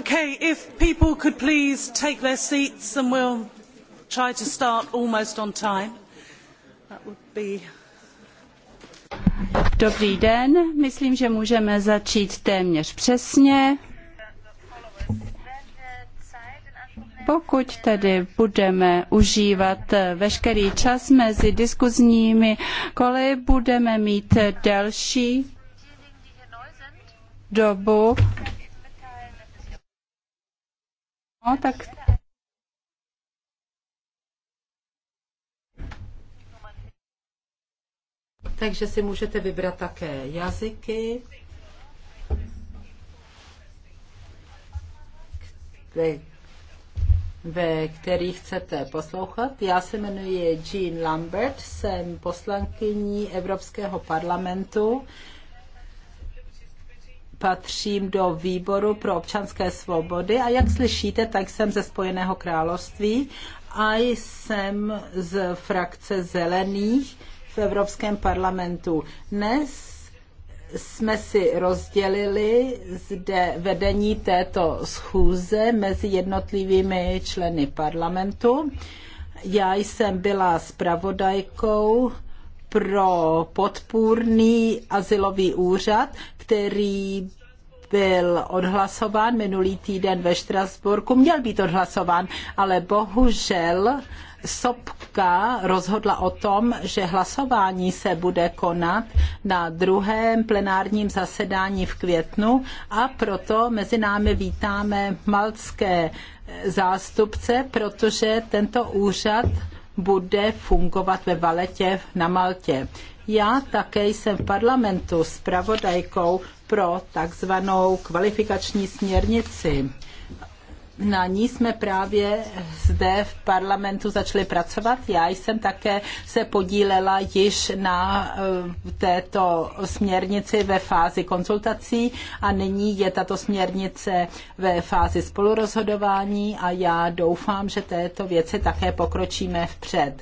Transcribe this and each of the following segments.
Okay, if people could please take their seats and we'll try to start almost on time. That would be... Dobrý den, myslím, že můžeme začít téměř přesně. pokud tedy budeme užívat veškerý čas mezi diskuzními koly, budeme mít delší dobu No, tak... Takže si můžete vybrat také jazyky, ve kterých chcete poslouchat. Já se jmenuji Jean Lambert, jsem poslankyní Evropského parlamentu patřím do výboru pro občanské svobody a jak slyšíte, tak jsem ze Spojeného království a jsem z frakce zelených v Evropském parlamentu. Dnes jsme si rozdělili zde vedení této schůze mezi jednotlivými členy parlamentu. Já jsem byla zpravodajkou pro podpůrný asilový úřad, který byl odhlasován minulý týden ve Štrasburku, měl být odhlasován, ale bohužel Sobka rozhodla o tom, že hlasování se bude konat na druhém plenárním zasedání v květnu a proto mezi námi vítáme malské zástupce, protože tento úřad bude fungovat ve Valetě na Maltě. Já také jsem v parlamentu s pravodajkou pro takzvanou kvalifikační směrnici na ní jsme právě zde v parlamentu začali pracovat. Já jsem také se podílela již na eh, této směrnici ve fázi konzultací a nyní je tato směrnice ve fázi spolurozhodování a já doufám, že této věci také pokročíme vpřed.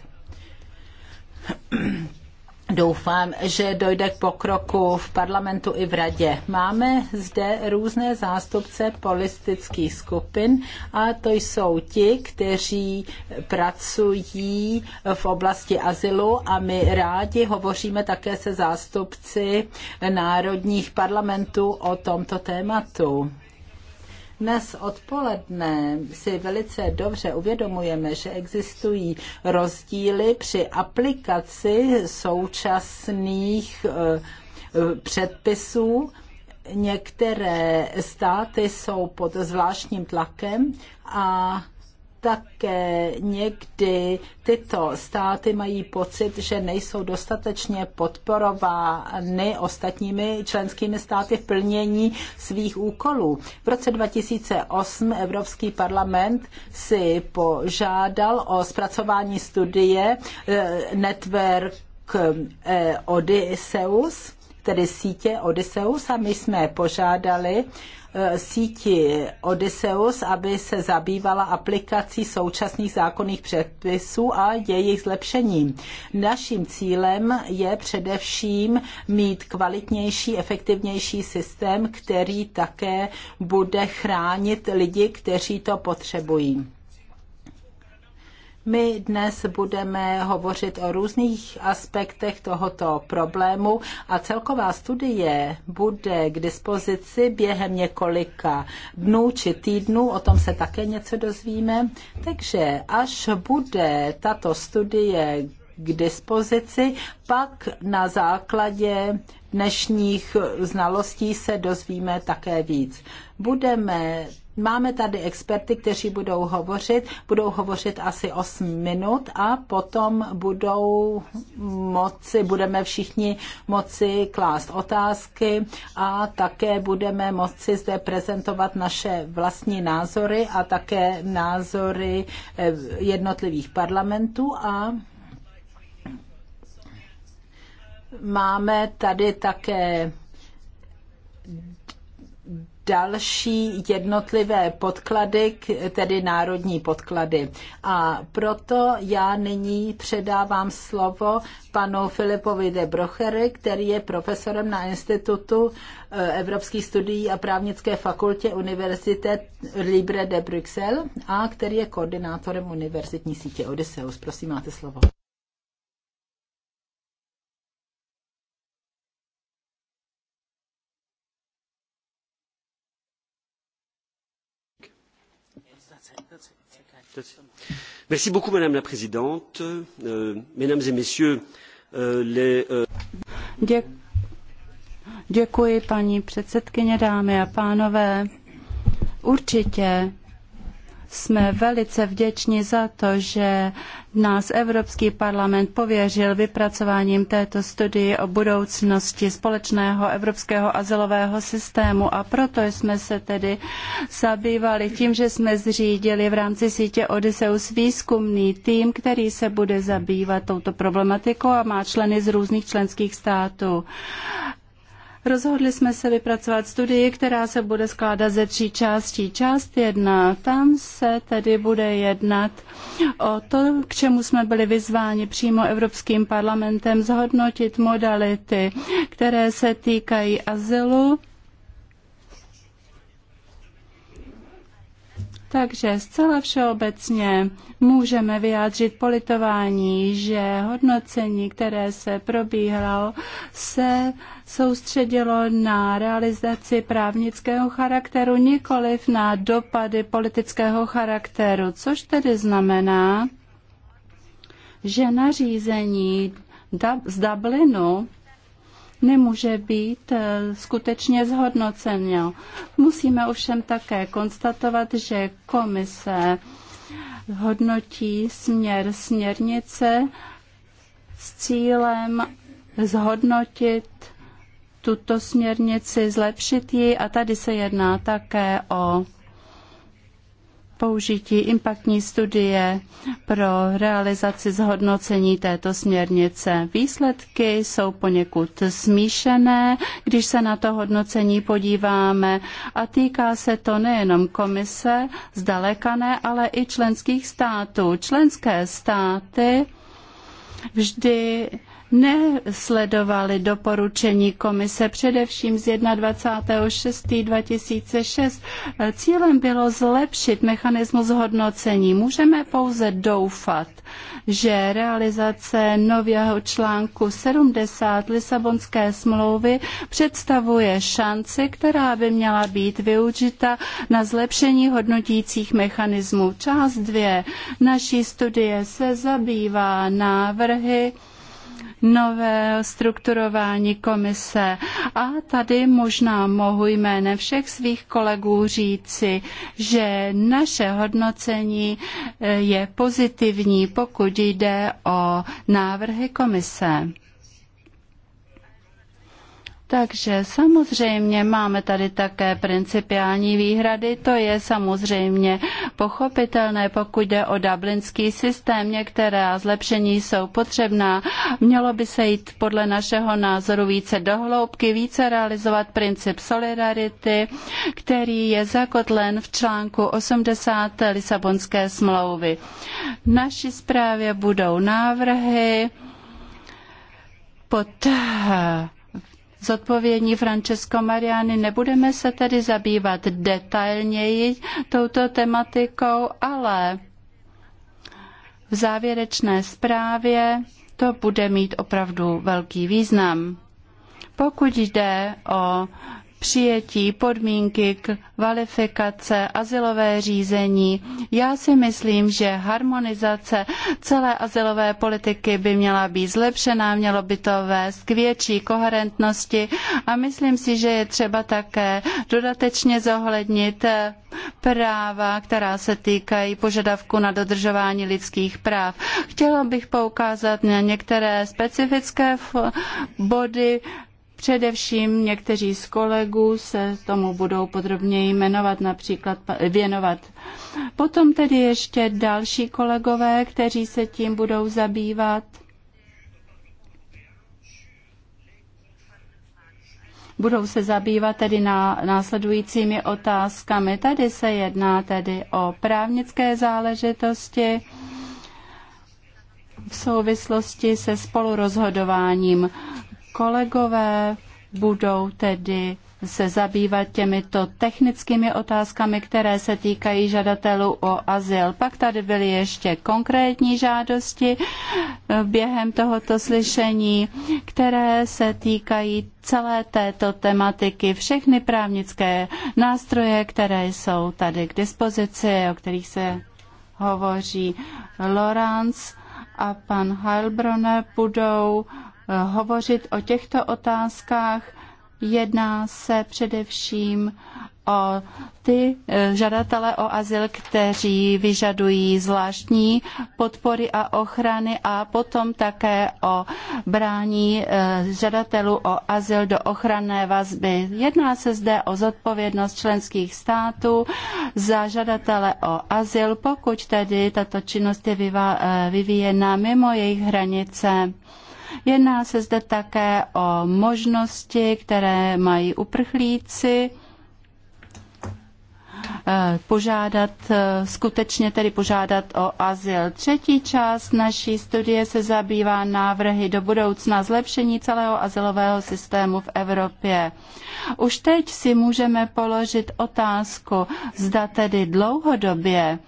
Doufám, že dojde k pokroku v parlamentu i v radě. Máme zde různé zástupce politických skupin a to jsou ti, kteří pracují v oblasti azylu a my rádi hovoříme také se zástupci národních parlamentů o tomto tématu. Dnes odpoledne si velice dobře uvědomujeme, že existují rozdíly při aplikaci současných eh, předpisů. Některé státy jsou pod zvláštním tlakem a také někdy tyto státy mají pocit, že nejsou dostatečně podporovány ostatními členskými státy v plnění svých úkolů. V roce 2008 Evropský parlament si požádal o zpracování studie eh, Network eh, Odysseus, tedy sítě Odysseus a my jsme požádali Eh, síti Odysseus, aby se zabývala aplikací současných zákonných předpisů a jejich zlepšením. Naším cílem je především mít kvalitnější, efektivnější systém, který také bude chránit lidi, kteří to potřebují. My dnes budeme hovořit o různých aspektech tohoto problému a celková studie bude k dispozici během několika dnů či týdnů, o tom se také něco dozvíme. Takže až bude tato studie k dispozici, pak na základě dnešních znalostí se dozvíme také víc. Budeme Máme tady experty, kteří budou hovořit, budou hovořit asi 8 minut a potom budou moci, budeme všichni moci klást otázky a také budeme moci zde prezentovat naše vlastní názory a také názory eh, jednotlivých parlamentů a máme tady také další jednotlivé podklady, tedy národní podklady. A proto já nyní předávám slovo panu Filipovi de Brochery, který je profesorem na Institutu eh, evropských studií a právnické fakultě Univerzity Libre de Bruxelles a který je koordinátorem univerzitní sítě Odysseus. Prosím, máte slovo. madame la présidente euh, mesdames et messieurs euh, les. Euh děkuji paní předsedkyně dámy a pánové určitě jsme velice vděční za to, že nás Evropský parlament pověřil vypracováním této studie o budoucnosti společného evropského azylového systému a proto jsme se tedy zabývali tím, že jsme zřídili v rámci sítě Odysseus výzkumný tým, který se bude zabývat touto problematikou a má členy z různých členských států. Rozhodli jsme se vypracovat studii, která se bude skládat ze tří částí. Část jedna, tam se tedy bude jednat o to, k čemu jsme byli vyzváni přímo Evropským parlamentem, zhodnotit modality, které se týkají azylu, Takže zcela všeobecně můžeme vyjádřit politování, že hodnocení, které se probíhalo, se soustředilo na realizaci právnického charakteru, nikoliv na dopady politického charakteru, což tedy znamená, že nařízení z Dublinu nemůže být eh, skutečně zhodnoceno. Musíme ovšem také konstatovat, že komise hodnotí směr směrnice s cílem zhodnotit tuto směrnici, zlepšit ji a tady se jedná také o použití impaktní studie pro realizaci zhodnocení této směrnice. Výsledky jsou poněkud smíšené, když se na to hodnocení podíváme a týká se to nejenom komise, zdaleka ne, ale i členských států. Členské státy vždy nesledovali doporučení komise především z 21.6.2006. Cílem bylo zlepšit mechanismus hodnocení. Můžeme pouze doufat, že realizace nového článku 70 Lisabonské smlouvy představuje šanci, která by měla být využita na zlepšení hodnotících mechanismů. Část 2 naší studie se zabývá návrhy nové strukturování komise. A tady možná mohu jménem všech svých kolegů říci, že naše hodnocení eh, je pozitivní, pokud jde o návrhy komise. Takže samozřejmě máme tady také principiální výhrady, to je samozřejmě pochopitelné, pokud jde o dublinský systém, některé zlepšení jsou potřebná, mělo by se jít podle našeho názoru více dohloubky, více realizovat princip solidarity, který je zakotlen v článku 80 Lisabonské smlouvy. V naší zprávě budou návrhy pod zodpovědní Francesco Mariani. Nebudeme se tedy zabývat detailněji touto tematikou, ale v závěrečné zprávě to bude mít opravdu velký význam. Pokud jde o přijetí, podmínky, kvalifikace, azylové řízení. Já si myslím, že harmonizace celé azylové politiky by měla být zlepšená, mělo by to vést k větší koherentnosti a myslím si, že je třeba také dodatečně zohlednit práva, která se týkají požadavku na dodržování lidských práv. Chtěla bych poukázat na některé specifické body Především někteří z kolegů se tomu budou podrobněji jmenovat, například věnovat. Potom tedy ještě další kolegové, kteří se tím budou zabývat. budou se zabývat tedy na následujícími otázkami. Tady se jedná tedy o právnické záležitosti v souvislosti se spolurozhodováním. Kolegové budou tedy se zabývat těmito technickými otázkami, které se týkají žadatelů o azyl. Pak tady byly ještě konkrétní žádosti eh, během tohoto slyšení, které se týkají celé této tematiky, všechny právnické nástroje, které jsou tady k dispozici, o kterých se hovoří Lorenz a pan Heilbronner budou hovořit o těchto otázkách. Jedná se především o ty eh, žadatele o azyl, kteří vyžadují zvláštní podpory a ochrany a potom také o brání eh, žadatelů o azyl do ochranné vazby. Jedná se zde o zodpovědnost členských států za žadatele o azyl, pokud tedy tato činnost je eh, vyvíjena mimo jejich hranice. Jedná se zde také o možnosti, které mají uprchlíci eh, požádat, eh, skutečně tedy požádat o azyl. Třetí část naší studie se zabývá návrhy do budoucna zlepšení celého azylového systému v Evropě. Už teď si můžeme položit otázku, zda tedy dlouhodobě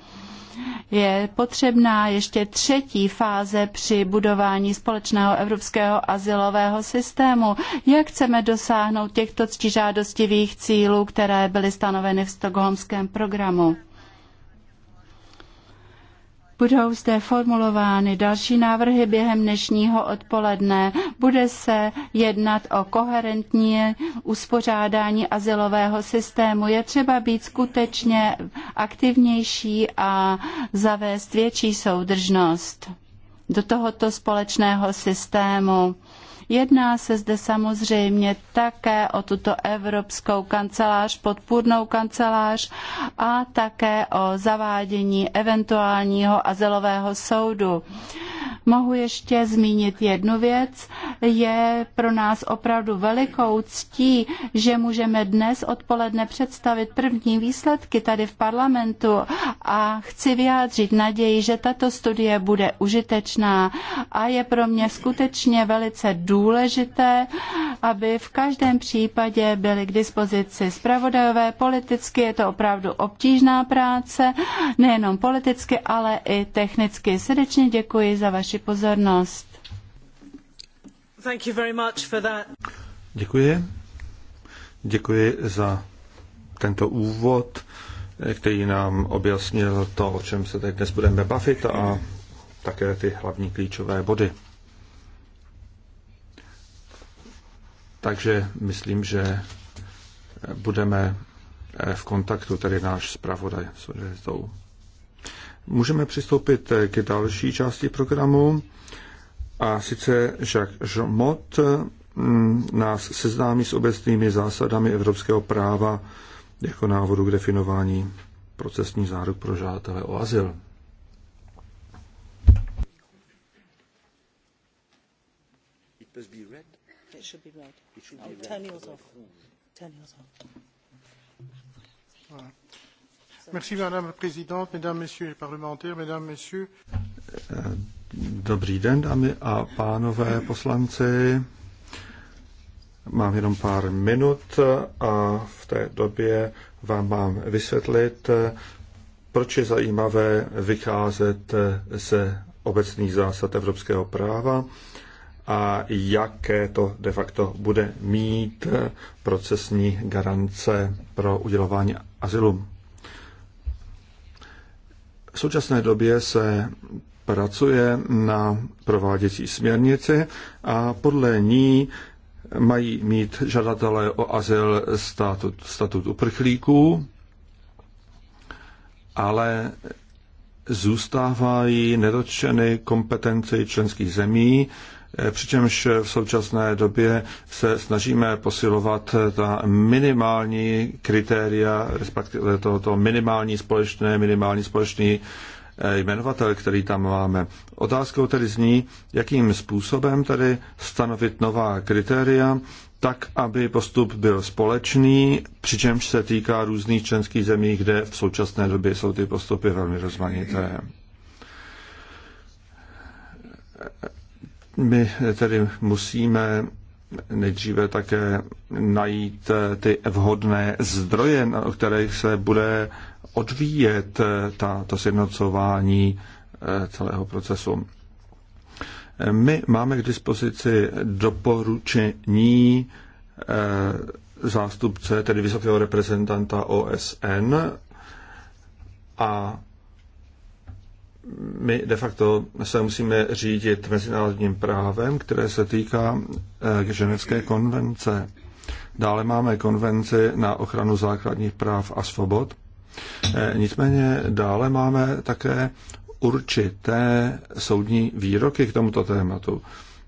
je potřebná ještě třetí fáze při budování společného evropského azylového systému. Jak chceme dosáhnout těchto ctižádostivých cílů, které byly stanoveny v stokholmském programu? Budou zde formulovány další návrhy během dnešního odpoledne. Bude se jednat o koherentní uspořádání asilového systému. Je třeba být skutečně aktivnější a zavést větší soudržnost do tohoto společného systému. Jedná se zde samozřejmě také o tuto Evropskou kancelář, podpůrnou kancelář a také o zavádění eventuálního azylového soudu. Mohu ještě zmínit jednu věc. Je pro nás opravdu velikou ctí, že můžeme dnes odpoledne představit první výsledky tady v parlamentu a chci vyjádřit naději, že tato studie bude užitečná a je pro mě skutečně velice důležitá důležité, aby v každém případě byly k dispozici zpravodajové. Politicky je to opravdu obtížná práce, nejenom politicky, ale i technicky. Srdečně děkuji za vaši pozornost. Thank you very much for that. Děkuji. Děkuji za tento úvod, který nám objasnil to, o čem se teď dnes budeme bavit a také ty hlavní klíčové body. Takže myslím, že budeme v kontaktu, tedy náš zpravodaj s univerzitou. Můžeme přistoupit k další části programu a sice Jacques Jomot mm, nás seznámí s obecnými zásadami evropského práva jako návodu k definování procesních záruk pro žádatele o azyl. Merci, Madame la Présidente, Mesdames, Messieurs les parlementaires, Mesdames, Messieurs. Eh, dobrý den, dámy a pánové poslanci. Mám jenom pár minut a v té době vám mám vysvětlit, proč je zajímavé vycházet ze obecných zásad evropského práva a jaké to de facto bude mít eh, procesní garance pro udělování azylu. V současné době se pracuje na prováděcí směrnici a podle ní mají mít žadatelé o azyl statut, statut uprchlíků, ale zůstávají nedotčeny kompetenci členských zemí Eh, přičemž v současné době se snažíme posilovat eh, ta minimální kritéria, respektive to, to minimální společné, minimální společný eh, jmenovatel, který tam máme. Otázkou tedy zní, jakým způsobem tedy stanovit nová kritéria, tak, aby postup byl společný, přičemž se týká různých členských zemí, kde v současné době jsou ty postupy velmi rozmanité. My tedy musíme nejdříve také najít ty vhodné zdroje, o kterých se bude odvíjet ta, to sjednocování eh, celého procesu. My máme k dispozici doporučení eh, zástupce, tedy vysokého reprezentanta OSN a my de facto se musíme řídit mezinárodním právem, které se týká eh, ženevské konvence. Dále máme konvenci na ochranu základních práv a svobod. Eh, nicméně dále máme také určité soudní výroky k tomuto tématu.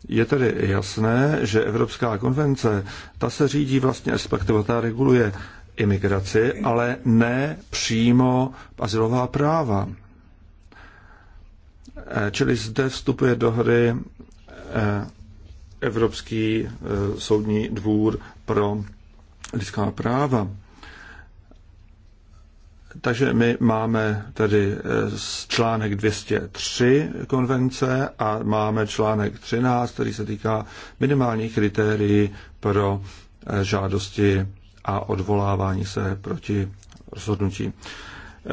Je tedy jasné, že Evropská konvence, ta se řídí vlastně, respektive ta reguluje imigraci, ale ne přímo azylová práva. Eh, čili zde vstupuje do hry eh, Evropský eh, soudní dvůr pro lidská práva. Takže my máme tedy článek 203 konvence a máme článek 13, který se týká minimálních kritérií pro žádosti a odvolávání se proti rozhodnutí.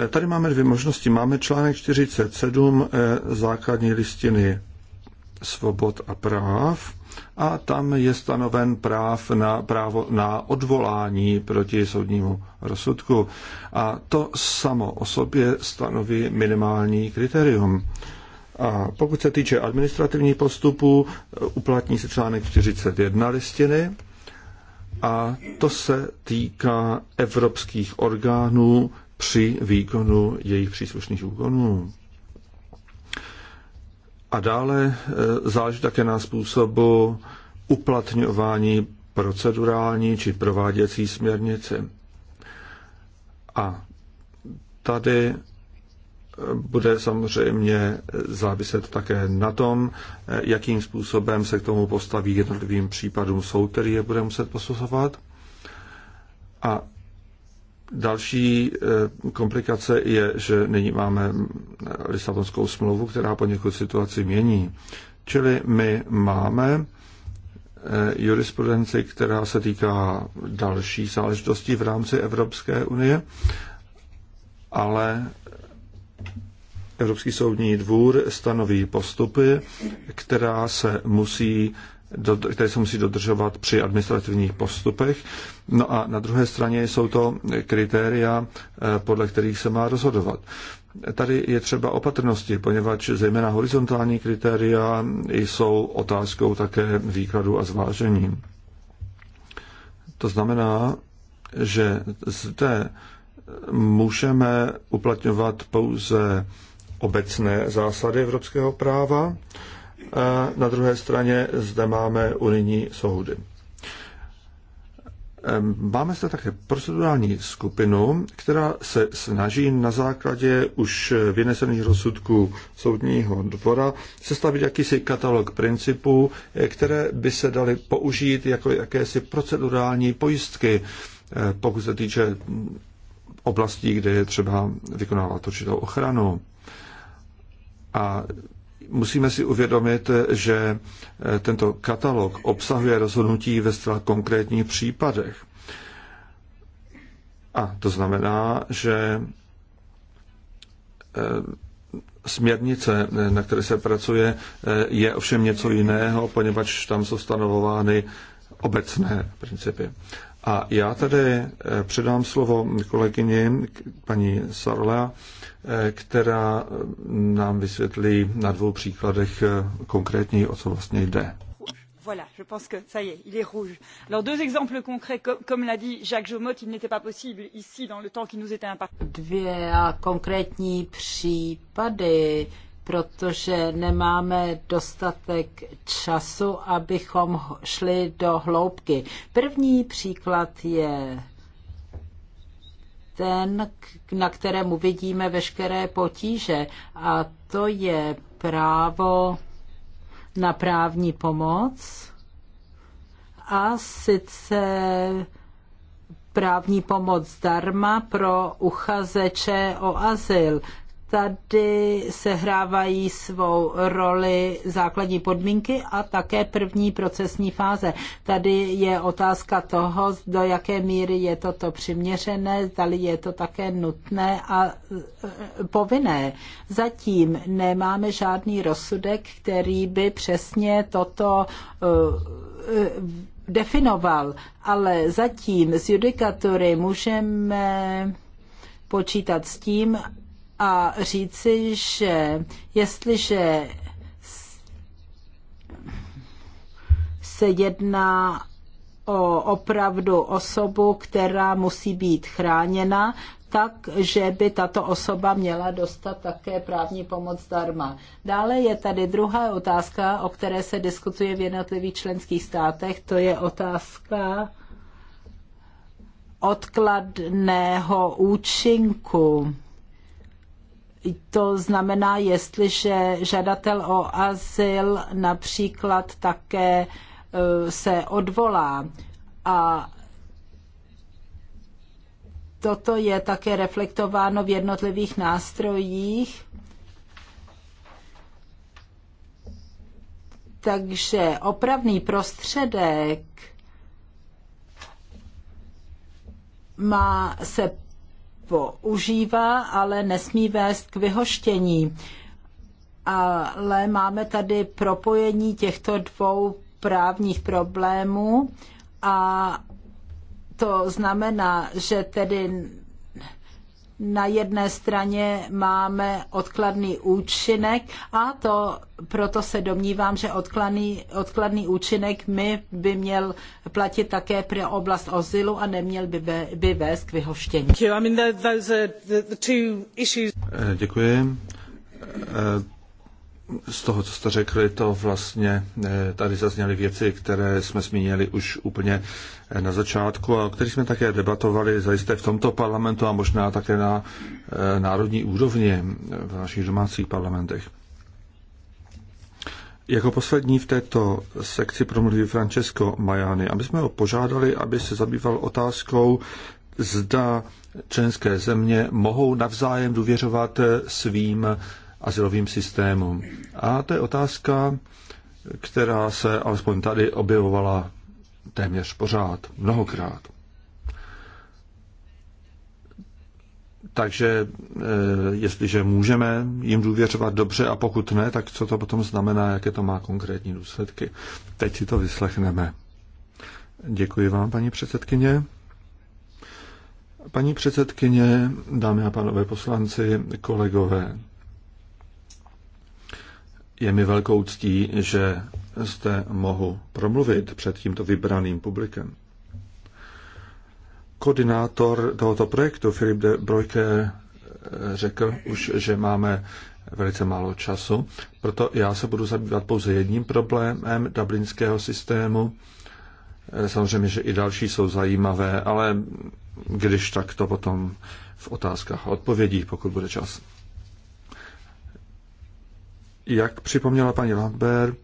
Tady máme dvě možnosti. Máme článek 47 eh, základní listiny svobod a práv a tam je stanoven práv na, právo na odvolání proti soudnímu rozsudku. A to samo o sobě stanoví minimální kritérium. A pokud se týče administrativních postupů, eh, uplatní se článek 41 listiny a to se týká evropských orgánů, při výkonu jejich příslušných úkonů. A dále e, záleží také na způsobu uplatňování procedurální či prováděcí směrnice. A tady e, bude samozřejmě záviset také na tom, e, jakým způsobem se k tomu postaví jednotlivým případům soud, který je bude muset posuzovat. A Další eh, komplikace je, že nyní máme Lisabonskou smlouvu, která poněkud situaci mění. Čili my máme eh, jurisprudenci, která se týká další záležitostí v rámci Evropské unie, ale Evropský soudní dvůr stanoví postupy, která se musí které se musí dodržovat při administrativních postupech. No a na druhé straně jsou to kritéria, eh, podle kterých se má rozhodovat. Tady je třeba opatrnosti, poněvadž zejména horizontální kritéria jsou otázkou také výkladu a zvážení. To znamená, že zde můžeme uplatňovat pouze obecné zásady evropského práva, a na druhé straně zde máme unijní soudy. Máme zde také procedurální skupinu, která se snaží na základě už vynesených rozsudků soudního dvora sestavit jakýsi katalog principů, které by se daly použít jako jakési procedurální pojistky, eh, pokud se týče oblastí, kde je třeba vykonávat určitou ochranu. A Musíme si uvědomit, že eh, tento katalog obsahuje rozhodnutí ve zcela konkrétních případech. A to znamená, že eh, směrnice, eh, na které se pracuje, je ovšem něco jiného, poněvadž tam jsou stanovovány obecné principy. A já tady eh, předám slovo kolegyni, paní Sarla, eh, která eh, nám vysvětlí na dvou příkladech konkrétně, o co vlastně jde. Voilà, je pense que ça y est, il est rouge. Alors deux exemples concrets, comme, comme l'a dit Jacques Jomot, il n'était pas possible ici dans le temps qui nous était imparti. Dvě konkrétní případy protože nemáme dostatek času, abychom šli do hloubky. První příklad je ten, na kterému vidíme veškeré potíže, a to je právo na právní pomoc a sice právní pomoc zdarma pro uchazeče o azyl tady sehrávají svou roli základní podmínky a také první procesní fáze. Tady je otázka toho, do jaké míry je toto přiměřené, zdali je to také nutné a e, povinné. Zatím nemáme žádný rozsudek, který by přesně toto e, e, definoval, ale zatím z judikatury můžeme počítat s tím, a říci, že jestliže se jedná o opravdu osobu, která musí být chráněna, tak, že by tato osoba měla dostat také právní pomoc zdarma. Dále je tady druhá otázka, o které se diskutuje v jednotlivých členských státech, to je otázka odkladného účinku. To znamená, jestliže žadatel o azyl například také e, se odvolá a toto je také reflektováno v jednotlivých nástrojích. Takže opravný prostředek má se používá, ale nesmí vést k vyhoštění. Ale máme tady propojení těchto dvou právních problémů a to znamená, že tedy na jedné straně máme odkladný účinek a to proto se domnívám, že odkladný, odkladný účinek my by měl platit také pro oblast ozilu a neměl by, by vést k vyhoštění. Eh, děkuji. Eh, z toho, co jste řekli, to vlastně eh, tady zazněly věci, které jsme zmínili už úplně eh, na začátku a o kterých jsme také debatovali zajisté v tomto parlamentu a možná také na eh, národní úrovni v našich domácích parlamentech. Jako poslední v této sekci promluví Francesco Majani. Aby jsme ho požádali, aby se zabýval otázkou, zda členské země mohou navzájem důvěřovat svým asilovým systémům. A to je otázka, která se alespoň tady objevovala téměř pořád, mnohokrát. Takže e, jestliže můžeme jim důvěřovat dobře a pokud ne, tak co to potom znamená, jaké to má konkrétní důsledky. Teď si to vyslechneme. Děkuji vám, paní předsedkyně. Paní předsedkyně, dámy a pánové poslanci, kolegové, je mi velkou ctí, že zde mohu promluvit před tímto vybraným publikem. Koordinátor tohoto projektu Filip de Brojke řekl už, že máme velice málo času, proto já se budu zabývat pouze jedním problémem dublinského systému. Samozřejmě, že i další jsou zajímavé, ale když tak to potom v otázkách odpovědí, pokud bude čas. Jak připomněla paní Lambert,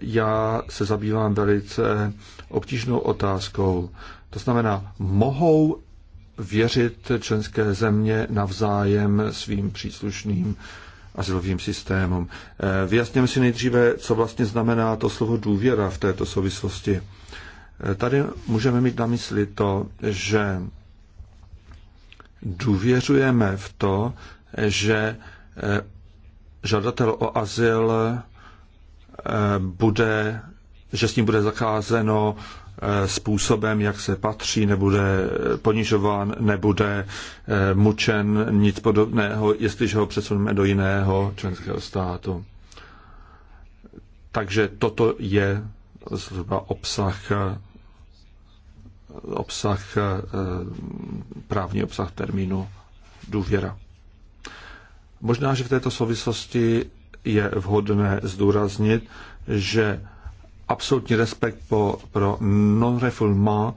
já se zabývám velice obtížnou otázkou. To znamená, mohou věřit členské země navzájem svým příslušným asilovým systémům. Eh, vyjasněme si nejdříve, co vlastně znamená to slovo důvěra v této souvislosti. Eh, tady můžeme mít na mysli to, že důvěřujeme v to, že eh, žadatel o azyl eh, bude, že s ním bude zacházeno eh, způsobem, jak se patří, nebude eh, ponižován, nebude mučen, nic podobného, jestliže ho přesuneme do jiného členského státu. Takže toto je zhruba obsah obsah, právní obsah termínu důvěra. Možná, že v této souvislosti je vhodné zdůraznit, že absolutní respekt po, pro non-refoulement,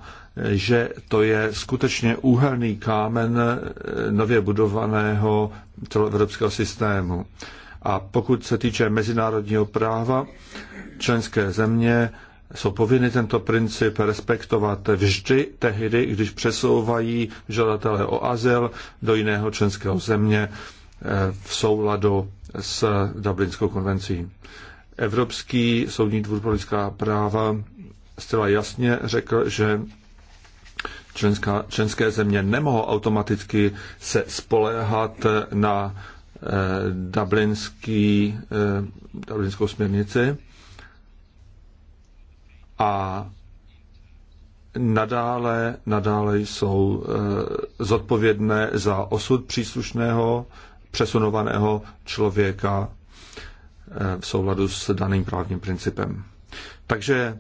že to je skutečně úhelný kámen eh, nově budovaného celoevropského systému. A pokud se týče mezinárodního práva, členské země jsou povinny tento princip respektovat vždy tehdy, když přesouvají žadatele o azyl do jiného členského země v souladu s Dublinskou konvencí. Evropský soudní dvůr pro lidská práva zcela jasně řekl, že členská, členské země nemohou automaticky se spoléhat na eh, dublinský, eh, dublinskou směrnici a nadále, nadále jsou eh, zodpovědné za osud příslušného přesunovaného člověka eh, v souladu s daným právním principem. Takže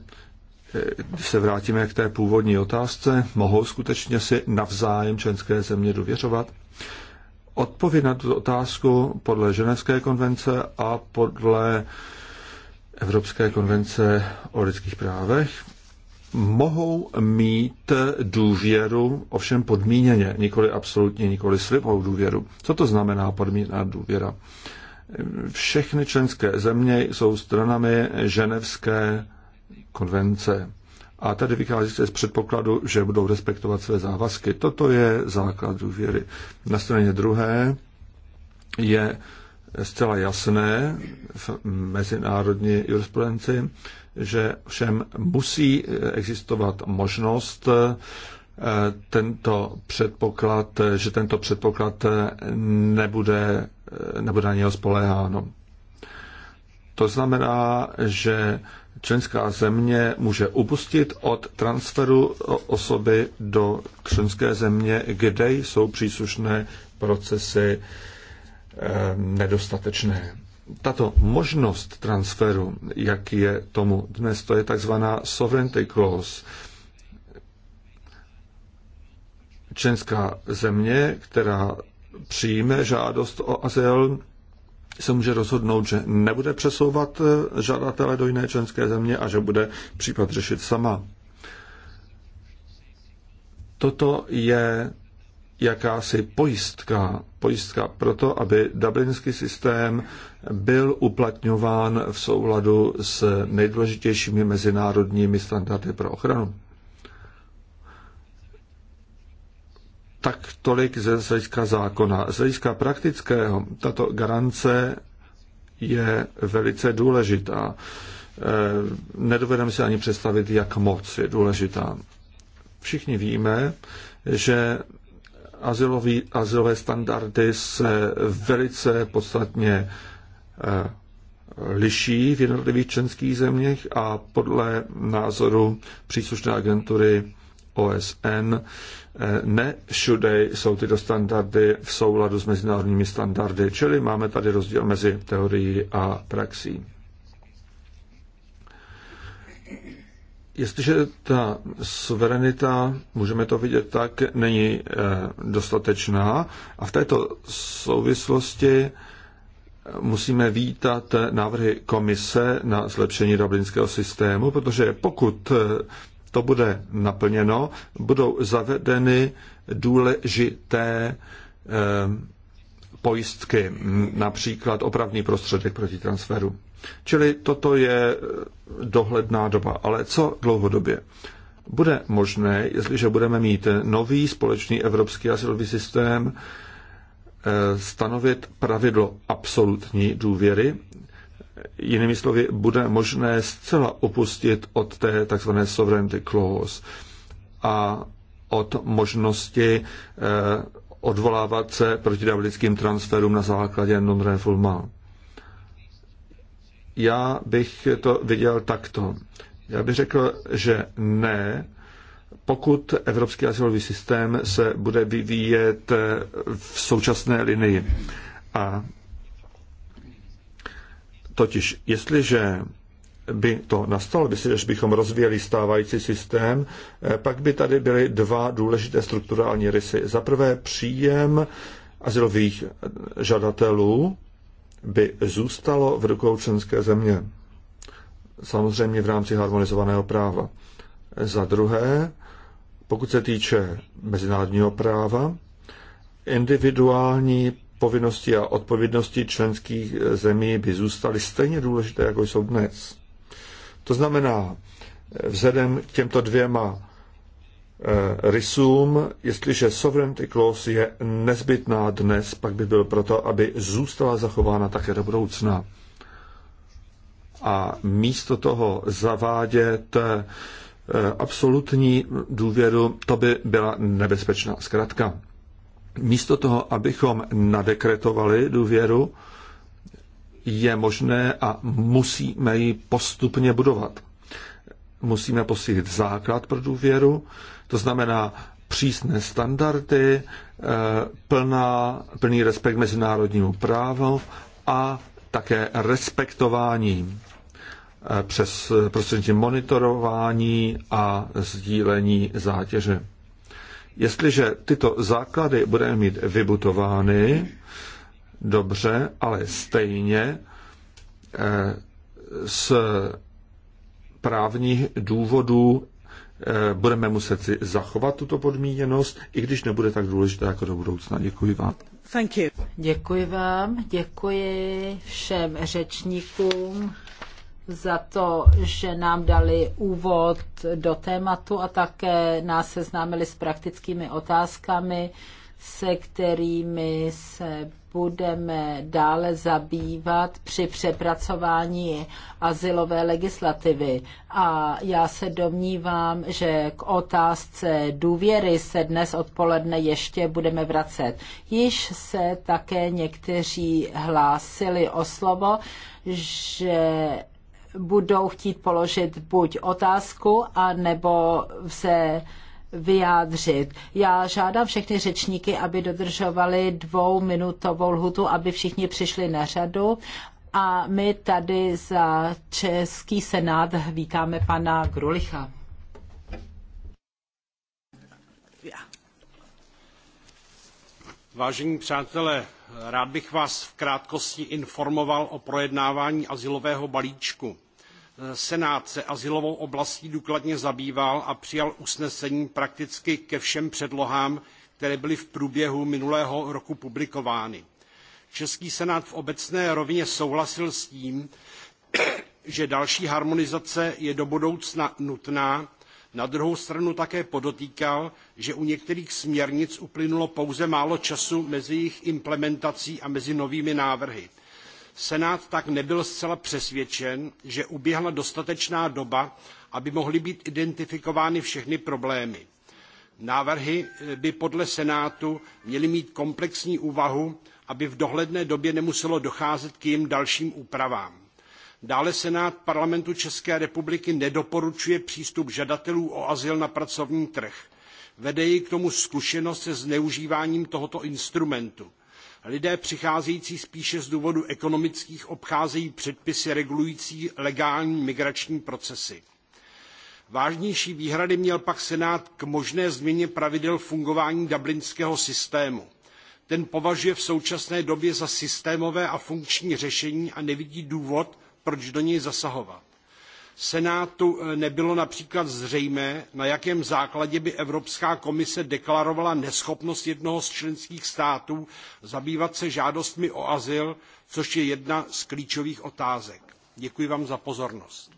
eh, když se vrátíme k té původní otázce, mohou skutečně si navzájem členské země dověřovat? Odpověď na tu otázku podle Ženevské konvence a podle Evropské konvence o lidských právech mohou mít důvěru, ovšem podmíněně, nikoli absolutně, nikoli slibou důvěru. Co to znamená podmíněná důvěra? Všechny členské země jsou stranami ženevské konvence. A tady vychází se z předpokladu, že budou respektovat své závazky. Toto je základ důvěry. Na straně druhé je zcela jasné v mezinárodní jurisprudenci, že všem musí existovat možnost eh, tento předpoklad, že tento předpoklad nebude, eh, nebude na něho spoléháno. To znamená, že členská země může upustit od transferu osoby do členské země, kde jsou příslušné procesy eh, nedostatečné tato možnost transferu, jak je tomu dnes, to je takzvaná sovereignty clause. Členská země, která přijme žádost o azyl, se může rozhodnout, že nebude přesouvat eh, žadatele do jiné členské země a že bude případ řešit sama. Toto je jakási pojistka, pojistka pro to, aby dublinský systém byl uplatňován v souladu s nejdůležitějšími mezinárodními standardy pro ochranu. Tak tolik ze hlediska zákona. Z hlediska praktického tato garance je velice důležitá. E, nedovedeme si ani představit, jak moc je důležitá. Všichni víme, že azylový, azylové standardy se velice podstatně eh, liší v jednotlivých členských zemích a podle názoru příslušné agentury OSN eh, ne všude jsou tyto standardy v souladu s mezinárodními standardy, čili máme tady rozdíl mezi teorií a praxí. Jestliže ta suverenita, můžeme to vidět tak, není eh, dostatečná a v této souvislosti eh, musíme vítat návrhy komise na zlepšení dublinského systému, protože pokud eh, to bude naplněno, budou zavedeny důležité pojistky, například opravný prostředek proti transferu. Čili toto je eh, dohledná doba. Ale co dlouhodobě? Bude možné, jestliže budeme mít nový společný evropský asilový systém, eh, stanovit pravidlo absolutní důvěry. Jinými slovy, bude možné zcela opustit od té tzv. sovereignty clause a od možnosti eh, odvolávat se proti transferům na základě non-refoulement já bych to viděl takto. Já bych řekl, že ne, pokud evropský asilový systém se bude vyvíjet v současné linii. A totiž, jestliže by to nastalo, jestliže bychom rozvíjeli stávající systém, eh, pak by tady byly dva důležité strukturální rysy. Za prvé příjem asilových žadatelů by zůstalo v rukou členské země. Samozřejmě v rámci harmonizovaného práva. Za druhé, pokud se týče mezinárodního práva, individuální povinnosti a odpovědnosti členských zemí by zůstaly stejně důležité, jako jsou dnes. To znamená, vzhledem k těmto dvěma Eh, rysům, jestliže sovereignty clause je nezbytná dnes, pak by byl proto, aby zůstala zachována také do budoucna. A místo toho zavádět eh, absolutní důvěru, to by byla nebezpečná zkratka. Místo toho, abychom nadekretovali důvěru, je možné a musíme ji postupně budovat. Musíme posílit základ pro důvěru, to znamená přísné standardy, eh, plná, plný respekt mezinárodnímu právu a také respektování eh, přes eh, prostřednictvím monitorování a sdílení zátěže. Jestliže tyto základy budeme mít vybutovány, dobře, ale stejně z právních důvodů Eh, budeme muset si zachovat tuto podmíněnost, i když nebude tak důležitá jako do budoucna. Děkuji vám. Thank you. Děkuji vám, děkuji všem řečníkům za to, že nám dali úvod do tématu a také nás seznámili s praktickými otázkami, se kterými se budeme dále zabývat při přepracování asilové legislativy. A já se domnívám, že k otázce důvěry se dnes odpoledne ještě budeme vracet. Již se také někteří hlásili o slovo, že budou chtít položit buď otázku, anebo se vyjádřit. Já žádám všechny řečníky, aby dodržovali dvouminutovou lhutu, aby všichni přišli na řadu. A my tady za Český senát vítáme pana Grulicha. Vážení přátelé, rád bych vás v krátkosti informoval o projednávání asilového balíčku Senát se asilovou oblastí důkladně zabýval a přijal usnesení prakticky ke všem předlohám, které byly v průběhu minulého roku publikovány. Český senát v obecné rovině souhlasil s tím, že další harmonizace je do budoucna nutná, na druhou stranu také podotýkal, že u některých směrnic uplynulo pouze málo času mezi jejich implementací a mezi novými návrhy. Senát tak nebyl zcela přesvědčen, že uběhla dostatečná doba, aby mohly být identifikovány všechny problémy. Návrhy eh, by podle Senátu měly mít komplexní úvahu, aby v dohledné době nemuselo docházet k jejím dalším úpravám. Dále Senát parlamentu České republiky nedoporučuje přístup žadatelů o azyl na pracovní trh. Vede jej k tomu zkušenost se zneužíváním tohoto instrumentu. Lidé přicházející spíše z důvodu ekonomických obcházejí předpisy regulující legální migrační procesy. Vážnější výhrady měl pak Senát k možné změně pravidel fungování dublinského systému. Ten považuje v současné době za systémové a funkční řešení a nevidí důvod, proč do něj zasahovat. Senátu eh, nebylo například zřejmé, na jakém základě by Evropská komise deklarovala neschopnost jednoho z členských států zabývat se žádostmi o azyl, což je jedna z klíčových otázek. Děkuji vám za pozornost.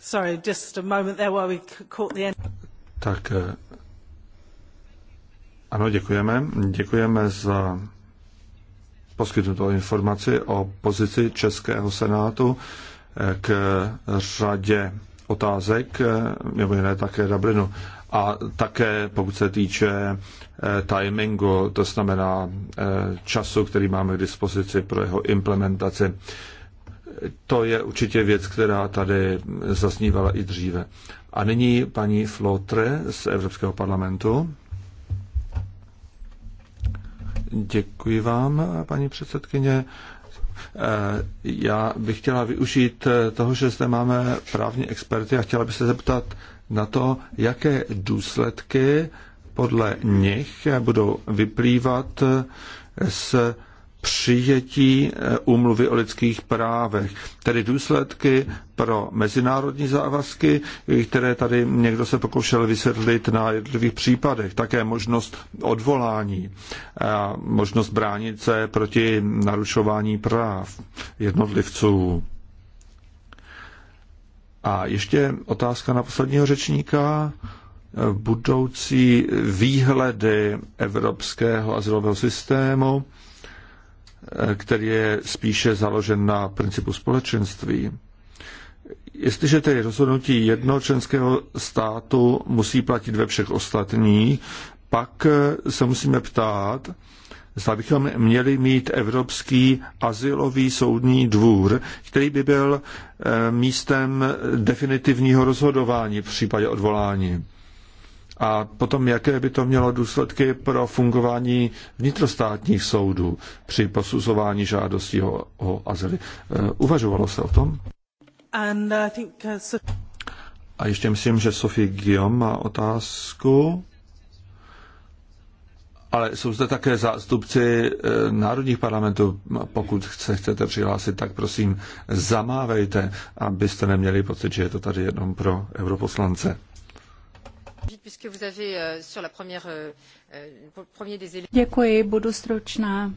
Sorry, just a moment there while we caught the end. Tak eh, ano, děkujeme. Děkujeme za poskytnutou informaci o pozici Českého senátu eh, k řadě otázek, eh, mimo jiné také Dublinu. A také pokud se týče eh, timingu, to znamená času, který máme k dispozici pro jeho implementaci. To je určitě věc, která tady zasnívala i dříve. A nyní paní Flotre z Evropského parlamentu. Děkuji vám, paní předsedkyně. Eh, já bych chtěla využít eh, toho, že zde máme právní experty a chtěla bych se zeptat na to, jaké důsledky podle nich budou vyplývat z přijetí eh, úmluvy o lidských právech, tedy důsledky pro mezinárodní závazky, které tady někdo se pokoušel vysvětlit na jednotlivých případech, také možnost odvolání, možnost bránit se proti narušování práv jednotlivců. A ještě otázka na posledního řečníka budoucí výhledy evropského azylového systému Eh, který je spíše založen na principu společenství. Jestliže tedy rozhodnutí jednoho členského státu musí platit ve všech ostatních, pak eh, se musíme ptát, zda bychom měli mít Evropský asilový soudní dvůr, který by byl eh, místem definitivního rozhodování v případě odvolání a potom, jaké by to mělo důsledky pro fungování vnitrostátních soudů při posuzování žádostí o, o azyl. Eh, uvažovalo se o tom? Uh, a ještě myslím, že Sophie Guillaume má otázku. Ale jsou zde také zástupci eh, národních parlamentů. Pokud se chcete přihlásit, tak prosím zamávejte, abyste neměli pocit, že je to tady jenom pro europoslance. Euh, euh, euh, Děkuji, budu stručná.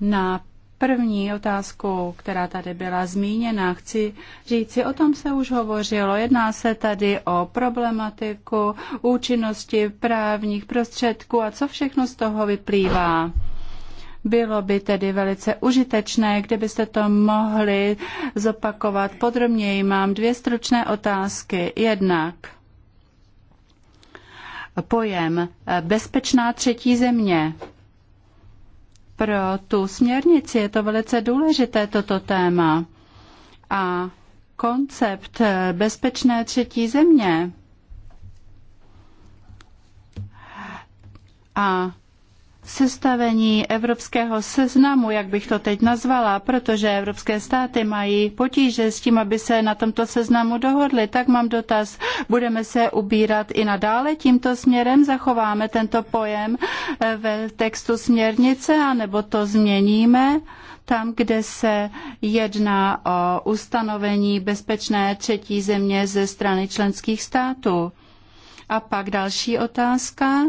Na první otázku, která tady byla zmíněna, chci říci, o tom se už hovořilo. Jedná se tady o problematiku účinnosti právních prostředků a co všechno z toho vyplývá. Bylo by tedy velice užitečné, kdybyste to mohli zopakovat podrobněji. Mám dvě stručné otázky. Jednak pojem bezpečná třetí země. Pro tu směrnici je to velice důležité, toto téma. A koncept bezpečné třetí země a sestavení evropského seznamu, jak bych to teď nazvala, protože evropské státy mají potíže s tím, aby se na tomto seznamu dohodly, tak mám dotaz, budeme se ubírat i nadále tímto směrem, zachováme tento pojem eh, ve textu směrnice, anebo to změníme tam, kde se jedná o ustanovení bezpečné třetí země ze strany členských států. A pak další otázka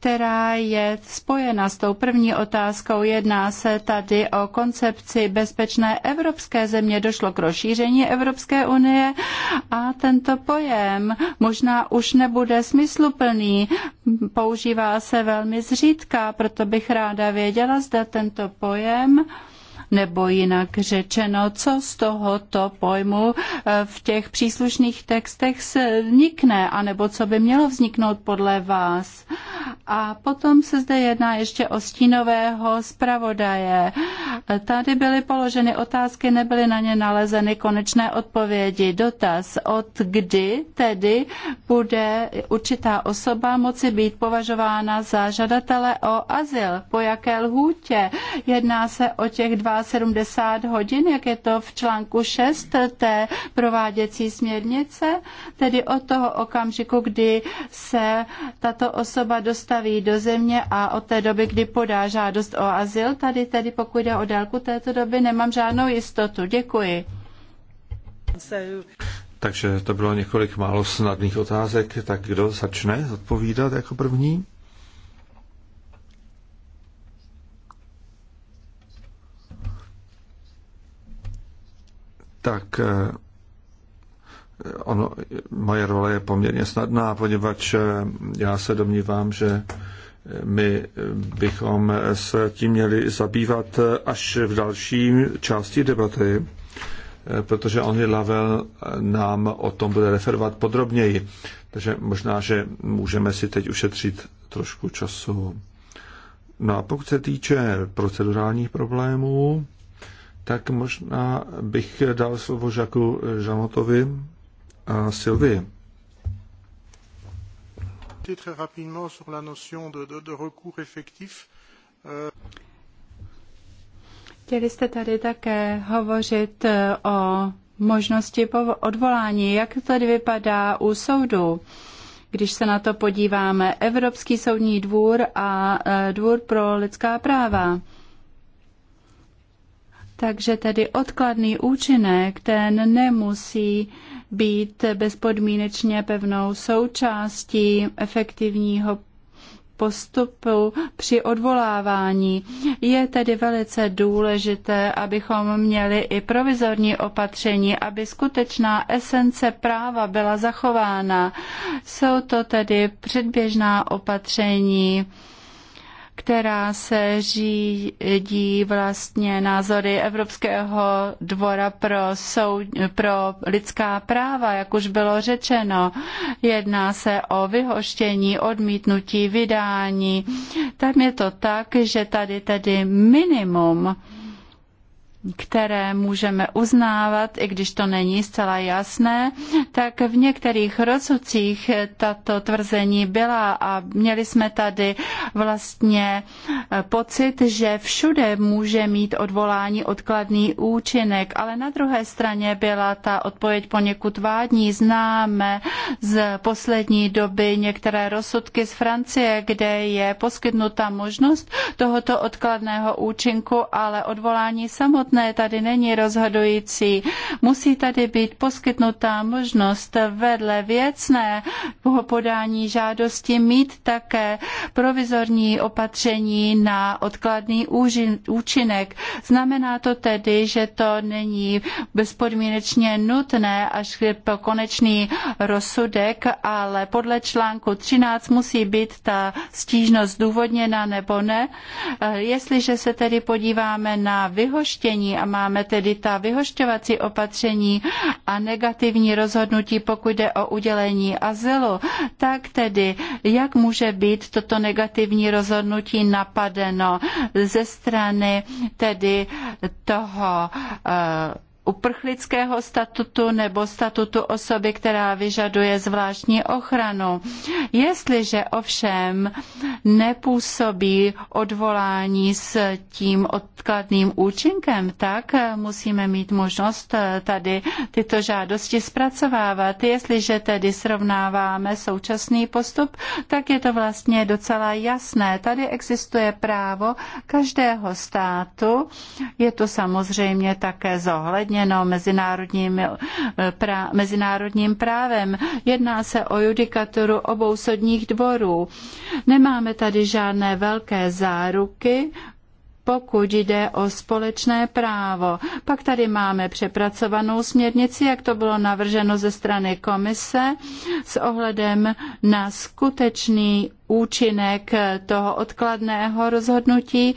která je spojena s tou první otázkou. Jedná se tady o koncepci bezpečné evropské země. Došlo k rozšíření Evropské unie a tento pojem možná už nebude smysluplný. Používá se velmi zřídka, proto bych ráda věděla, zda tento pojem nebo jinak řečeno, co z tohoto pojmu eh, v těch příslušných textech vznikne, anebo co by mělo vzniknout podle vás. A potom se zde jedná ještě o stínového zpravodaje. Tady byly položeny otázky, nebyly na ně nalezeny konečné odpovědi. Dotaz, od kdy tedy bude určitá osoba moci být považována za žadatele o azyl, po jaké lhůtě. Jedná se o těch dva? 70 hodin, jak je to v článku 6 té prováděcí směrnice, tedy od toho okamžiku, kdy se tato osoba dostaví do země a od té doby, kdy podá žádost o azyl. Tady tedy pokud jde o délku této doby, nemám žádnou jistotu. Děkuji. Takže to bylo několik málo snadných otázek, tak kdo začne odpovídat jako první? tak eh, ono, moje role je poměrně snadná, poněvadž eh, já se domnívám, že eh, my bychom se tím měli zabývat až v další části debaty, protože Henri Lavel nám o tom bude referovat podrobněji. Takže možná, že můžeme si teď ušetřit trošku času. No a pokud se týče procedurálních problémů, tak možná bych dal slovo Žaku Žanotovi a Sylvie. Euh, Chtěli jste tady také hovořit e, o možnosti odvolání. Jak to tady vypadá u soudu? Když se na to podíváme, Evropský soudní dvůr a e, Dvůr pro lidská práva. Takže tedy odkladný účinek, ten nemusí být bezpodmínečně pevnou součástí efektivního postupu při odvolávání. Je tedy velice důležité, abychom měli i provizorní opatření, aby skutečná esence práva byla zachována. Jsou to tedy předběžná opatření, která se řídí vlastně názory Evropského dvora pro, soud, pro lidská práva, jak už bylo řečeno. Jedná se o vyhoštění, odmítnutí, vydání. Tam je to tak, že tady tedy minimum které můžeme uznávat, i když to není zcela jasné, tak v některých rozhodcích tato tvrzení byla a měli jsme tady vlastně eh, pocit, že všude může mít odvolání odkladný účinek, ale na druhé straně byla ta odpověď poněkud vádní. Známe z poslední doby některé rozsudky z Francie, kde je poskytnuta možnost tohoto odkladného účinku, ale odvolání samotné samotné tady není rozhodující. Musí tady být poskytnutá možnost vedle věcné podání žádosti mít také provizorní opatření na odkladný účinek. Znamená to tedy, že to není bezpodmínečně nutné až po konečný rozsudek, ale podle článku 13 musí být ta stížnost důvodněna nebo ne. Jestliže se tedy podíváme na vyhoštění, opatření a máme tedy ta vyhošťovací opatření a negativní rozhodnutí, pokud jde o udělení azylu, tak tedy jak může být toto negativní rozhodnutí napadeno ze strany tedy toho uh, uprchlického statutu nebo statutu osoby, která vyžaduje zvláštní ochranu. Jestliže ovšem nepůsobí odvolání s tím odkladným účinkem, tak musíme mít možnost tady tyto žádosti zpracovávat. Jestliže tedy srovnáváme současný postup, tak je to vlastně docela jasné. Tady existuje právo každého státu, je to samozřejmě také zohledně chráněno mezinárodním, eh, prá, mezinárodním právem. Jedná se o judikaturu obou soudních dvorů. Nemáme tady žádné velké záruky, pokud jde o společné právo. Pak tady máme přepracovanou směrnici, jak to bylo navrženo ze strany komise, s ohledem na skutečný účinek toho odkladného rozhodnutí,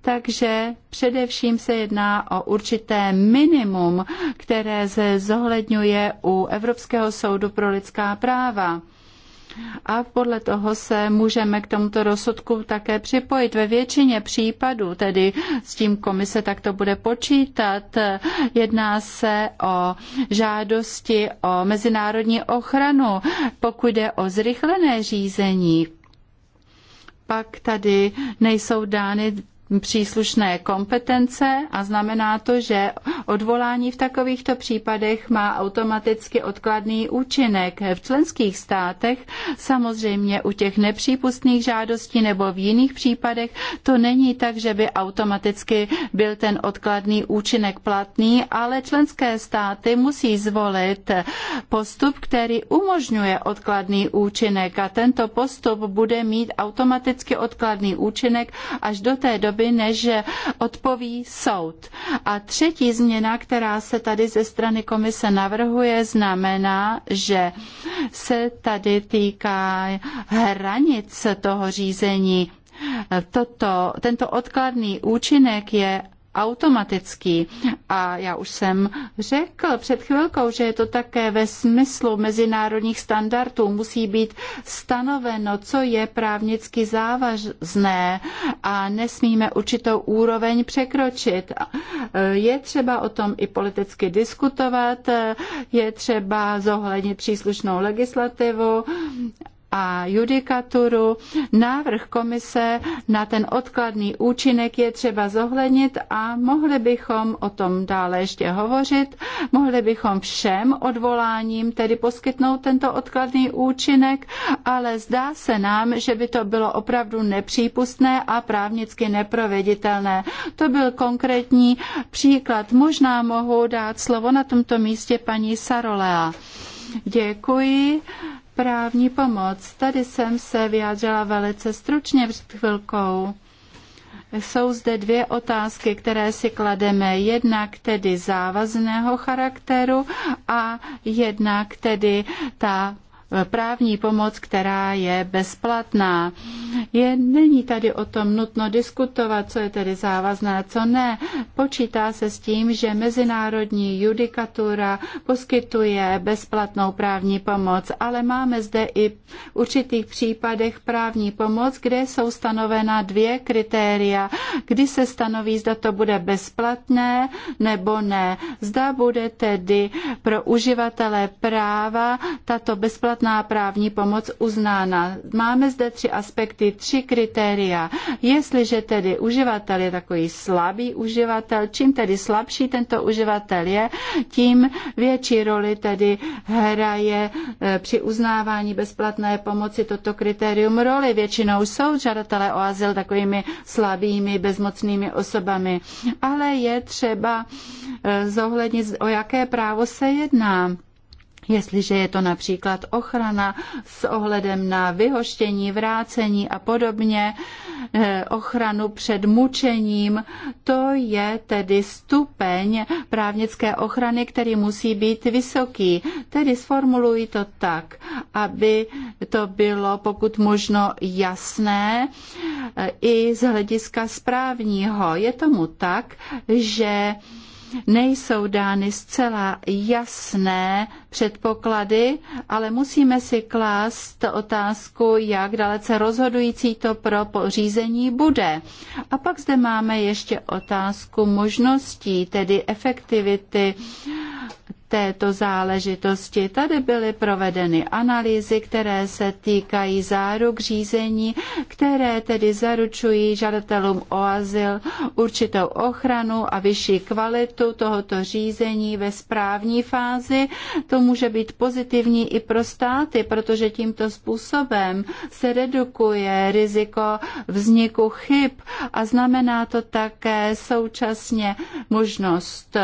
takže především se jedná o určité minimum, které se zohledňuje u Evropského soudu pro lidská práva. A podle toho se můžeme k tomuto rozsudku také připojit. Ve většině případů, tedy s tím komise takto bude počítat, jedná se o žádosti o mezinárodní ochranu, pokud jde o zrychlené řízení pak tady nejsou dány příslušné kompetence a znamená to, že odvolání v takovýchto případech má automaticky odkladný účinek. V členských státech samozřejmě u těch nepřípustných žádostí nebo v jiných případech to není tak, že by automaticky byl ten odkladný účinek platný, ale členské státy musí zvolit postup, který umožňuje odkladný účinek a tento postup bude mít automaticky odkladný účinek až do té doby, doby, než odpoví soud. A třetí změna, která se tady ze strany komise navrhuje, znamená, že se tady týká hranic toho řízení Toto, tento odkladný účinek je automatický. A já už jsem řekl před chvilkou, že je to také ve smyslu mezinárodních standardů. Musí být stanoveno, co je právnicky závažné a nesmíme určitou úroveň překročit. Je třeba o tom i politicky diskutovat, je třeba zohlednit příslušnou legislativu a judikaturu. Návrh komise na ten odkladný účinek je třeba zohlednit a mohli bychom o tom dále ještě hovořit. Mohli bychom všem odvoláním tedy poskytnout tento odkladný účinek, ale zdá se nám, že by to bylo opravdu nepřípustné a právnicky neproveditelné. To byl konkrétní příklad. Možná mohu dát slovo na tomto místě paní Sarolea. Děkuji právní pomoc. Tady jsem se vyjádřila velice stručně před chvilkou. Jsou zde dvě otázky, které si klademe. Jednak tedy závazného charakteru a jednak tedy ta právní pomoc, která je bezplatná. Je, není tady o tom nutno diskutovat, co je tedy závazné, co ne. Počítá se s tím, že mezinárodní judikatura poskytuje bezplatnou právní pomoc, ale máme zde i v určitých případech právní pomoc, kde jsou stanovena dvě kritéria, kdy se stanoví, zda to bude bezplatné nebo ne. Zda bude tedy pro uživatele práva tato bezplatná bezplatná právní pomoc uznána. Máme zde tři aspekty, tři kritéria. Jestliže tedy uživatel je takový slabý uživatel, čím tedy slabší tento uživatel je, tím větší roli tedy hraje e, při uznávání bezplatné pomoci toto kritérium roli. Většinou jsou žadatelé o azyl takovými slabými, bezmocnými osobami, ale je třeba e, zohlednit, o jaké právo se jedná. Jestliže je to například ochrana s ohledem na vyhoštění, vrácení a podobně, eh, ochranu před mučením, to je tedy stupeň právnické ochrany, který musí být vysoký. Tedy sformuluji to tak, aby to bylo pokud možno jasné eh, i z hlediska správního. Je tomu tak, že nejsou dány zcela jasné předpoklady, ale musíme si klást otázku, jak dalece rozhodující to pro pořízení bude. A pak zde máme ještě otázku možností, tedy efektivity této záležitosti. Tady byly provedeny analýzy, které se týkají záruk řízení, které tedy zaručují žadatelům o azyl určitou ochranu a vyšší kvalitu tohoto řízení ve správní fázi. To může být pozitivní i pro státy, protože tímto způsobem se redukuje riziko vzniku chyb a znamená to také současně možnost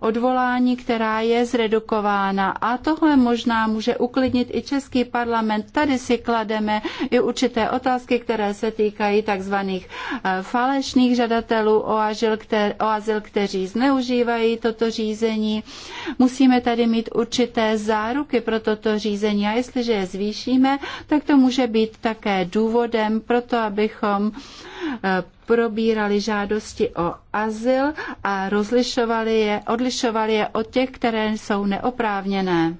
odvolání, která je z zredukována. A tohle možná může uklidnit i Český parlament. Tady si klademe i určité otázky, které se týkají takzvaných eh, falešných žadatelů o azyl, kter, o azyl, kteří zneužívají toto řízení. Musíme tady mít určité záruky pro toto řízení a jestliže je zvýšíme, tak to může být také důvodem pro to, abychom eh, probírali žádosti o azyl a rozlišovali je, odlišovali je od těch, které jsou neoprávněné.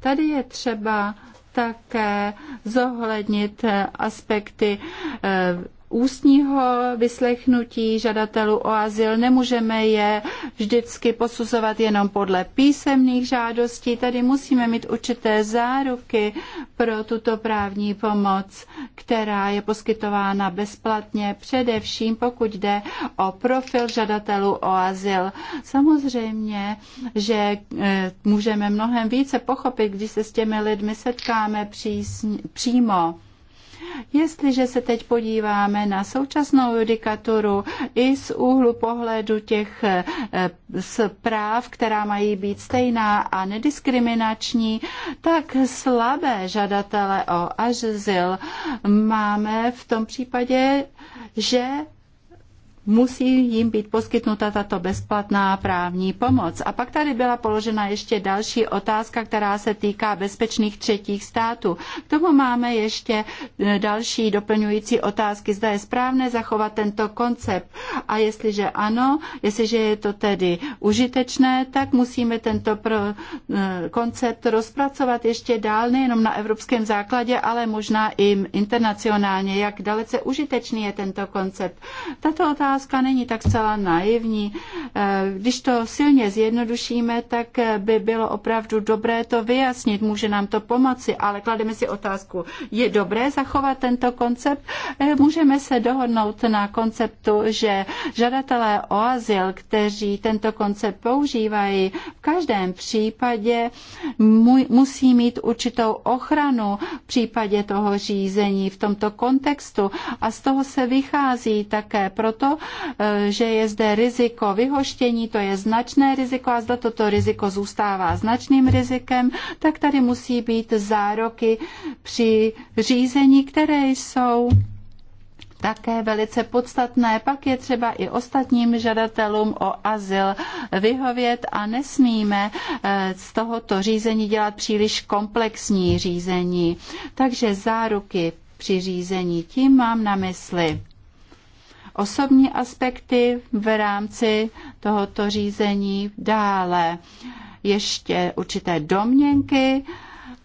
Tady je třeba také zohlednit aspekty eh, ústního vyslechnutí žadatelů o azyl. Nemůžeme je vždycky posuzovat jenom podle písemných žádostí. Tady musíme mít určité záruky pro tuto právní pomoc, která je poskytována bezplatně, především pokud jde o profil žadatelů o azyl. Samozřejmě, že e, můžeme mnohem více pochopit, když se s těmi lidmi setkáme přísně, přímo Jestliže se teď podíváme na současnou judikaturu i z úhlu pohledu těch zpráv, eh, která mají být stejná a nediskriminační, tak slabé žadatele o azyl máme v tom případě, že musí jim být poskytnuta tato bezplatná právní pomoc. A pak tady byla položena ještě další otázka, která se týká bezpečných třetích států. K tomu máme ještě e, další doplňující otázky. Zda je správné zachovat tento koncept a jestliže ano, jestliže je to tedy užitečné, tak musíme tento pro, e, koncept rozpracovat ještě dál, nejenom na evropském základě, ale možná i internacionálně, jak dalece užitečný je tento koncept. Tato otázka otázka není tak zcela naivní. Eh, když to silně zjednodušíme, tak eh, by bylo opravdu dobré to vyjasnit, může nám to pomoci, ale klademe si otázku, je dobré zachovat tento koncept? Eh, můžeme se dohodnout na konceptu, že žadatelé o azyl, kteří tento koncept používají, v každém případě musí mít určitou ochranu v případě toho řízení v tomto kontextu a z toho se vychází také proto, Eh, že je zde riziko vyhoštění, to je značné riziko a zda toto riziko zůstává značným rizikem, tak tady musí být zároky při řízení, které jsou také velice podstatné. Pak je třeba i ostatním žadatelům o azyl vyhovět a nesmíme eh, z tohoto řízení dělat příliš komplexní řízení. Takže záruky při řízení, tím mám na mysli osobní aspekty v rámci tohoto řízení, dále ještě určité domněnky,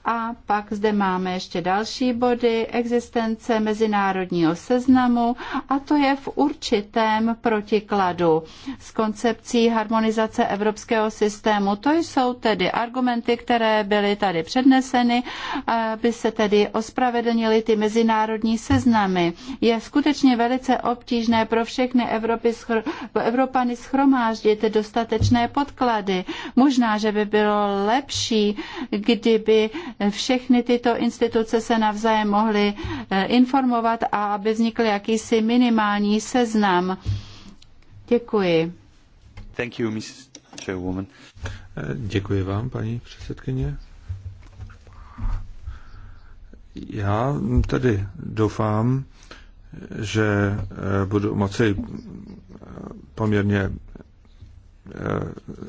a pak zde máme ještě další body existence mezinárodního seznamu a to je v určitém protikladu s koncepcí harmonizace evropského systému. To jsou tedy argumenty, které byly tady předneseny, aby se tedy ospravedlnili ty mezinárodní seznamy. Je skutečně velice obtížné pro všechny Evropy, Evropany schromáždit dostatečné podklady. Možná, že by bylo lepší, kdyby všechny tyto instituce se navzájem mohly eh, informovat a aby vznikl jakýsi minimální seznam. Děkuji. Thank you, Mrs. Chairwoman. Eh, děkuji vám, paní předsedkyně. Já tedy doufám, že eh, budu moci poměrně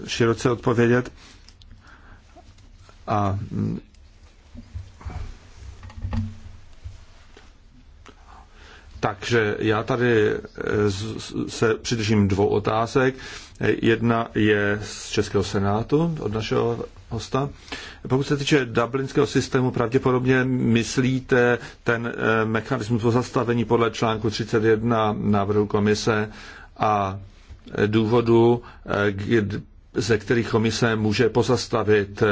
široce odpovědět. A mm, Takže já tady eh, se přidržím dvou otázek. Jedna je z Českého senátu od našeho hosta. Pokud se týče dublinského systému, pravděpodobně myslíte ten eh, mechanismus pozastavení podle článku 31 návrhu komise a eh, důvodu, ze kterých komise může pozastavit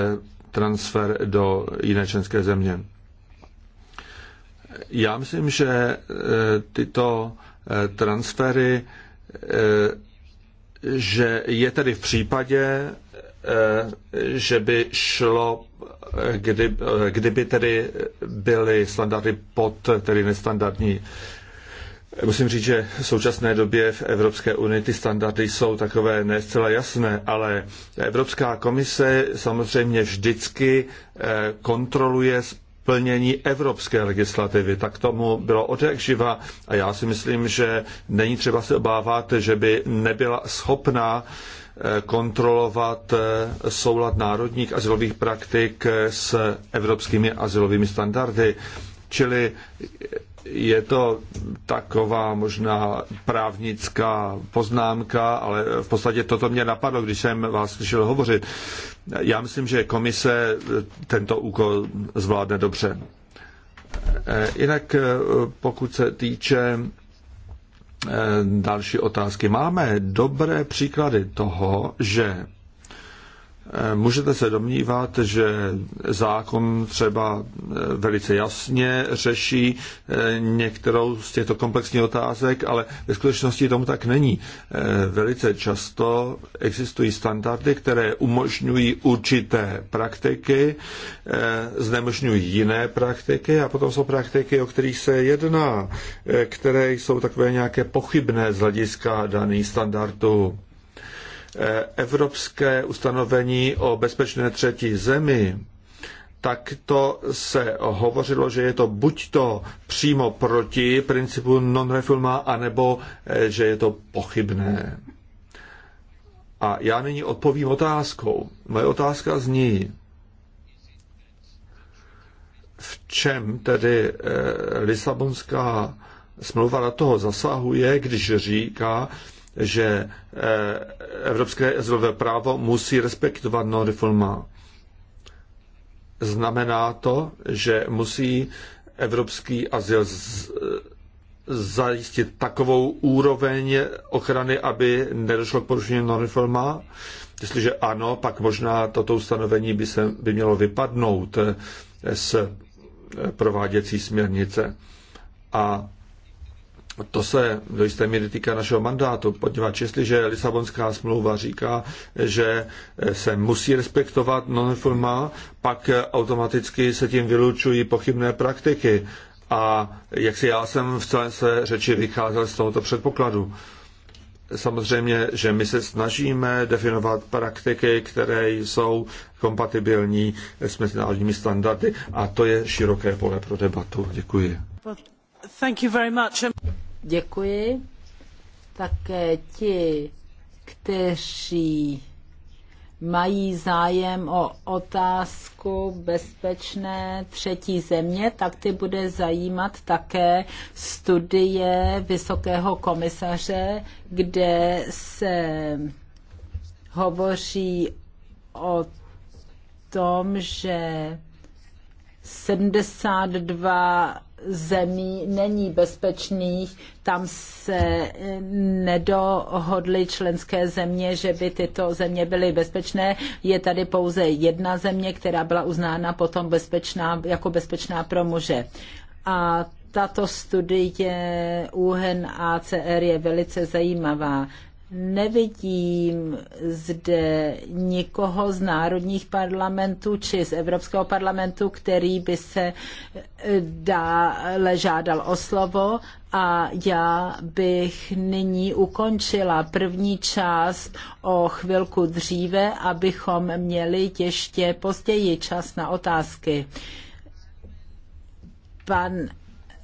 transfer do jiné členské země. Já myslím, že e, tyto e, transfery, e, že je tedy v případě, že by šlo, kdy, kdyby tedy byly standardy pod tedy nestandardní. Musím říct, že v současné době v Evropské unii ty standardy jsou takové ne zcela jasné, ale Evropská komise samozřejmě vždycky kontroluje plnění evropské legislativy. Tak tomu bylo odek živa a já si myslím, že není třeba se obávat, že by nebyla schopná eh, kontrolovat eh, soulad národních azylových praktik eh, s evropskými azylovými standardy. Čili je to taková možná právnická poznámka, ale v podstatě toto mě napadlo, když jsem vás slyšel hovořit. Já myslím, že komise tento úkol zvládne dobře. Eh, jinak eh, pokud se týče eh, další otázky, máme dobré příklady toho, že Můžete se domnívat, že zákon třeba eh, velice jasně řeší eh, některou z těchto komplexních otázek, ale ve skutečnosti tomu tak není. Eh, velice často existují standardy, které umožňují určité praktiky, znemožňují jiné praktiky a potom jsou praktiky, o kterých se jedná, které jsou takové nějaké pochybné z hlediska daných standardů. Eh, evropské ustanovení o bezpečné třetí zemi, tak to se hovořilo, že je to buď to přímo proti principu non-refulma, anebo eh, že je to pochybné. A já nyní odpovím otázkou. Moje otázka zní, v čem tedy eh, Lisabonská smlouva do toho zasahuje, když říká, že eh, evropské azylové právo musí respektovat non-reforma. Znamená to, že musí evropský azyl z, zajistit takovou úroveň ochrany, aby nedošlo k porušení non-reforma? Jestliže ano, pak možná toto ustanovení by, se, by mělo vypadnout eh, z eh, prováděcí směrnice. A to se do jisté míry týká našeho mandátu, poněvadž jestliže Lisabonská smlouva říká, že se musí respektovat non-forma, pak automaticky se tím vylučují pochybné praktiky. A jak si já jsem v celé své řeči vycházel z tohoto předpokladu. Samozřejmě, že my se snažíme definovat praktiky, které jsou kompatibilní s mezinárodními standardy a to je široké pole pro debatu. Děkuji. Děkuji. Také ti, kteří mají zájem o otázku bezpečné třetí země, tak ty bude zajímat také studie Vysokého komisaře, kde se hovoří o tom, že 72 zemí není bezpečných, tam se eh, nedohodly členské země, že by tyto země byly bezpečné. Je tady pouze jedna země, která byla uznána potom bezpečná, jako bezpečná pro muže. A tato studie UNACR e je velice zajímavá. Nevidím zde nikoho z národních parlamentů či z Evropského parlamentu, který by se eh, dále žádal o slovo a já bych nyní ukončila první část o chvilku dříve, abychom měli ještě později čas na otázky. Pan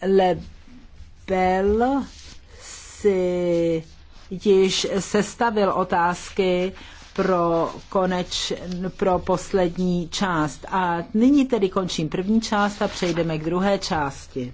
Lebel si již sestavil otázky pro, koneč, pro poslední část. A nyní tedy končím první část a přejdeme k druhé části.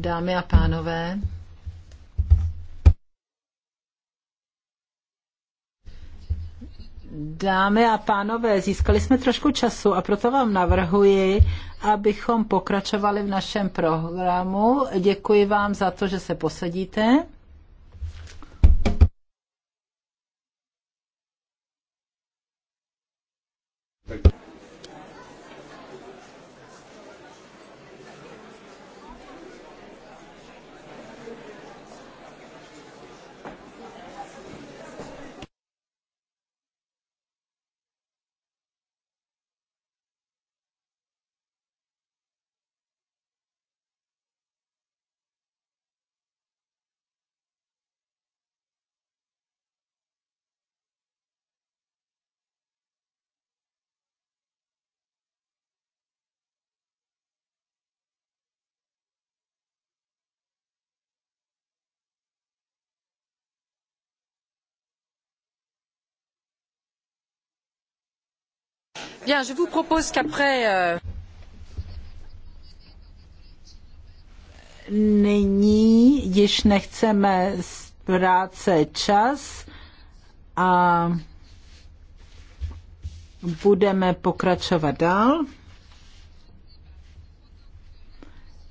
Dámy a pánové. Dámy a pánové, získali jsme trošku času a proto vám navrhuji, abychom pokračovali v našem programu. Děkuji vám za to, že se posadíte. Bien, je vous propose qu'après. Euh, Nyní již nechceme z práce čas a budeme pokračovat dál.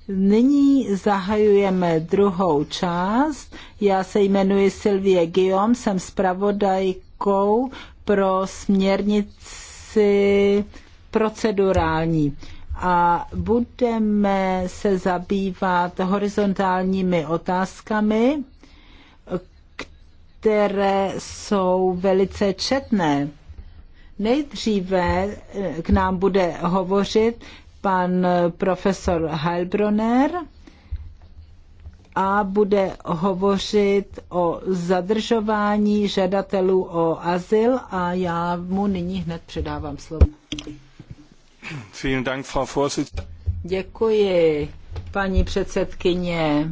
Nyní zahajujeme druhou část. Já se jmenuji Sylvie Guillaume, jsem zpravodajkou pro směrnici jaksi procedurální a budeme se zabývat horizontálními otázkami, které jsou velice četné. Nejdříve eh, k nám bude hovořit pan profesor Heilbronner a bude hovořit o zadržování žadatelů o azyl a já mu nyní hned předávám slovo. Děkuji, paní předsedkyně.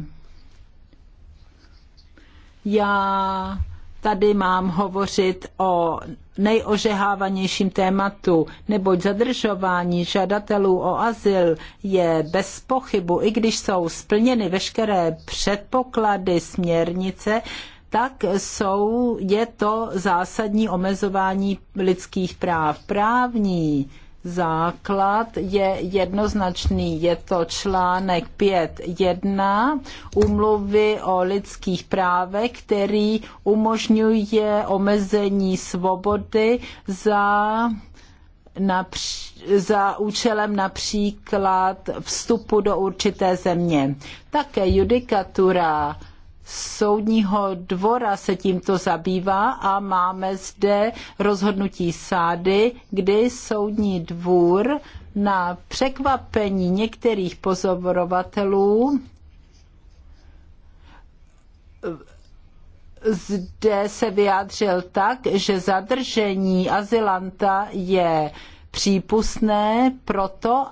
Já tady mám hovořit o nejožehávanějším tématu, neboť zadržování žadatelů o azyl je bez pochybu, i když jsou splněny veškeré předpoklady směrnice, tak jsou, je to zásadní omezování lidských práv. Právní základ je jednoznačný. Je to článek 5.1 umluvy o lidských právech, který umožňuje omezení svobody za např- za účelem například vstupu do určité země. Také judikatura soudního dvora se tímto zabývá a máme zde rozhodnutí sády, kdy soudní dvůr na překvapení některých pozorovatelů zde se vyjádřil tak, že zadržení azylanta je přípustné proto,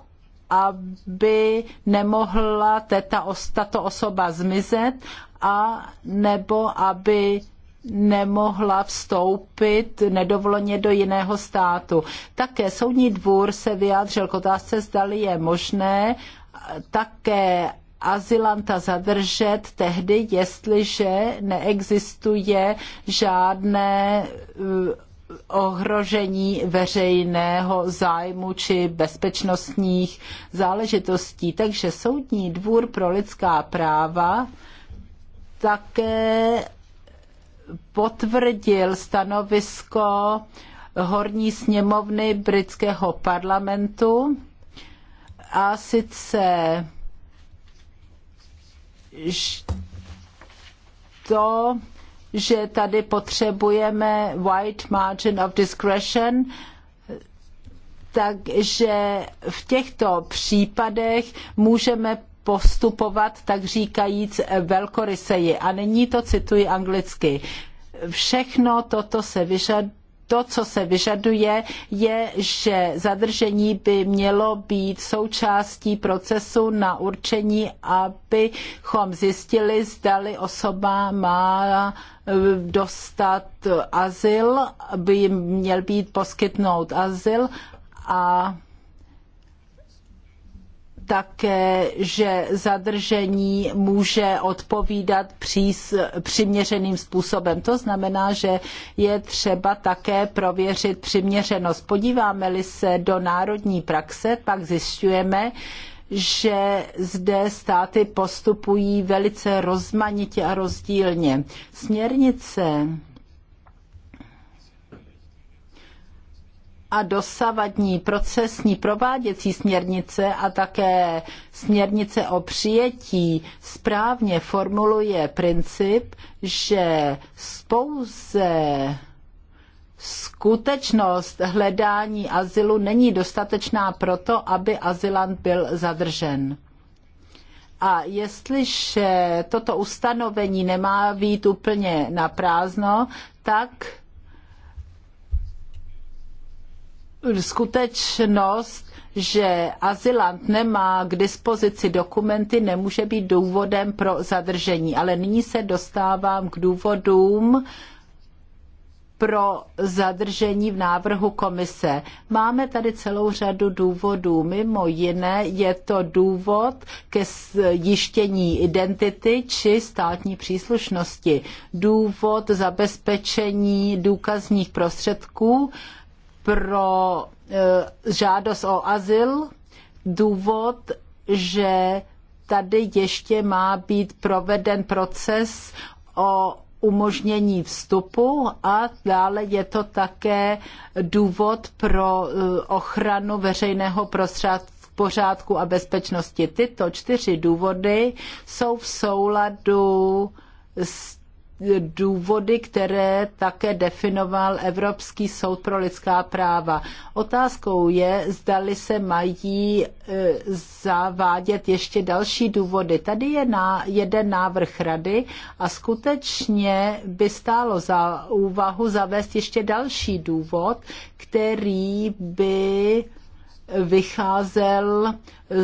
aby nemohla teta, tato osoba zmizet a nebo aby nemohla vstoupit nedovoleně do jiného státu. Také soudní dvůr se vyjádřil k otázce, zdali je možné také azylanta zadržet tehdy, jestliže neexistuje žádné uh, ohrožení veřejného zájmu či bezpečnostních záležitostí. Takže Soudní dvůr pro lidská práva také potvrdil stanovisko horní sněmovny britského parlamentu a sice to, že tady potřebujeme wide margin of discretion, takže v těchto případech můžeme postupovat, tak říkajíc, velkoryseji. A nyní to cituji anglicky. Všechno toto se vyžaduje to, co se vyžaduje, je, že zadržení by mělo být součástí procesu na určení, abychom zjistili, zdali osoba má eh, dostat azyl, by měl být poskytnout azyl a také, že zadržení může odpovídat přiměřeným způsobem. To znamená, že je třeba také prověřit přiměřenost. Podíváme-li se do národní praxe, pak zjišťujeme, že zde státy postupují velice rozmanitě a rozdílně. Směrnice a dosavadní procesní prováděcí směrnice a také směrnice o přijetí správně formuluje princip, že pouze skutečnost hledání azylu není dostatečná proto, aby azylant byl zadržen. A jestliže toto ustanovení nemá být úplně na prázdno, tak skutečnost, že azylant nemá k dispozici dokumenty, nemůže být důvodem pro zadržení. Ale nyní se dostávám k důvodům pro zadržení v návrhu komise. Máme tady celou řadu důvodů. Mimo jiné je to důvod ke zjištění identity či státní příslušnosti. Důvod zabezpečení důkazních prostředků pro eh, žádost o azyl. Důvod, že tady ještě má být proveden proces o umožnění vstupu a dále je to také důvod pro eh, ochranu veřejného prostředí pořádku a bezpečnosti. Tyto čtyři důvody jsou v souladu s důvody, které také definoval Evropský soud pro lidská práva. Otázkou je, zdali se mají e, zavádět ještě další důvody. Tady je na jeden návrh rady a skutečně by stálo za úvahu zavést ještě další důvod, který by vycházel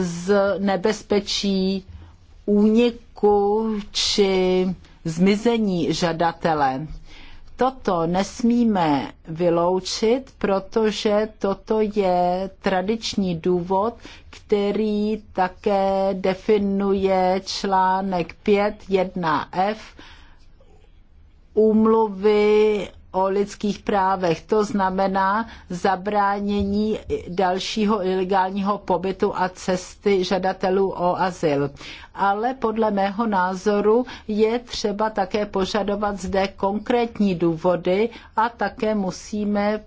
z nebezpečí úniku či zmizení žadatele. Toto nesmíme vyloučit, protože toto je tradiční důvod, který také definuje článek 5.1f úmluvy o lidských právech. To znamená zabránění dalšího ilegálního pobytu a cesty žadatelů o azyl. Ale podle mého názoru je třeba také požadovat zde konkrétní důvody a také musíme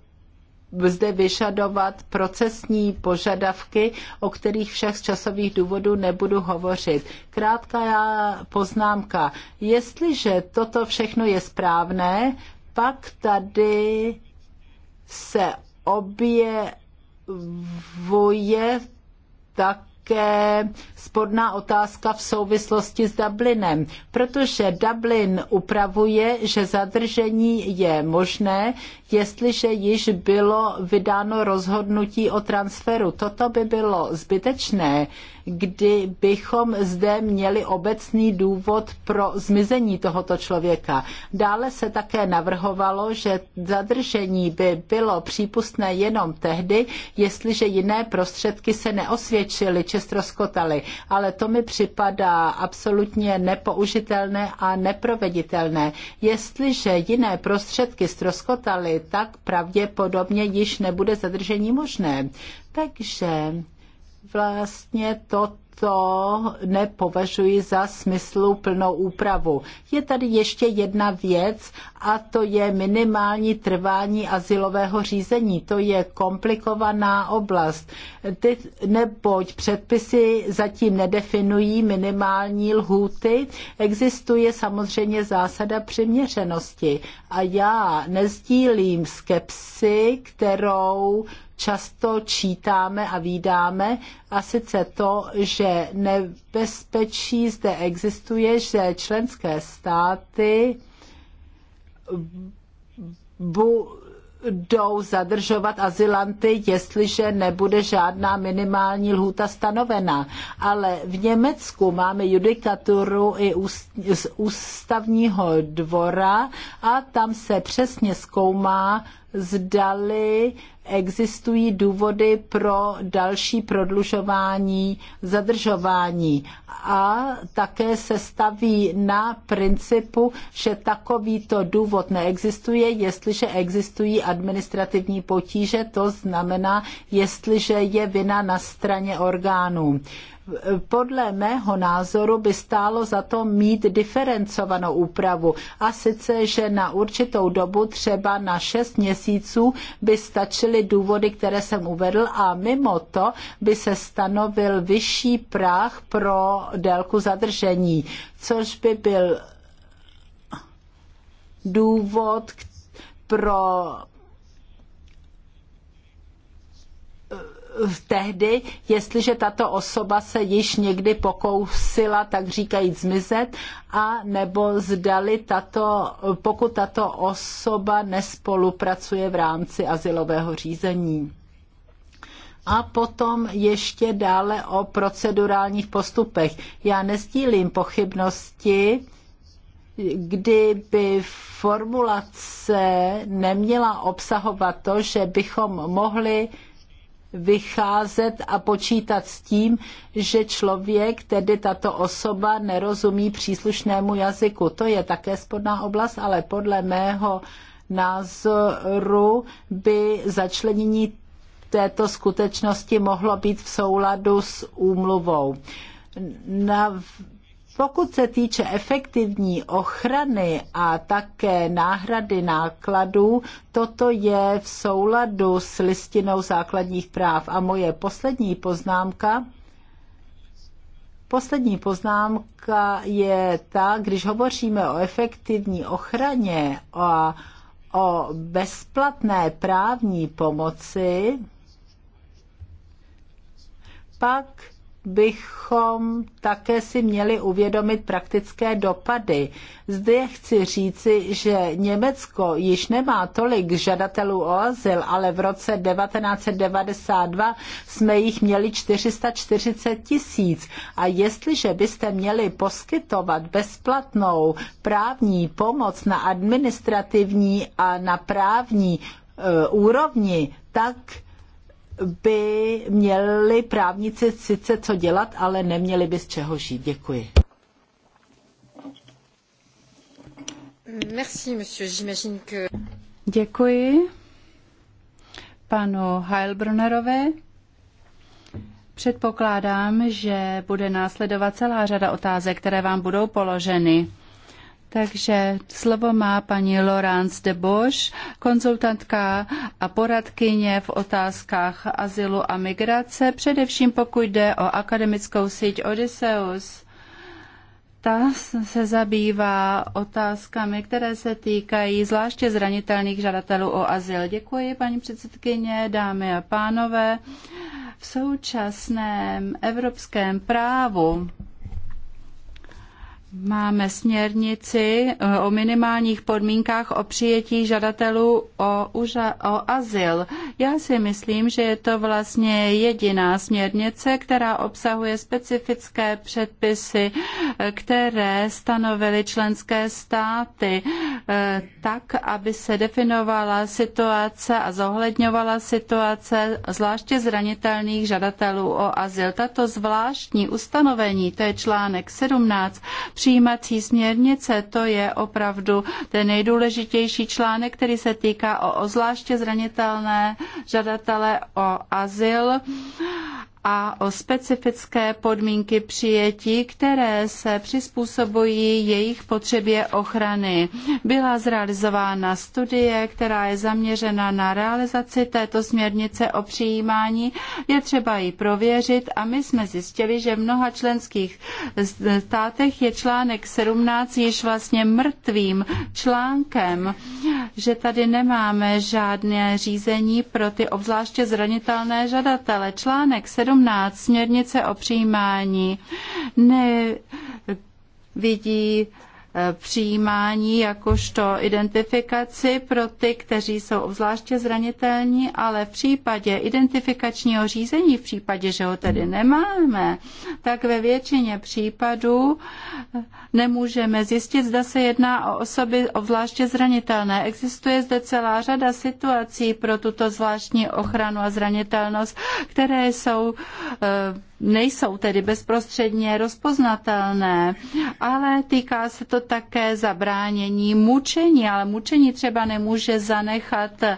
zde vyžadovat procesní požadavky, o kterých všech z časových důvodů nebudu hovořit. Krátká poznámka. Jestliže toto všechno je správné, pak tady se objevuje také spodná otázka v souvislosti s Dublinem, protože Dublin upravuje, že zadržení je možné, jestliže již bylo vydáno rozhodnutí o transferu. Toto by bylo zbytečné, kdybychom zde měli obecný důvod pro zmizení tohoto člověka. Dále se také navrhovalo, že zadržení by bylo přípustné jenom tehdy, jestliže jiné prostředky se neosvědčily či ztroskotaly. Ale to mi připadá absolutně nepoužitelné a neproveditelné. Jestliže jiné prostředky ztroskotaly, tak pravděpodobně již nebude zadržení možné. Takže vlastně toto nepovažuji za smysluplnou úpravu. Je tady ještě jedna věc a to je minimální trvání asilového řízení. To je komplikovaná oblast, Ty, neboť předpisy zatím nedefinují minimální lhůty. Existuje samozřejmě zásada přiměřenosti a já nezdílím skepsy, kterou často čítáme a vídáme, a sice to, že nebezpečí zde existuje, že členské státy budou zadržovat azylanty, jestliže nebude žádná minimální lhůta stanovena. Ale v Německu máme judikaturu i z ústavního dvora a tam se přesně zkoumá, zdali existují důvody pro další prodlužování zadržování. A také se staví na principu, že takovýto důvod neexistuje, jestliže existují administrativní potíže, to znamená, jestliže je vina na straně orgánů podle mého názoru by stálo za to mít diferencovanou úpravu. A sice, že na určitou dobu, třeba na 6 měsíců, by stačily důvody, které jsem uvedl a mimo to by se stanovil vyšší práh pro délku zadržení, což by byl důvod pro tehdy, jestliže tato osoba se již někdy pokousila, tak říkajíc, zmizet, a nebo zdali tato, pokud tato osoba nespolupracuje v rámci asilového řízení. A potom ještě dále o procedurálních postupech. Já nezdílím pochybnosti, kdyby formulace neměla obsahovat to, že bychom mohli vycházet a počítat s tím, že člověk, tedy tato osoba, nerozumí příslušnému jazyku. To je také spodná oblast, ale podle mého názoru by začlenění této skutečnosti mohlo být v souladu s úmluvou. Na pokud se týče efektivní ochrany a také náhrady nákladů, toto je v souladu s listinou základních práv. A moje poslední poznámka. Poslední poznámka je ta, když hovoříme o efektivní ochraně a o bezplatné právní pomoci, pak bychom také si měli uvědomit praktické dopady. Zde chci říci, že Německo již nemá tolik žadatelů o azyl, ale v roce 1992 jsme jich měli 440 tisíc. A jestliže byste měli poskytovat bezplatnou právní pomoc na administrativní a na právní e, úrovni, tak by měli právníci sice co dělat, ale neměli by z čeho žít. Děkuji. Merci, monsieur. J'imagine que... Děkuji panu Heilbrunnerovi. Předpokládám, že bude následovat celá řada otázek, které vám budou položeny. Takže slovo má paní Laurence de Bosch, konzultantka a poradkyně v otázkách azylu a migrace, především pokud jde o akademickou síť Odysseus ta se zabývá otázkami, které se týkají zvláště zranitelných žadatelů o azyl. Děkuji, paní předsedkyně, dámy a pánové. V současném evropském právu Máme směrnici eh, o minimálních podmínkách o přijetí žadatelů o, uža, o azyl. Já si myslím, že je to vlastně jediná směrnice, která obsahuje specifické předpisy, eh, které stanovily členské státy eh, tak, aby se definovala situace a zohledňovala situace zvláště zranitelných žadatelů o azyl. Tato zvláštní ustanovení, to je článek 17, přijímací směrnice, to je opravdu ten nejdůležitější článek, který se týká o zvláště zranitelné žadatele o azyl a o specifické podmínky přijetí, které se přizpůsobují jejich potřebě ochrany. Byla zrealizována studie, která je zaměřena na realizaci této směrnice o přijímání. Je třeba ji prověřit a my jsme zjistili, že v mnoha členských státech je článek 17 již vlastně mrtvým článkem, že tady nemáme žádné řízení pro ty obzvláště zranitelné žadatele. Článek 17 18 směrnice o přijímání nevidí Eh, přijímání jakožto identifikaci pro ty, kteří jsou obzvláště zranitelní, ale v případě identifikačního řízení, v případě, že ho tedy nemáme, tak ve většině případů eh, nemůžeme zjistit, zda se jedná o osoby obzvláště zranitelné. Existuje zde celá řada situací pro tuto zvláštní ochranu a zranitelnost, které jsou eh, nejsou tedy bezprostředně rozpoznatelné, ale týká se to také zabránění mučení, ale mučení třeba nemůže zanechat eh,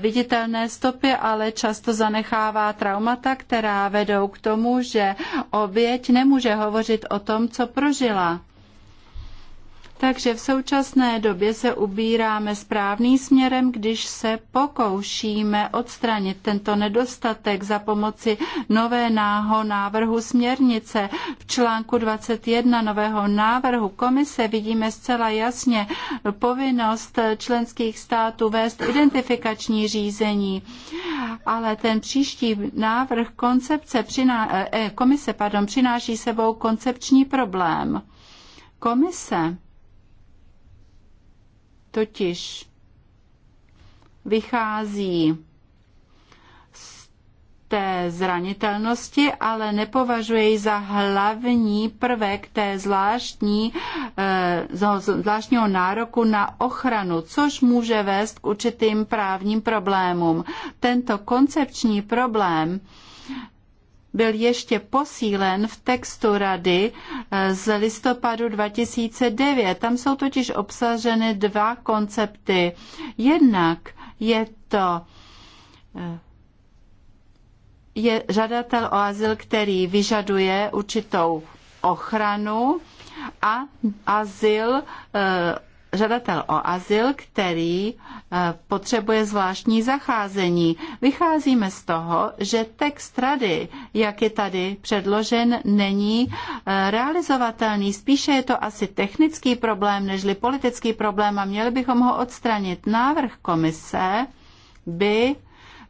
viditelné stopy, ale často zanechává traumata, která vedou k tomu, že oběť nemůže hovořit o tom, co prožila. Takže v současné době se ubíráme správným směrem, když se pokoušíme odstranit tento nedostatek za pomoci nového návrhu směrnice. V článku 21 nového návrhu komise vidíme zcela jasně povinnost členských států vést identifikační řízení. Ale ten příští návrh koncepce přiná, eh, eh komise pardon, přináší sebou koncepční problém. Komise totiž vychází z té zranitelnosti, ale nepovažuje ji za hlavní prvek té zvláštní, eh, zvláštního nároku na ochranu, což může vést k určitým právním problémům. Tento koncepční problém byl ještě posílen v textu rady eh, z listopadu 2009. Tam jsou totiž obsaženy dva koncepty. Jednak je to eh, je žadatel o azyl, který vyžaduje určitou ochranu a azyl eh, žadatel o azyl, který eh, potřebuje zvláštní zacházení. Vycházíme z toho, že text rady, jak je tady předložen, není eh, realizovatelný. Spíše je to asi technický problém, nežli politický problém a měli bychom ho odstranit. Návrh komise by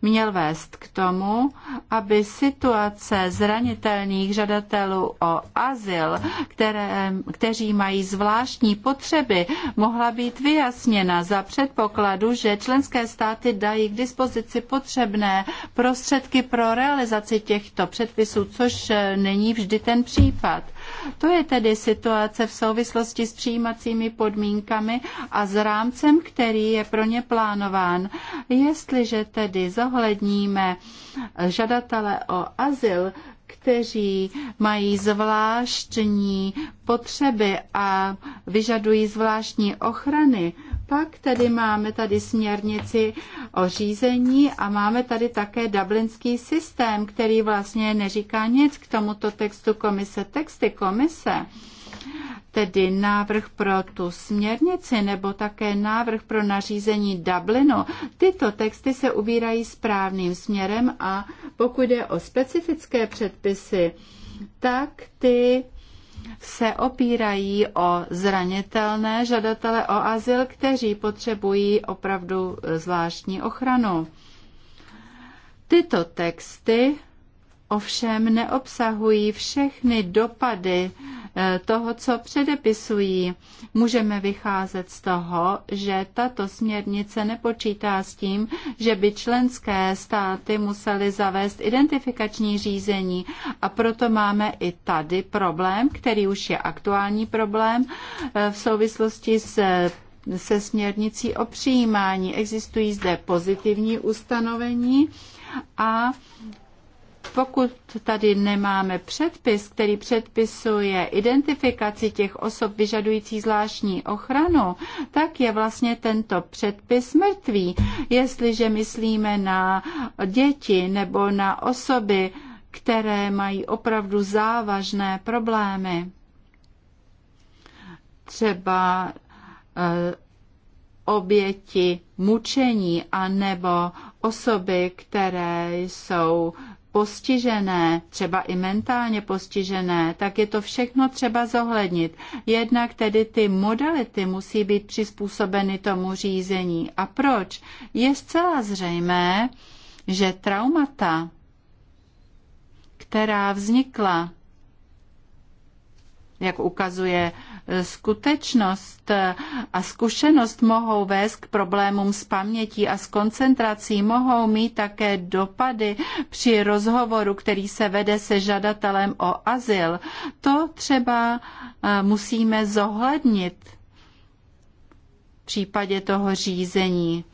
měl vést k tomu, aby situace zranitelných žadatelů o azyl, které, kteří mají zvláštní potřeby, mohla být vyjasněna za předpokladu, že členské státy dají k dispozici potřebné prostředky pro realizaci těchto předpisů, což není vždy ten případ. To je tedy situace v souvislosti s přijímacími podmínkami a s rámcem, který je pro ně plánován. Jestliže tedy zohledníme žadatele o azyl, kteří mají zvláštní potřeby a vyžadují zvláštní ochrany, pak tedy máme tady směrnici o řízení a máme tady také dublinský systém, který vlastně neříká nic k tomuto textu komise. Texty komise tedy návrh pro tu směrnici nebo také návrh pro nařízení Dublinu, tyto texty se ubírají správným směrem a pokud je o specifické předpisy, tak ty se opírají o zranitelné žadatele o azyl, kteří potřebují opravdu zvláštní ochranu. Tyto texty ovšem neobsahují všechny dopady toho, co předepisují. Můžeme vycházet z toho, že tato směrnice nepočítá s tím, že by členské státy musely zavést identifikační řízení a proto máme i tady problém, který už je aktuální problém eh, v souvislosti s se směrnicí o přijímání. Existují zde pozitivní ustanovení a pokud tady nemáme předpis, který předpisuje identifikaci těch osob vyžadující zvláštní ochranu, tak je vlastně tento předpis mrtvý. Jestliže myslíme na děti nebo na osoby, které mají opravdu závažné problémy, třeba eh, oběti mučení a nebo osoby, které jsou postižené, třeba i mentálně postižené, tak je to všechno třeba zohlednit. Jednak tedy ty modality musí být přizpůsobeny tomu řízení. A proč? Je zcela zřejmé, že traumata, která vznikla, jak ukazuje skutečnost a zkušenost mohou vést k problémům s pamětí a s koncentrací, mohou mít také dopady při rozhovoru, který se vede se žadatelem o azyl. To třeba eh, musíme zohlednit v případě toho řízení.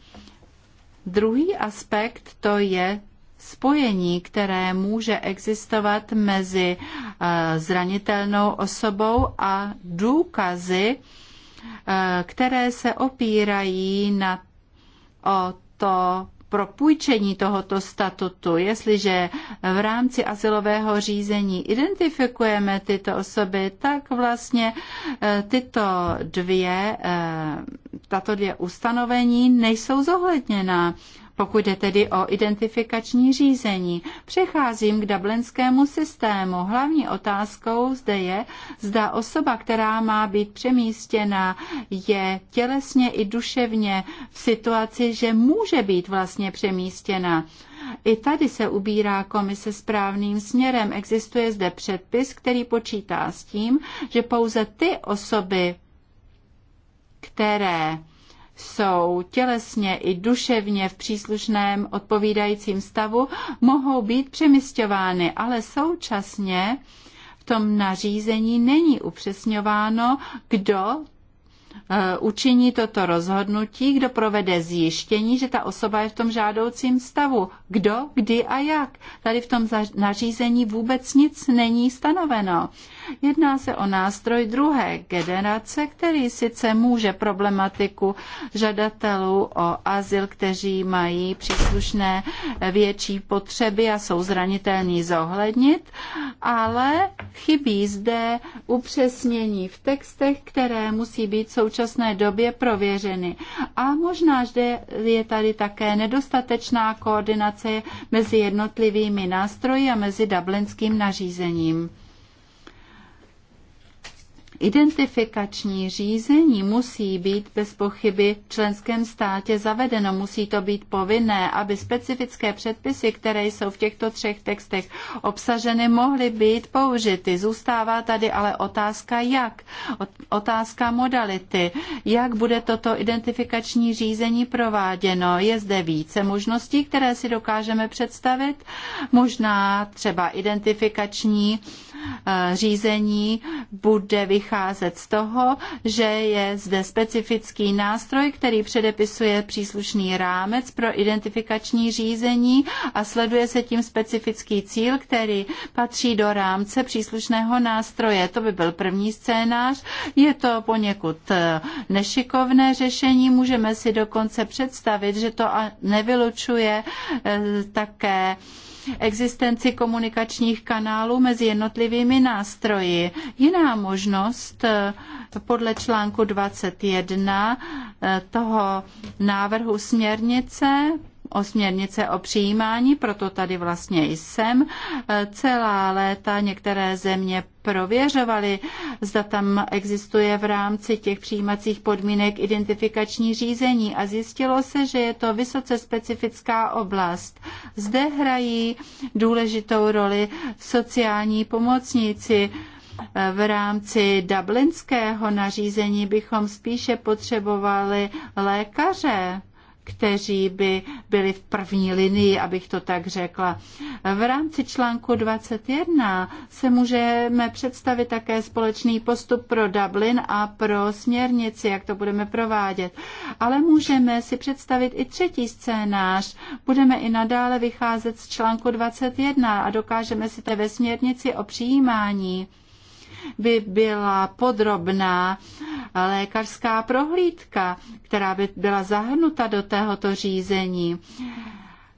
Druhý aspekt to je spojení, které může existovat mezi eh, zranitelnou osobou a důkazy, eh, které se opírají na, o to propůjčení tohoto statutu, jestliže v rámci asilového řízení identifikujeme tyto osoby, tak vlastně eh, tyto dvě, tato dvě ustanovení nejsou zohledněna. Pokud jde tedy o identifikační řízení, přecházím k dublinskému systému. Hlavní otázkou zde je, zda osoba, která má být přemístěna, je tělesně i duševně v situaci, že může být vlastně přemístěna. I tady se ubírá komise správným směrem. Existuje zde předpis, který počítá s tím, že pouze ty osoby, které jsou tělesně i duševně v příslušném odpovídajícím stavu, mohou být přemysťovány, ale současně v tom nařízení není upřesňováno, kdo eh, učiní toto rozhodnutí, kdo provede zjištění, že ta osoba je v tom žádoucím stavu. Kdo, kdy a jak. Tady v tom nařízení vůbec nic není stanoveno. Jedná se o nástroj druhé generace, který sice může problematiku žadatelů o azyl, kteří mají příslušné větší potřeby a jsou zranitelní zohlednit, ale chybí zde upřesnění v textech, které musí být v současné době prověřeny. A možná, že je tady také nedostatečná koordinace mezi jednotlivými nástroji a mezi dublinským nařízením. Identifikační řízení musí být bez pochyby v členském státě zavedeno. Musí to být povinné, aby specifické předpisy, které jsou v těchto třech textech obsaženy, mohly být použity. Zůstává tady ale otázka jak. Otázka modality. Jak bude toto identifikační řízení prováděno? Je zde více možností, které si dokážeme představit. Možná třeba identifikační Eh, řízení bude vycházet z toho, že je zde specifický nástroj, který předepisuje příslušný rámec pro identifikační řízení a sleduje se tím specifický cíl, který patří do rámce příslušného nástroje. To by byl první scénář. Je to poněkud eh, nešikovné řešení. Můžeme si dokonce představit, že to nevylučuje eh, také existenci komunikačních kanálů mezi jednotlivými nástroji. Jiná možnost eh, podle článku 21 eh, toho návrhu směrnice o směrnice o přijímání, proto tady vlastně jsem. Celá léta některé země prověřovaly, zda tam existuje v rámci těch přijímacích podmínek identifikační řízení a zjistilo se, že je to vysoce specifická oblast. Zde hrají důležitou roli sociální pomocníci, v rámci dublinského nařízení bychom spíše potřebovali lékaře, kteří by byli v první linii, abych to tak řekla. V rámci článku 21 se můžeme představit také společný postup pro Dublin a pro směrnici, jak to budeme provádět. Ale můžeme si představit i třetí scénář. Budeme i nadále vycházet z článku 21 a dokážeme si to ve směrnici o přijímání by byla podrobná lékařská prohlídka, která by byla zahrnuta do tohoto řízení.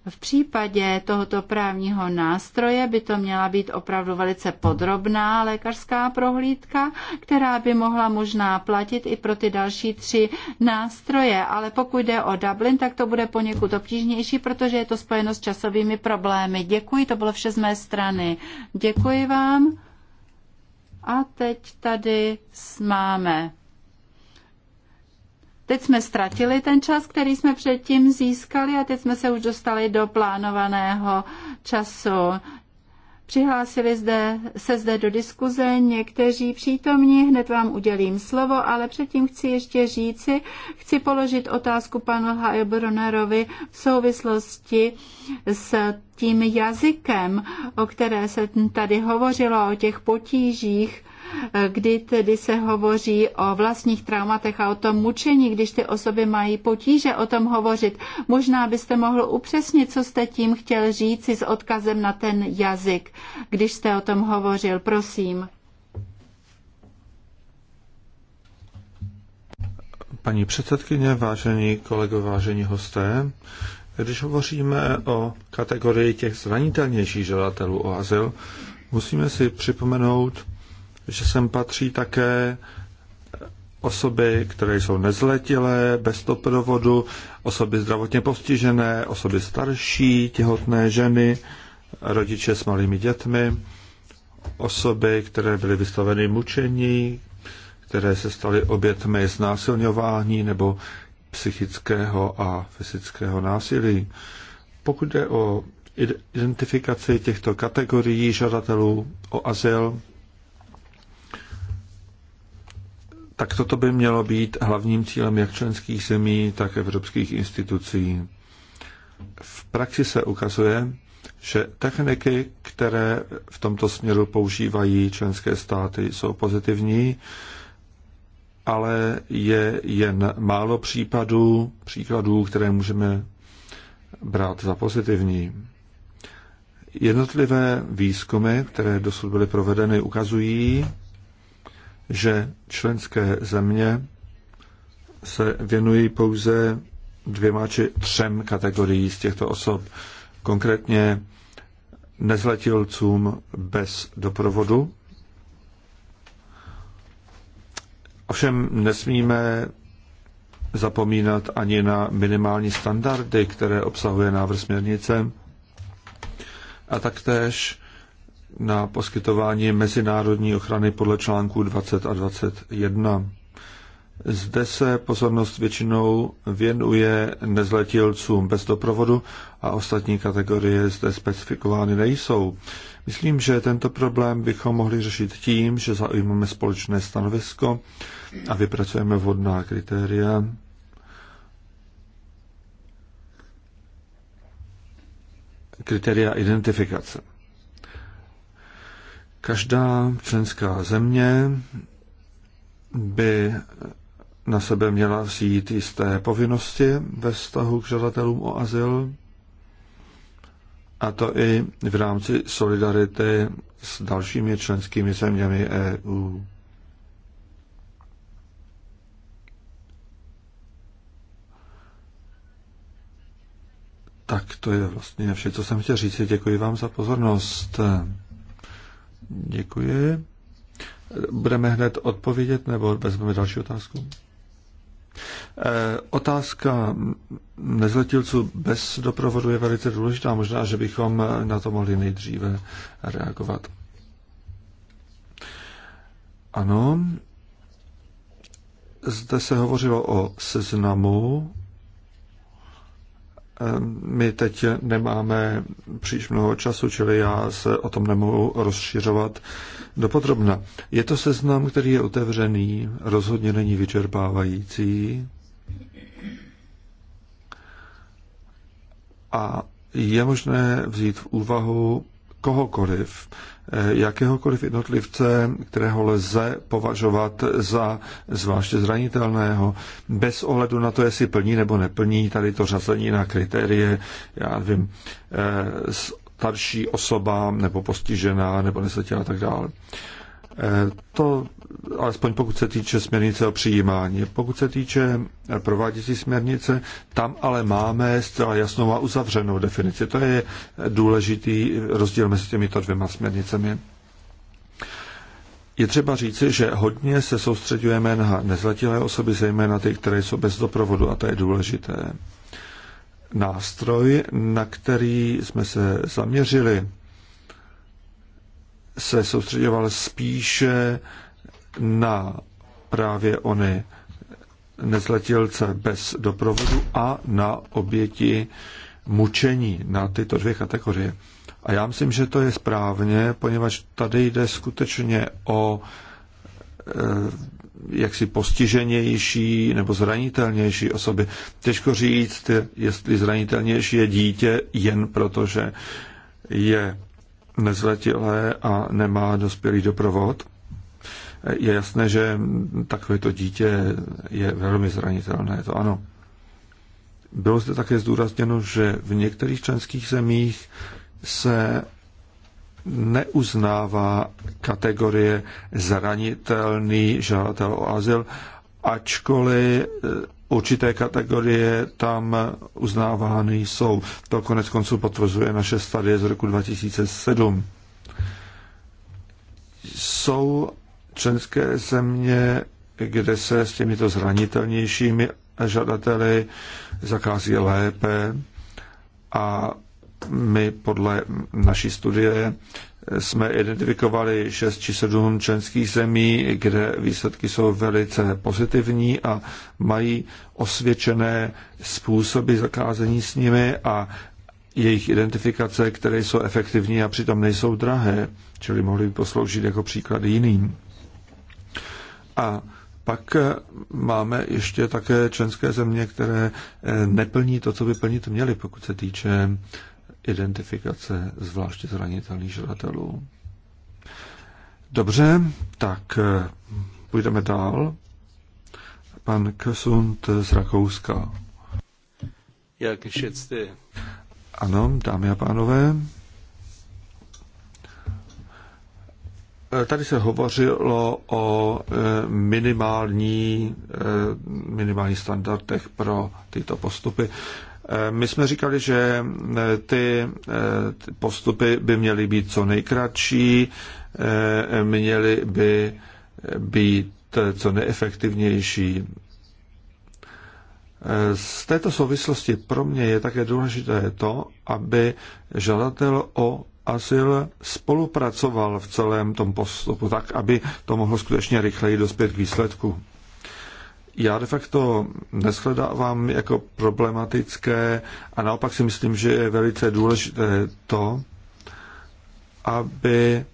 V případě tohoto právního nástroje by to měla být opravdu velice podrobná lékařská prohlídka, která by mohla možná platit i pro ty další tři nástroje. Ale pokud jde o Dublin, tak to bude poněkud obtížnější, protože je to spojeno s časovými problémy. Děkuji, to bylo vše z mé strany. Děkuji vám. A teď tady máme. Teď jsme ztratili ten čas, který jsme předtím získali a teď jsme se už dostali do plánovaného času. Přihlásili zde, se zde do diskuze někteří přítomní, hned vám udělím slovo, ale předtím chci ještě říci, chci položit otázku panu Heilbronerovi v souvislosti s tím jazykem, o které se tady hovořilo, o těch potížích, kdy tedy se hovoří o vlastních traumatech a o tom mučení, když ty osoby mají potíže o tom hovořit. Možná byste mohl upřesnit, co jste tím chtěl říci s odkazem na ten jazyk, když jste o tom hovořil. Prosím. Paní předsedkyně, vážení kolegové, vážení hosté, když hovoříme o kategorii těch zranitelnějších žadatelů o azyl, musíme si připomenout že sem patří také osoby, které jsou nezletilé, bez doprovodu, osoby zdravotně postižené, osoby starší, těhotné ženy, rodiče s malými dětmi, osoby, které byly vystaveny mučení, které se staly obětmi znásilňování nebo psychického a fyzického násilí. Pokud jde o identifikaci těchto kategorií žadatelů o azyl, tak toto by mělo být hlavním cílem jak členských zemí, tak evropských institucí. V praxi se ukazuje, že techniky, které v tomto směru používají členské státy, jsou pozitivní, ale je jen málo případů, příkladů, které můžeme brát za pozitivní. Jednotlivé výzkumy, které dosud byly provedeny, ukazují, že členské země se věnují pouze dvěma či třem kategorií z těchto osob, konkrétně nezletilcům bez doprovodu. Ovšem nesmíme zapomínat ani na minimální standardy, které obsahuje návrh směrnice, a taktéž na poskytování mezinárodní ochrany podle článku 20 a 21. Zde se pozornost většinou věnuje nezletilcům bez doprovodu a ostatní kategorie zde specifikovány nejsou. Myslím, že tento problém bychom mohli řešit tím, že zaujmeme společné stanovisko a vypracujeme vhodná kritéria. Kritéria identifikace. Každá členská země by na sebe měla vzít jisté povinnosti ve vztahu k žadatelům o azyl, a to i v rámci solidarity s dalšími členskými zeměmi EU. Tak to je vlastně vše, co jsem chtěl říct. Děkuji vám za pozornost. Děkuji. Budeme hned odpovědět nebo vezmeme další otázku? Eh, otázka nezletilců bez doprovodu je velice důležitá. Možná, že bychom na to mohli nejdříve reagovat. Ano, zde se hovořilo o seznamu Ehm, my teď nemáme příliš mnoho času, čili já se o tom nemohu rozšiřovat dopodrobna. Je to seznam, který je otevřený, rozhodně není vyčerpávající. A je možné vzít v úvahu kohokoliv. Eh, jakéhokoliv jednotlivce, kterého lze považovat za zvláště zranitelného, bez ohledu na to, jestli plní nebo neplní tady to řazení na kritérie, já nevím, eh, starší osoba nebo postižená nebo nesetěla a tak dále. Eh, to alespoň pokud se týče směrnice o přijímání. Pokud se týče eh, prováděcí směrnice, tam ale máme zcela jasnou a uzavřenou definici. To je důležitý rozdíl mezi těmito dvěma směrnicemi. Je třeba říci, že hodně se soustředujeme na nezletilé osoby, zejména ty, které jsou bez doprovodu, a to je důležité. Nástroj, na který jsme se zaměřili, se soustředoval spíše na právě ony nezletilce bez doprovodu a na oběti mučení, na tyto dvě kategorie. A já myslím, že to je správně, poněvadž tady jde skutečně o eh, jaksi postiženější nebo zranitelnější osoby. Těžko říct, jestli zranitelnější je dítě jen proto, že je nezletilé a nemá dospělý doprovod, je jasné, že takovéto dítě je velmi zranitelné, to ano. Bylo zde také zdůrazněno, že v některých členských zemích se neuznává kategorie zranitelný žádatel o azyl, ačkoliv e, určité kategorie tam uznávány jsou. To konec konců potvrzuje naše studie z roku 2007. Jsou Členské země, kde se s těmito zranitelnějšími žadateli zakází lépe a my podle naší studie jsme identifikovali 6 či 7 členských zemí, kde výsledky jsou velice pozitivní a mají osvědčené způsoby zakázení s nimi a jejich identifikace, které jsou efektivní a přitom nejsou drahé, čili mohly by posloužit jako příklad jiným. A pak eh, máme ještě také členské země, které eh, neplní to, co by plnit měly, pokud se týče identifikace zvláště zranitelných žadatelů. Dobře, tak eh, půjdeme dál. Pan Kesund z Rakouska. Jak šetste? Ano, dámy a pánové. tady se hovořilo o e, minimální, e, minimální standardech pro tyto postupy. E, my jsme říkali, že ty postupy by měly být co nejkratší, měly by být co neefektivnější. Z této souvislosti pro mě je také důležité to, aby žadatel o azyl spolupracoval v celém tom postupu tak, aby to mohlo skutečně rychleji dospět k výsledku. Já de facto neschledávám jako problematické a naopak si myslím, že je velice důležité to, aby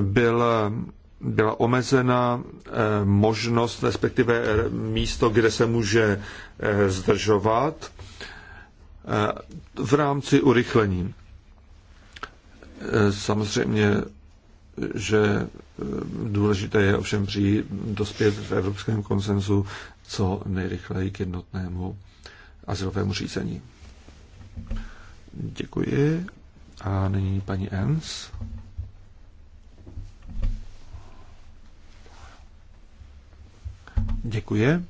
byla, byla omezena eh, možnost, respektive eh, místo, kde se může eh, zdržovat v rámci urychlení. Samozřejmě, že eh, důležité je ovšem přijít, dospět v evropském konsenzu co nejrychleji k jednotnému azylovému řízení. Děkuji. A nyní paní Ens. Děkuji.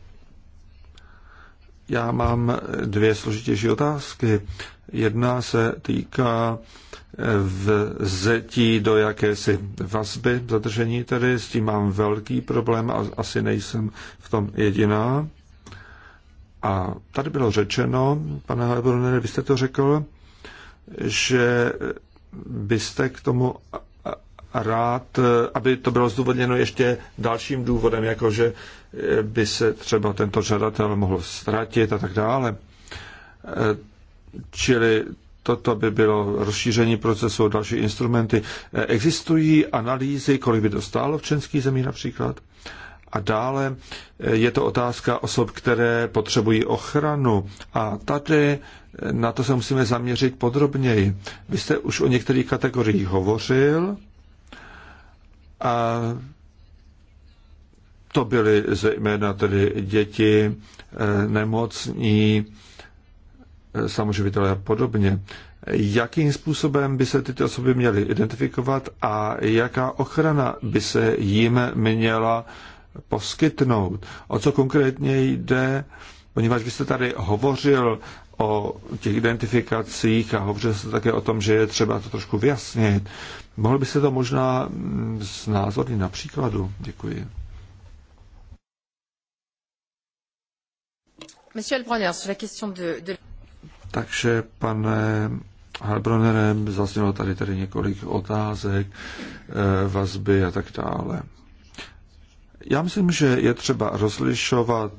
Já mám dvě složitější otázky. Jedna se týká eh, vzetí do jakési vazby, zadržení tedy, s tím mám velký problém a asi nejsem v tom jediná. A tady bylo řečeno, pane Halbrunner, vy jste to řekl, že byste k tomu rád, eh, aby to bylo zdůvodněno ještě dalším důvodem, jakože eh, by se třeba tento žadatel mohl ztratit a tak dále. Eh, čili toto by bylo rozšíření procesu o další instrumenty. Existují analýzy, kolik by to stálo v členský zemí například? A dále je to otázka osob, které potřebují ochranu. A tady na to se musíme zaměřit podrobněji. Vy jste už o některých kategoriích hovořil, a to byly zejména tedy děti, eh, nemocní, eh, samoživitelé a podobně. Jakým způsobem by se tyto osoby měly identifikovat a jaká ochrana by se jim měla poskytnout? O co konkrétně jde? Poněvadž byste tady hovořil o těch identifikacích a hovořil jste také o tom, že je třeba to trošku vyjasnit. Mohl by se to možná mm, znázornit na příkladu? Děkuji. Monsieur Takže, pane Halbronerem, zaznělo tady tady několik otázek, eh, vazby a tak dále. Já myslím, že je třeba rozlišovat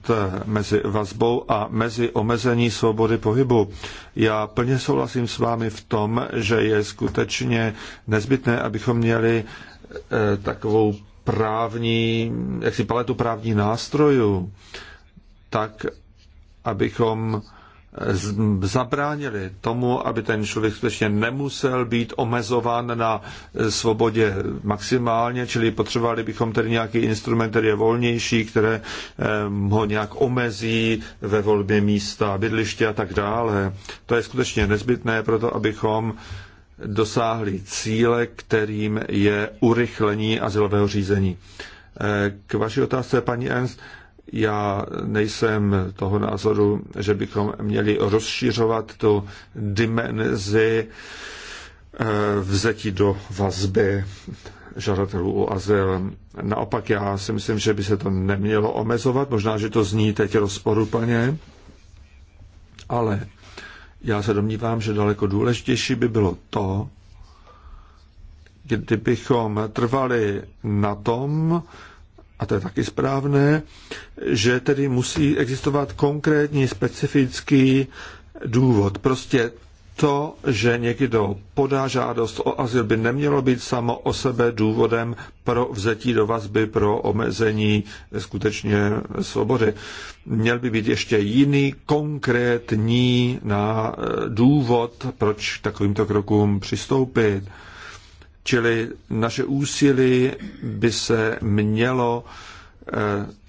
mezi vazbou a mezi omezení svobody pohybu. Já plně souhlasím s vámi v tom, že je skutečně nezbytné, abychom měli eh, takovou právní, jaksi paletu právních nástrojů, tak abychom zabránili tomu, aby ten člověk skutečně nemusel být omezován na svobodě maximálně, čili potřebovali bychom tedy nějaký instrument, který je volnější, které eh, ho nějak omezí ve volbě místa, bydliště a tak dále. To je skutečně nezbytné pro to, abychom dosáhli cíle, kterým je urychlení azylového řízení. Eh, k vaší otázce, paní Ernst, já nejsem toho názoru, že bychom měli rozšířovat tu dimenzi eh, vzetí do vazby žadatelů o azyl. Naopak já si myslím, že by se to nemělo omezovat. Možná, že to zní teď rozporuplně, ale já se domnívám, že daleko důležitější by bylo to, kdybychom trvali na tom, a to je taky správné, že tedy musí existovat konkrétní specifický důvod. Prostě to, že někdo podá žádost o azyl, by nemělo být samo o sebe důvodem pro vzetí do vazby, pro omezení skutečně svobody. Měl by být ještě jiný konkrétní na eh, důvod, proč takovýmto krokům přistoupit. Čili naše úsilí by se mělo eh,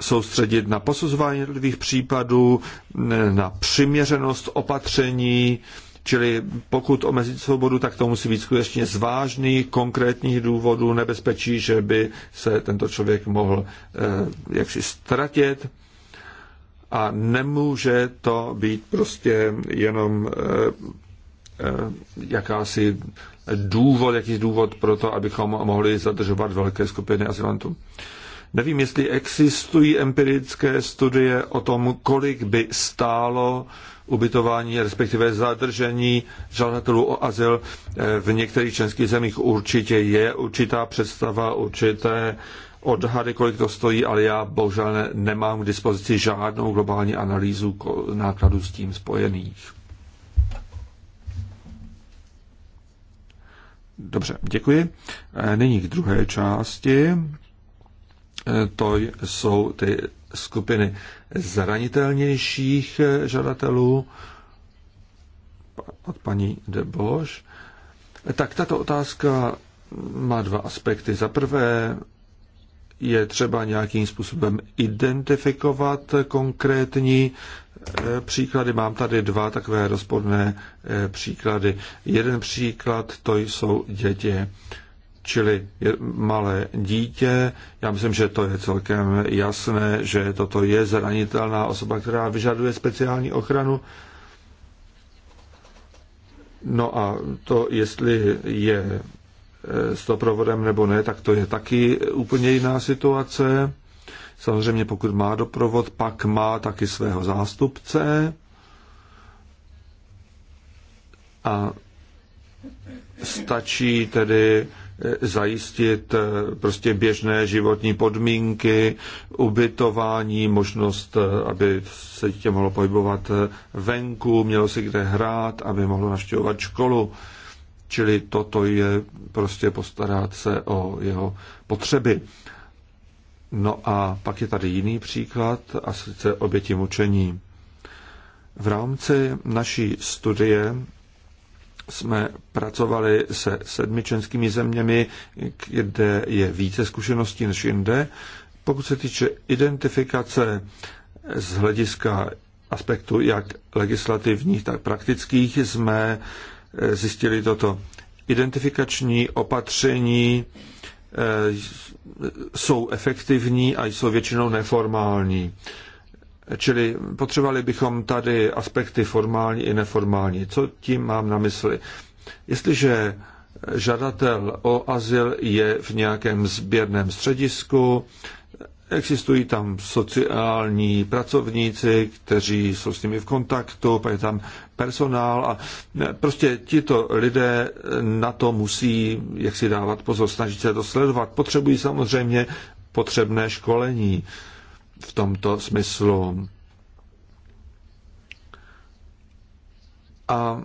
soustředit na posuzování jednotlivých případů, eh, na přiměřenost opatření, čili pokud omezit svobodu, tak to musí být skutečně z vážných, konkrétních důvodů nebezpečí, že by se tento člověk mohl eh, jaksi ztratit a nemůže to být prostě jenom jakási důvod, jaký důvod pro to, abychom mohli zadržovat velké skupiny azylantů. Nevím, jestli existují empirické studie o tom, kolik by stálo ubytování, respektive zadržení žadatelů o azyl. V některých členských zemích určitě je určitá představa, určité odhady, kolik to stojí, ale já bohužel nemám k dispozici žádnou globální analýzu nákladů s tím spojených. Dobře, děkuji. E, nyní k druhé části. E, to jsou ty skupiny zranitelnějších e, žadatelů od paní Deboš. Tak tato otázka má dva aspekty. Za prvé je třeba nějakým způsobem identifikovat konkrétní eh, příklady. Mám tady dva takové rozporné eh, příklady. Jeden příklad to jsou děti, čili malé dítě. Já myslím, že to je celkem jasné, že toto je zranitelná osoba, která vyžaduje speciální ochranu. No a to, jestli je s doprovodem nebo ne, tak to je taky úplně jiná situace. Samozřejmě pokud má doprovod, pak má taky svého zástupce. A stačí tedy eh, zajistit eh, prostě běžné životní podmínky, ubytování, možnost, eh, aby se dítě mohlo pohybovat venku, mělo si kde hrát, aby mohlo navštěvovat školu. Čili toto je prostě postarat se o jeho potřeby. No a pak je tady jiný příklad, a sice oběti mučení. V rámci naší studie jsme pracovali se sedmi členskými zeměmi, kde je více zkušeností než jinde. Pokud se týče identifikace z hlediska aspektu jak legislativních, tak praktických, jsme Eh, zjistili toto. Identifikační opatření eh, jsou efektivní a jsou většinou neformální. Čili potřebovali bychom tady aspekty formální i neformální. Co tím mám na mysli? Jestliže žadatel o azyl je v nějakém sběrném středisku, Existují tam sociální pracovníci, kteří jsou s nimi v kontaktu, pak je tam personál a prostě tito lidé na to musí jak si dávat pozor, snažit se to sledovat. Potřebují samozřejmě potřebné školení v tomto smyslu. A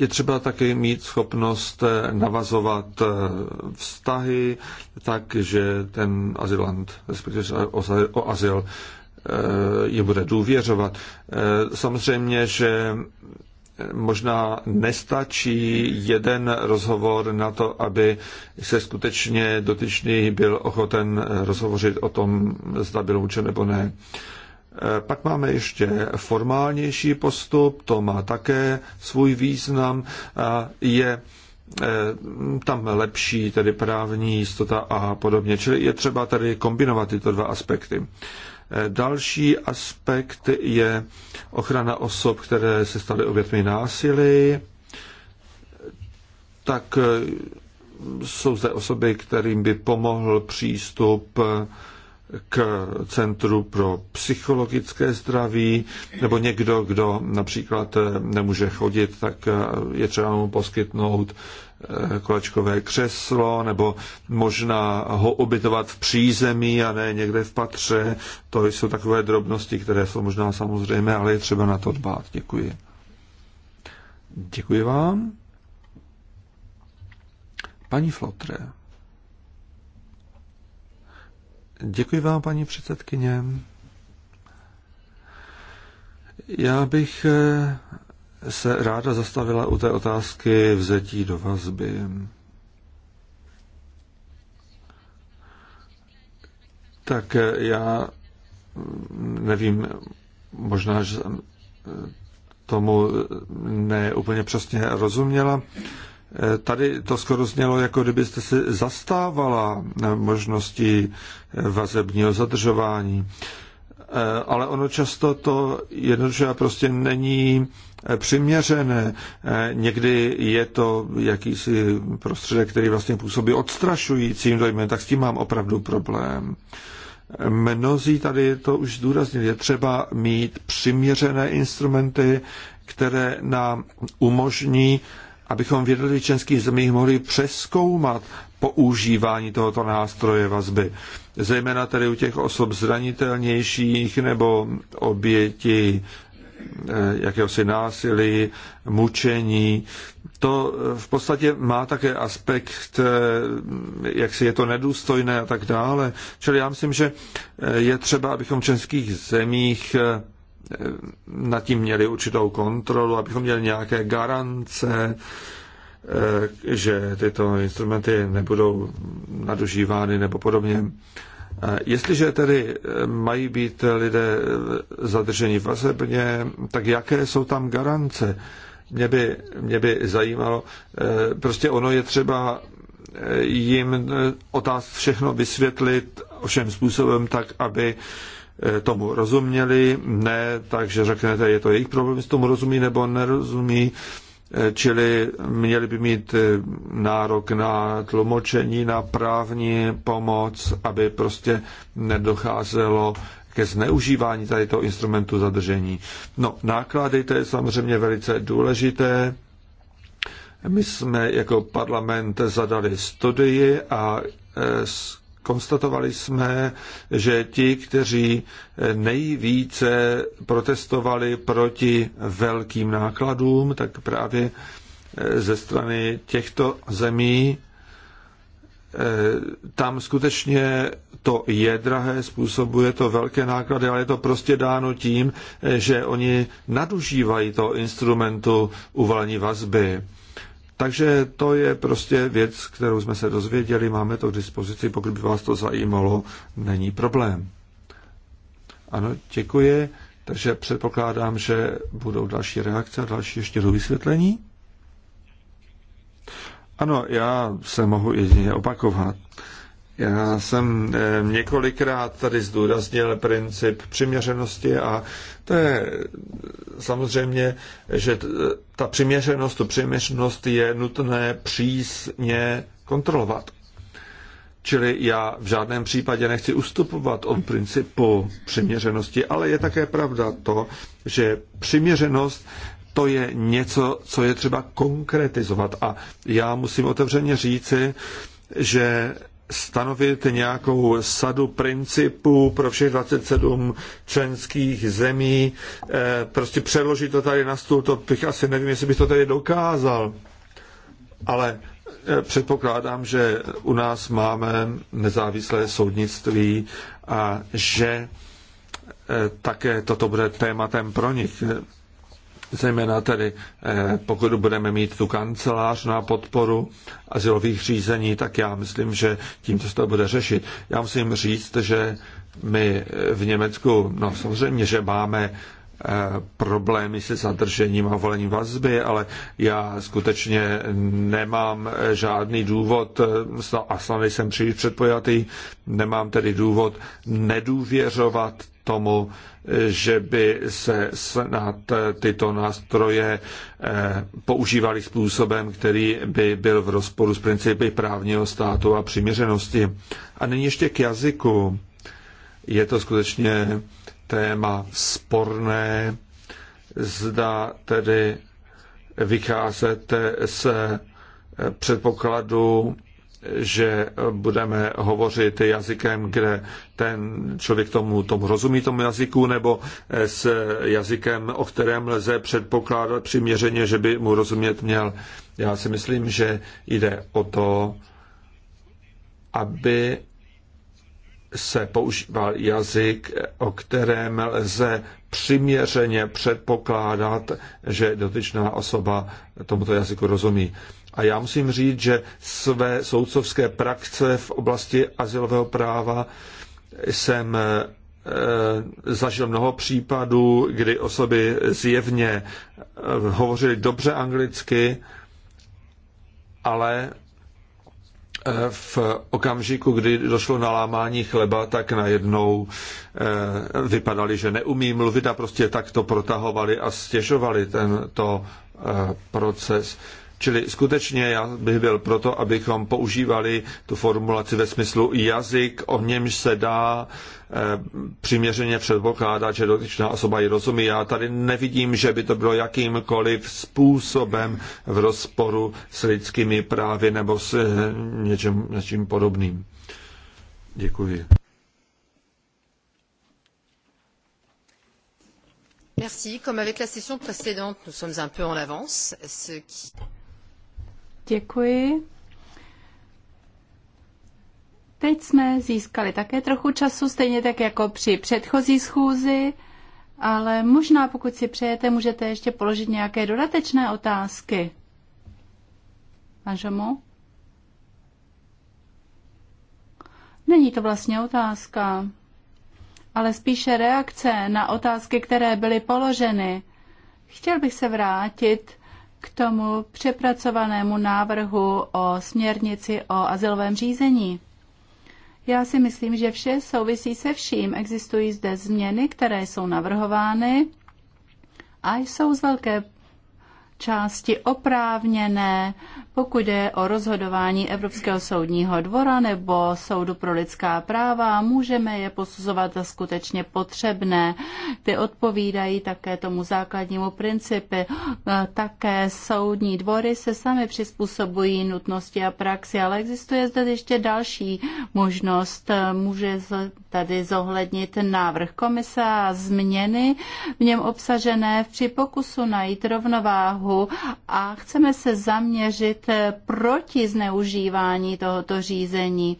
je třeba taky mít schopnost eh, navazovat eh, vztahy, takže ten azylant, respektive o azyl, eh, je bude důvěřovat. Samozřejmě, že možná nestačí jeden rozhovor na to, aby se skutečně dotyčný byl ochoten rozhovořit o tom, zda byl učen nebo ne. Eh, pak máme ještě formálnější postup, to má také svůj význam a je eh, tam lepší tedy právní jistota a podobně. Čili je třeba tady kombinovat tyto dva aspekty. Eh, další aspekt je ochrana osob, které se staly obětmi násilí. Tak jsou zde osoby, kterým by pomohl přístup k Centru pro psychologické zdraví, nebo někdo, kdo například eh, nemůže chodit, tak eh, je třeba mu poskytnout eh, kolečkové křeslo, nebo možná ho ubytovat v přízemí a ne někde v patře. To jsou takové drobnosti, které jsou možná samozřejmé, ale je třeba na to dbát. Děkuji. Děkuji vám. Paní Flotre. Děkuji vám, paní předsedkyně. Já bych eh, se ráda zastavila u té otázky vzetí do vazby. Tak eh, já mm, nevím, možná, že eh, tomu neúplně přesně rozuměla. Tady to skoro znělo, jako kdybyste se zastávala možnosti vazebního zadržování. Ale ono často to jednoduše prostě není přiměřené. Někdy je to jakýsi prostředek, který vlastně působí odstrašujícím dojmem, tak s tím mám opravdu problém. Mnozí tady to už zdůraznili. Je třeba mít přiměřené instrumenty, které nám umožní abychom v jednotlivých členských zemích mohli přeskoumat používání tohoto nástroje vazby. Zejména tedy u těch osob zranitelnějších nebo oběti eh, jakéhosi násilí, mučení. To eh, v podstatě má také aspekt, eh, jak si je to nedůstojné a tak dále. Čili já myslím, že je třeba, abychom v českých zemích nad tím měli určitou kontrolu, abychom měli nějaké garance, eh, že tyto instrumenty nebudou nadužívány nebo podobně. Eh, jestliže tedy eh, mají být lidé zadrženi v vazebně, tak jaké jsou tam garance? Mě by, mě by zajímalo, prostě ono je třeba jim otázku všechno vysvětlit, všem způsobem tak, aby Eh, tomu rozuměli, ne, takže řeknete, je to jejich problém, jestli tomu rozumí nebo nerozumí, eh, čili měli by mít eh, nárok na tlumočení, na právní pomoc, aby prostě nedocházelo ke zneužívání tady toho instrumentu zadržení. No, náklady, to je samozřejmě velice důležité. My jsme jako parlament zadali studii a konstatovali jsme, že ti, kteří nejvíce protestovali proti velkým nákladům, tak právě eh, ze strany těchto zemí eh, tam skutečně to je drahé, způsobuje to velké náklady, ale je to prostě dáno tím, eh, že oni nadužívají to instrumentu uvalní vazby. Takže to je prostě věc, kterou jsme se dozvěděli, máme to k dispozici, pokud by vás to zajímalo, není problém. Ano, děkuji, takže předpokládám, že budou další reakce a další ještě do vysvětlení. Ano, já se mohu jedině opakovat. Já jsem eh, několikrát tady zdůraznil princip přiměřenosti a to je eh, samozřejmě, že eh, ta přiměřenost, tu přiměřenost je nutné přísně kontrolovat. Čili já v žádném případě nechci ustupovat od principu přiměřenosti, ale je také pravda to, že přiměřenost to je něco, co je třeba konkretizovat. A já musím otevřeně říci, že stanovit nějakou sadu principů pro všech 27 členských zemí. Eh, prostě přeložit to tady na stůl, to bych asi nevím, jestli bych to tady dokázal. Ale eh, předpokládám, že u nás máme nezávislé soudnictví a že eh, také toto bude tématem pro nich zejména tedy eh, pokud budeme mít tu kancelář na podporu asilových řízení, tak já myslím, že tímto se to bude řešit. Já musím říct, že my eh, v Německu, no samozřejmě, že máme eh, problémy se zadržením a volením vazby, ale já skutečně nemám žádný důvod, a snad jsem příliš předpojatý, nemám tedy důvod nedůvěřovat tomu, že by se snad tyto nástroje eh, používaly způsobem, který by byl v rozporu s principy právního státu a přiměřenosti. A nyní ještě k jazyku. Je to skutečně téma sporné, zda tedy vycházet se předpokladu že budeme hovořit jazykem, kde ten člověk tomu, tomu rozumí tomu jazyku, nebo s jazykem, o kterém lze předpokládat přiměřeně, že by mu rozumět měl. Já si myslím, že jde o to, aby se používal jazyk, o kterém lze přiměřeně předpokládat, že dotyčná osoba tomuto jazyku rozumí. A já musím říct, že své soudcovské praxe v oblasti asilového práva jsem eh, zažil mnoho případů, kdy osoby zjevně eh, hovořily dobře anglicky, ale eh, v okamžiku, kdy došlo na lámání chleba, tak najednou vypadali, že neumí mluvit a prostě tak to protahovali a stěžovali tento proces. Čili skutečně já bych byl proto, abychom používali tu formulaci ve smyslu jazyk, o němž se dá eh, přiměřeně předpokládat, že dotyčná osoba ji rozumí. Já tady nevidím, že by to bylo jakýmkoliv způsobem v rozporu s lidskými právy nebo s eh, něčím, něčím podobným. Děkuji. Merci. Comme avec la session précédente, nous sommes un peu en avance, ce qui... Děkuji. Teď jsme získali také trochu času, stejně tak jako při předchozí schůzi, ale možná, pokud si přejete, můžete ještě položit nějaké dodatečné otázky. Pan Není to vlastně otázka, ale spíše reakce na otázky, které byly položeny. Chtěl bych se vrátit k tomu přepracovanému návrhu o směrnici o azylovém řízení. Já si myslím, že vše souvisí se vším. Existují zde změny, které jsou navrhovány a jsou z velké části oprávněné, pokud je o rozhodování Evropského soudního dvora nebo Soudu pro lidská práva, můžeme je posuzovat za skutečně potřebné. Ty odpovídají také tomu základnímu principu. E, také soudní dvory se sami přizpůsobují nutnosti a praxi, ale existuje zde ještě další možnost. E, může tady zohlednit návrh komise a změny v něm obsažené při pokusu najít rovnováhu Bohu a chceme se zaměřit eh, proti zneužívání tohoto řízení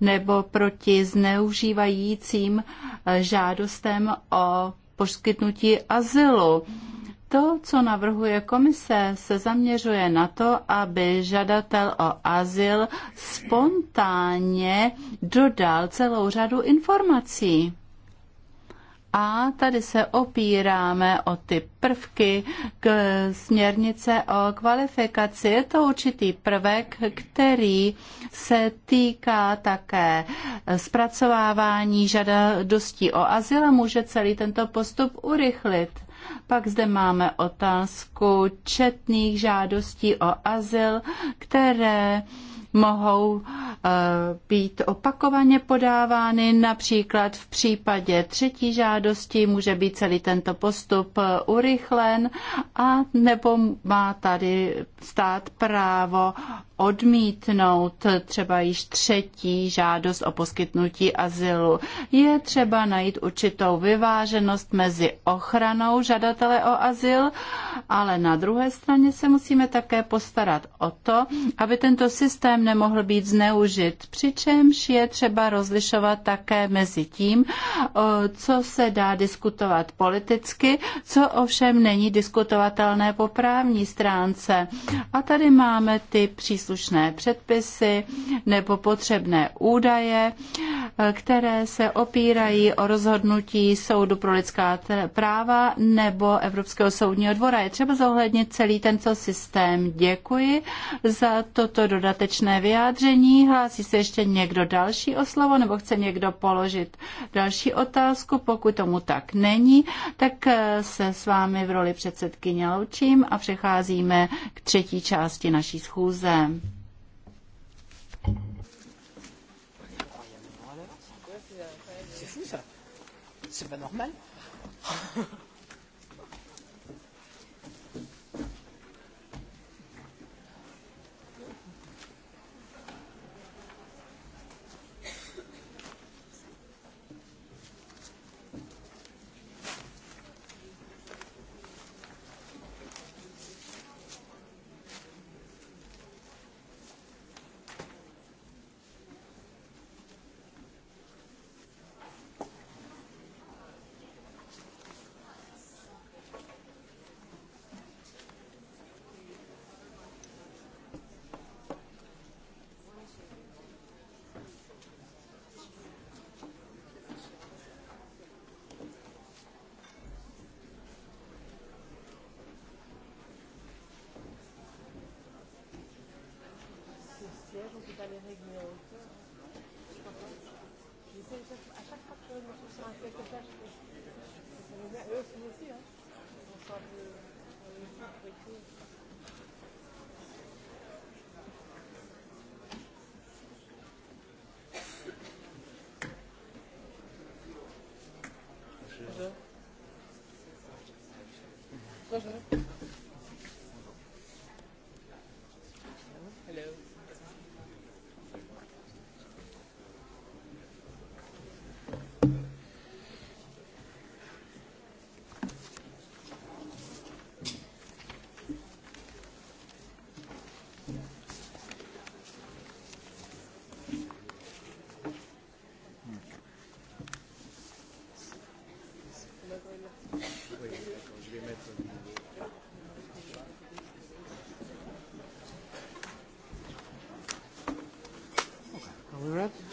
nebo proti zneužívajícím eh, žádostem o poskytnutí azylu. To, co navrhuje komise, se zaměřuje na to, aby žadatel o azyl spontánně dodal celou řadu informací. A tady se opíráme o ty prvky k směrnice o kvalifikaci. Je to určitý prvek, který se týká také zpracovávání žádostí o azyl a může celý tento postup urychlit. Pak zde máme otázku četných žádostí o azyl, které mohou eh, být opakovaně podávány. Například v případě třetí žádosti může být celý tento postup eh, urychlen a nebo má tady stát právo odmítnout třeba již třetí žádost o poskytnutí azylu. Je třeba najít určitou vyváženost mezi ochranou žadatele o azyl, ale na druhé straně se musíme také postarat o to, aby tento systém nemohl být zneužit, přičemž je třeba rozlišovat také mezi tím, co se dá diskutovat politicky, co ovšem není diskutovatelné po právní stránce. A tady máme ty příslušnosti příslušné předpisy nebo potřebné údaje, které se opírají o rozhodnutí Soudu pro lidská práva nebo Evropského soudního dvora. Je třeba zohlednit celý tento systém. Děkuji za toto dodatečné vyjádření. Hlásí se ještě někdo další o slovo nebo chce někdo položit další otázku? Pokud tomu tak není, tak eh, se s vámi v roli předsedkyně loučím a přecházíme k třetí části naší schůze. c'est pas normal.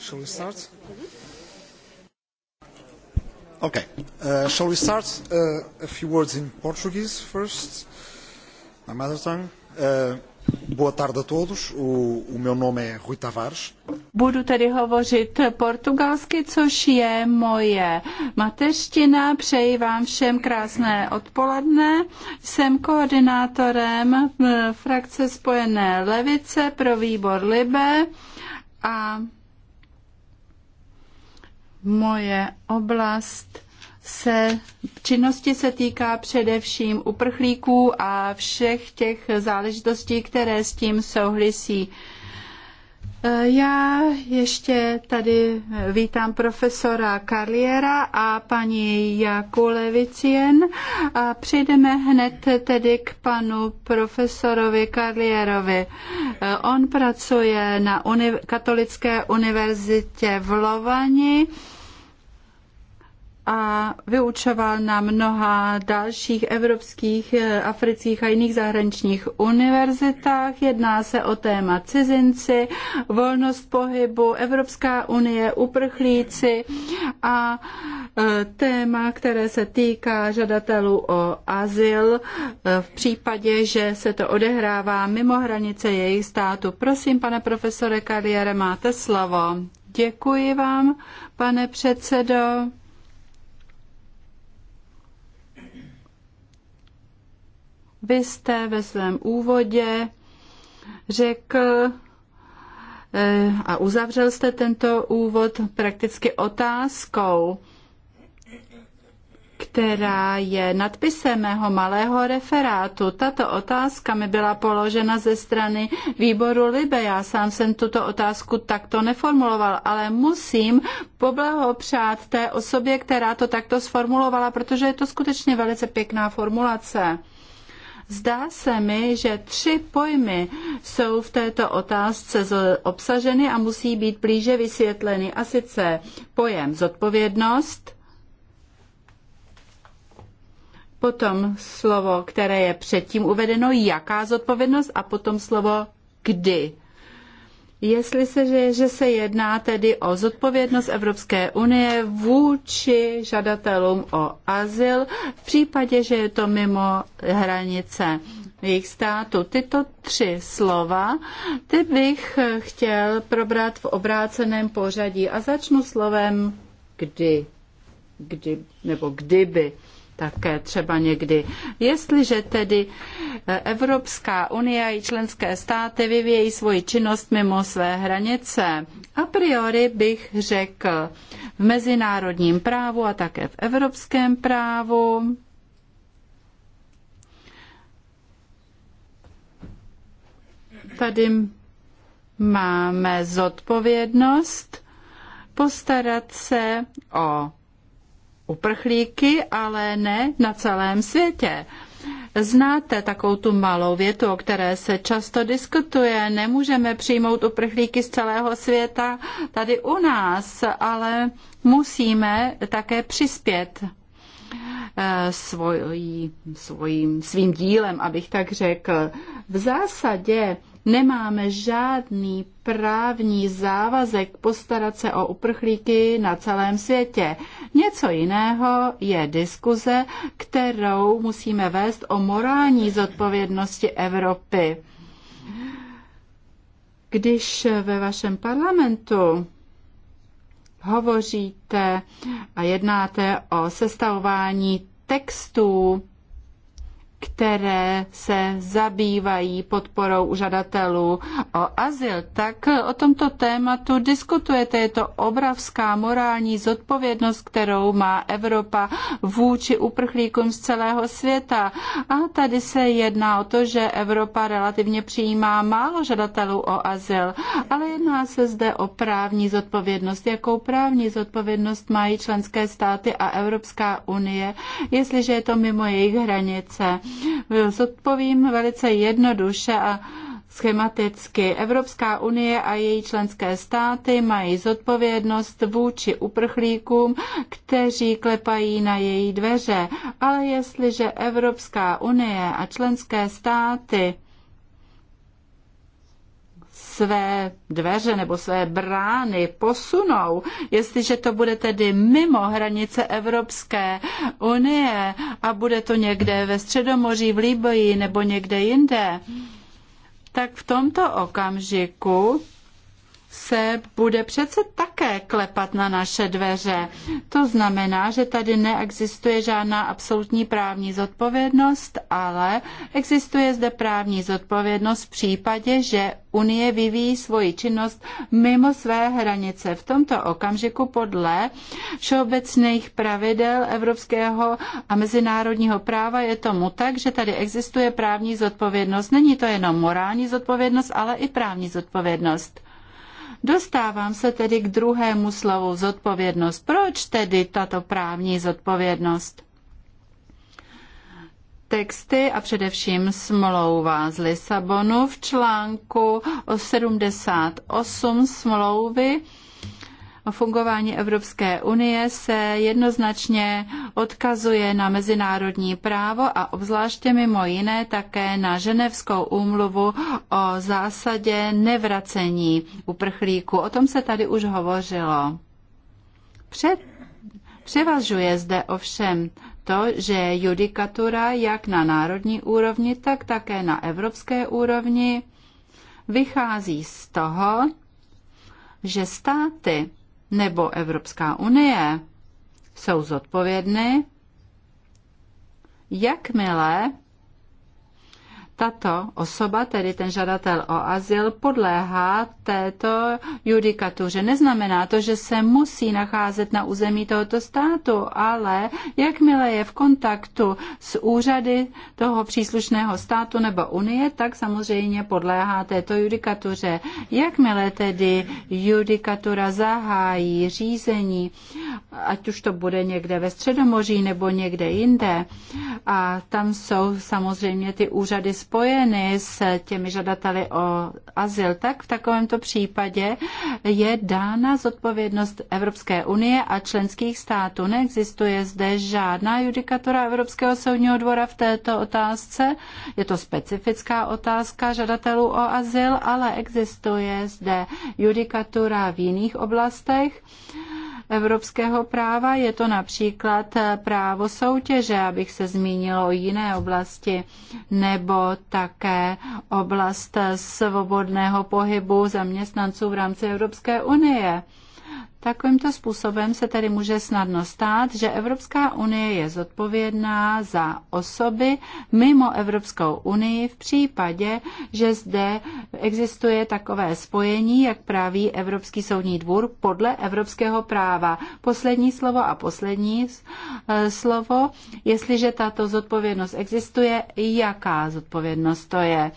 Shall we start? Okay. Uh, shall we start? Uh, a few words in Portuguese first. My mother tongue. Uh, boa tarde a todos. O, o meu nome é Rui Tavares. Budu tedy hovořit portugalsky, což je moje mateřština. Přeji vám všem krásné odpoledne. Jsem koordinátorem eh, frakce Spojené levice pro výbor Libe Moje oblast se činnosti se týká především uprchlíků a všech těch záležitostí, které s tím souhlisí. Já ještě tady vítám profesora Karliera a paní Jakulevicien a přejdeme hned tedy k panu profesorovi Karlierovi. On pracuje na uni- Katolické univerzitě v Lovani a vyučoval na mnoha dalších evropských, eh, afrických a jiných zahraničních univerzitách. Jedná se o téma cizinci, volnost pohybu, Evropská unie, uprchlíci a eh, téma, které se týká žadatelů o azyl eh, v případě, že se to odehrává mimo hranice jejich státu. Prosím, pane profesore Kariére, máte slovo. Děkuji vám, pane předsedo. Vy jste ve svém úvodě řekl, eh, a uzavřel jste tento úvod prakticky otázkou, která je nadpisem mého malého referátu. Tato otázka mi byla položena ze strany výboru Libe. Já sám jsem tuto otázku takto neformuloval, ale musím poblahopřát té osobě, která to takto sformulovala, protože je to skutečně velice pěkná formulace. Zdá se mi, že tři pojmy jsou v této otázce obsaženy a musí být blíže vysvětleny. A sice pojem zodpovědnost, potom slovo, které je předtím uvedeno, jaká zodpovědnost a potom slovo kdy Jestli se, že, že se jedná tedy o zodpovědnost Evropské unie vůči žadatelům o azyl v případě, že je to mimo hranice jejich státu. Tyto tři slova, ty bych chtěl probrat v obráceném pořadí a začnu slovem kdy. Kdy, nebo kdyby také třeba někdy. Jestliže tedy eh, Evropská unie i členské státy vyvíjejí svoji činnost mimo své hranice, a priori bych řekl v mezinárodním právu a také v evropském právu, tady máme zodpovědnost postarat se o uprchlíky, ale ne na celém světě. Znáte takovou tu malou větu, o které se často diskutuje. Nemůžeme přijmout uprchlíky z celého světa tady u nás, ale musíme také přispět eh, svojí, svým dílem, abych tak řekl. V zásadě nemáme žádný právní závazek postarat se o uprchlíky na celém světě. Něco jiného je diskuze, kterou musíme vést o morální zodpovědnosti Evropy. Když ve vašem parlamentu hovoříte a jednáte o sestavování textů které se zabývají podporou žadatelů o azyl, tak o tomto tématu diskutujete. Je to obravská morální zodpovědnost, kterou má Evropa vůči uprchlíkům z celého světa. A tady se jedná o to, že Evropa relativně přijímá málo žadatelů o azyl, ale jedná se zde o právní zodpovědnost. Jakou právní zodpovědnost mají členské státy a Evropská unie, jestliže je to mimo jejich hranice? zodpovím velice jednoduše a Schematicky Evropská unie a její členské státy mají zodpovědnost vůči uprchlíkům, kteří klepají na její dveře. Ale jestliže Evropská unie a členské státy své dveře nebo své brány posunou, jestliže to bude tedy mimo hranice Evropské unie a bude to někde ve Středomoří, v Líboji nebo někde jinde, tak v tomto okamžiku se bude přece také klepat na naše dveře. To znamená, že tady neexistuje žádná absolutní právní zodpovědnost, ale existuje zde právní zodpovědnost v případě, že Unie vyvíjí svoji činnost mimo své hranice. V tomto okamžiku podle všeobecných pravidel evropského a mezinárodního práva je tomu tak, že tady existuje právní zodpovědnost. Není to jenom morální zodpovědnost, ale i právní zodpovědnost. Dostávám se tedy k druhému slovu zodpovědnost. Proč tedy tato právní zodpovědnost? texty a především smlouva z Lisabonu v článku 78 smlouvy fungování Evropské unie se jednoznačně odkazuje na mezinárodní právo a obzvláště mimo jiné také na ženevskou úmluvu o zásadě nevracení uprchlíků. O tom se tady už hovořilo. Před, převažuje zde ovšem to, že judikatura jak na národní úrovni, tak také na evropské úrovni vychází z toho, že státy nebo Evropská unie jsou zodpovědny, jakmile tato osoba, tedy ten žadatel o azyl, podléhá této judikatuře. Neznamená to, že se musí nacházet na území tohoto státu, ale jakmile je v kontaktu s úřady toho příslušného státu nebo Unie, tak samozřejmě podléhá této judikatuře. Jakmile tedy judikatura zahájí řízení, ať už to bude někde ve Středomoří nebo někde jinde, a tam jsou samozřejmě ty úřady spojeny s těmi žadateli o azyl, tak v takovémto případě je dána zodpovědnost Evropské unie a členských států. Neexistuje zde žádná judikatura Evropského soudního dvora v této otázce. Je to specifická otázka žadatelů o azyl, ale existuje zde judikatura v jiných oblastech evropského práva. Je to například eh, právo soutěže, abych se zmínil o jiné oblasti, nebo také oblast eh, svobodného pohybu zaměstnanců v rámci Evropské unie. Takovýmto způsobem se tedy může snadno stát, že Evropská unie je zodpovědná za osoby mimo Evropskou unii v případě, že zde existuje takové spojení, jak praví Evropský soudní dvůr podle evropského práva. Poslední slovo a poslední eh, slovo, jestliže tato zodpovědnost existuje, jaká zodpovědnost to je.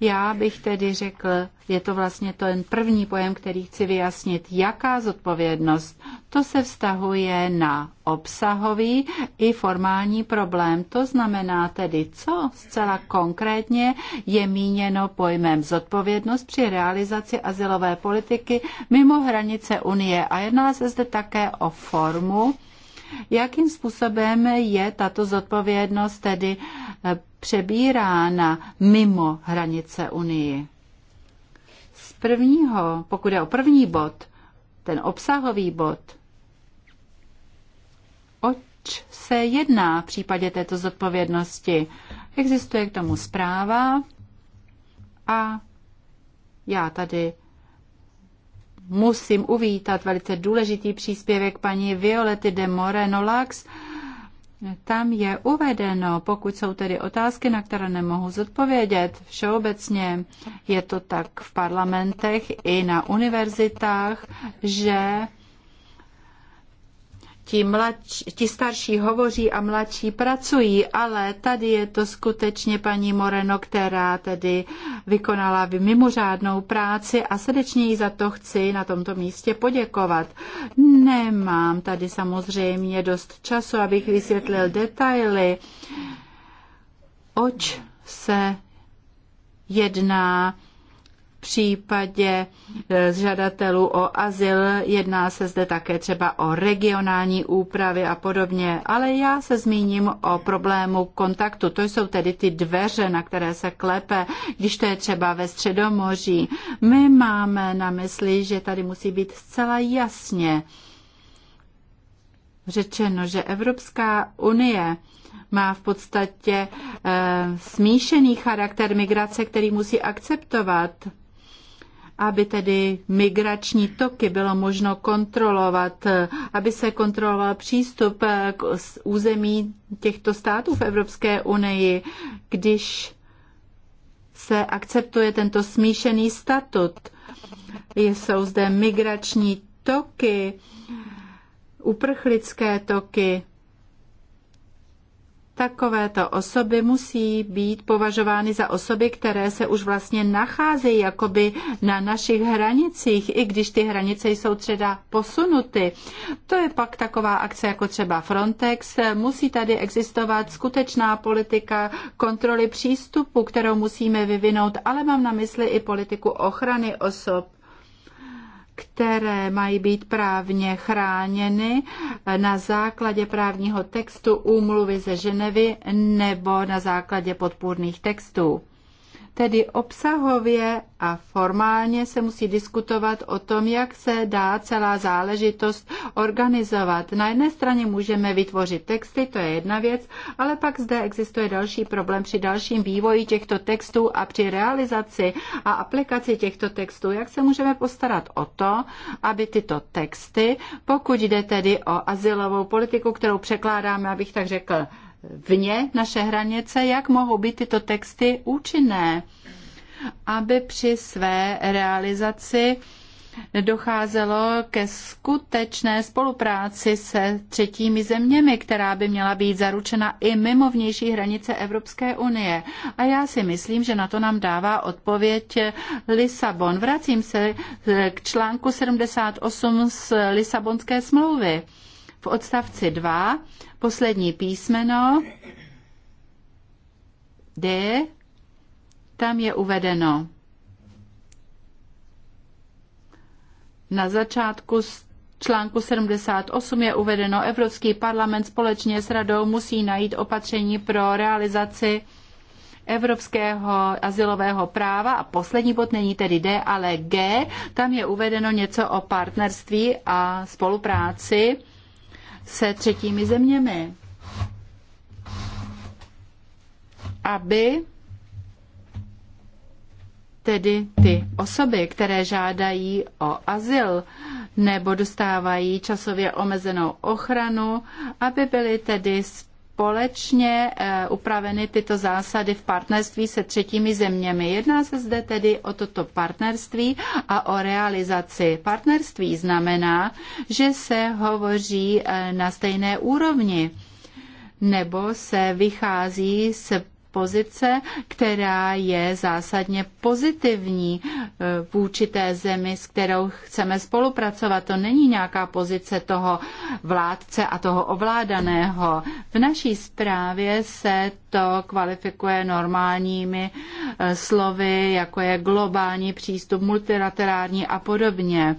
Já bych tedy řekl, je to vlastně ten první pojem, který chci vyjasnit, jaká zodpovědnost. To se vztahuje na obsahový i formální problém. To znamená tedy, co zcela konkrétně je míněno pojmem zodpovědnost při realizaci asilové politiky mimo hranice Unie. A jedná se zde také o formu, jakým způsobem je tato zodpovědnost tedy přebírána mimo hranice Unii. Z prvního, pokud je o první bod, ten obsahový bod, oč se jedná v případě této zodpovědnosti? Existuje k tomu zpráva a já tady musím uvítat velice důležitý příspěvek paní Violety de Moreno Lax, tam je uvedeno, pokud jsou tedy otázky, na které nemohu zodpovědět, všeobecně je to tak v parlamentech i na univerzitách, že ti, ti starší hovoří a mladší pracují, ale tady je to skutečně paní Moreno, která tedy vykonala mimořádnou práci a srdečně jí za to chci na tomto místě poděkovat. Nemám tady samozřejmě dost času, abych vysvětlil detaily, oč se jedná případě e, žadatelů o azyl. Jedná se zde také třeba o regionální úpravy a podobně, ale já se zmíním o problému kontaktu. To jsou tedy ty dveře, na které se klepe, když to je třeba ve Středomoří. My máme na mysli, že tady musí být zcela jasně řečeno, že Evropská unie má v podstatě e, smíšený charakter migrace, který musí akceptovat aby tedy migrační toky bylo možno kontrolovat, aby se kontroloval přístup k území těchto států v Evropské unii, když se akceptuje tento smíšený statut. Jsou zde migrační toky, uprchlické toky, Takovéto osoby musí být považovány za osoby, které se už vlastně nacházejí jakoby na našich hranicích, i když ty hranice jsou třeba posunuty. To je pak taková akce jako třeba Frontex. Musí tady existovat skutečná politika kontroly přístupu, kterou musíme vyvinout, ale mám na mysli i politiku ochrany osob které mají být právně chráněny na základě právního textu úmluvy ze Ženevy nebo na základě podpůrných textů. Tedy obsahově a formálně se musí diskutovat o tom, jak se dá celá záležitost organizovat. Na jedné straně můžeme vytvořit texty, to je jedna věc, ale pak zde existuje další problém při dalším vývoji těchto textů a při realizaci a aplikaci těchto textů, jak se můžeme postarat o to, aby tyto texty, pokud jde tedy o asilovou politiku, kterou překládáme, abych tak řekl, vně naše hranice, jak mohou být tyto texty účinné, aby při své realizaci docházelo ke skutečné spolupráci se třetími zeměmi, která by měla být zaručena i mimo vnější hranice Evropské unie. A já si myslím, že na to nám dává odpověď Lisabon. Vracím se k článku 78 z Lisabonské smlouvy v odstavci 2 poslední písmeno D, tam je uvedeno na začátku článku 78 je uvedeno, Evropský parlament společně s radou musí najít opatření pro realizaci evropského asilového práva a poslední bod není tedy D, ale G, tam je uvedeno něco o partnerství a spolupráci se třetími zeměmi, aby tedy ty osoby, které žádají o azyl nebo dostávají časově omezenou ochranu, aby byly tedy společně eh, upraveny tyto zásady v partnerství se třetími zeměmi. Jedná se zde tedy o toto partnerství a o realizaci. Partnerství znamená, že se hovoří eh, na stejné úrovni nebo se vychází z pozice, která je zásadně pozitivní eh, vůči té zemi, s kterou chceme spolupracovat. To není nějaká pozice toho vládce a toho ovládaného. V naší zprávě se to kvalifikuje normálními eh, slovy, jako je globální přístup, multilaterální a podobně.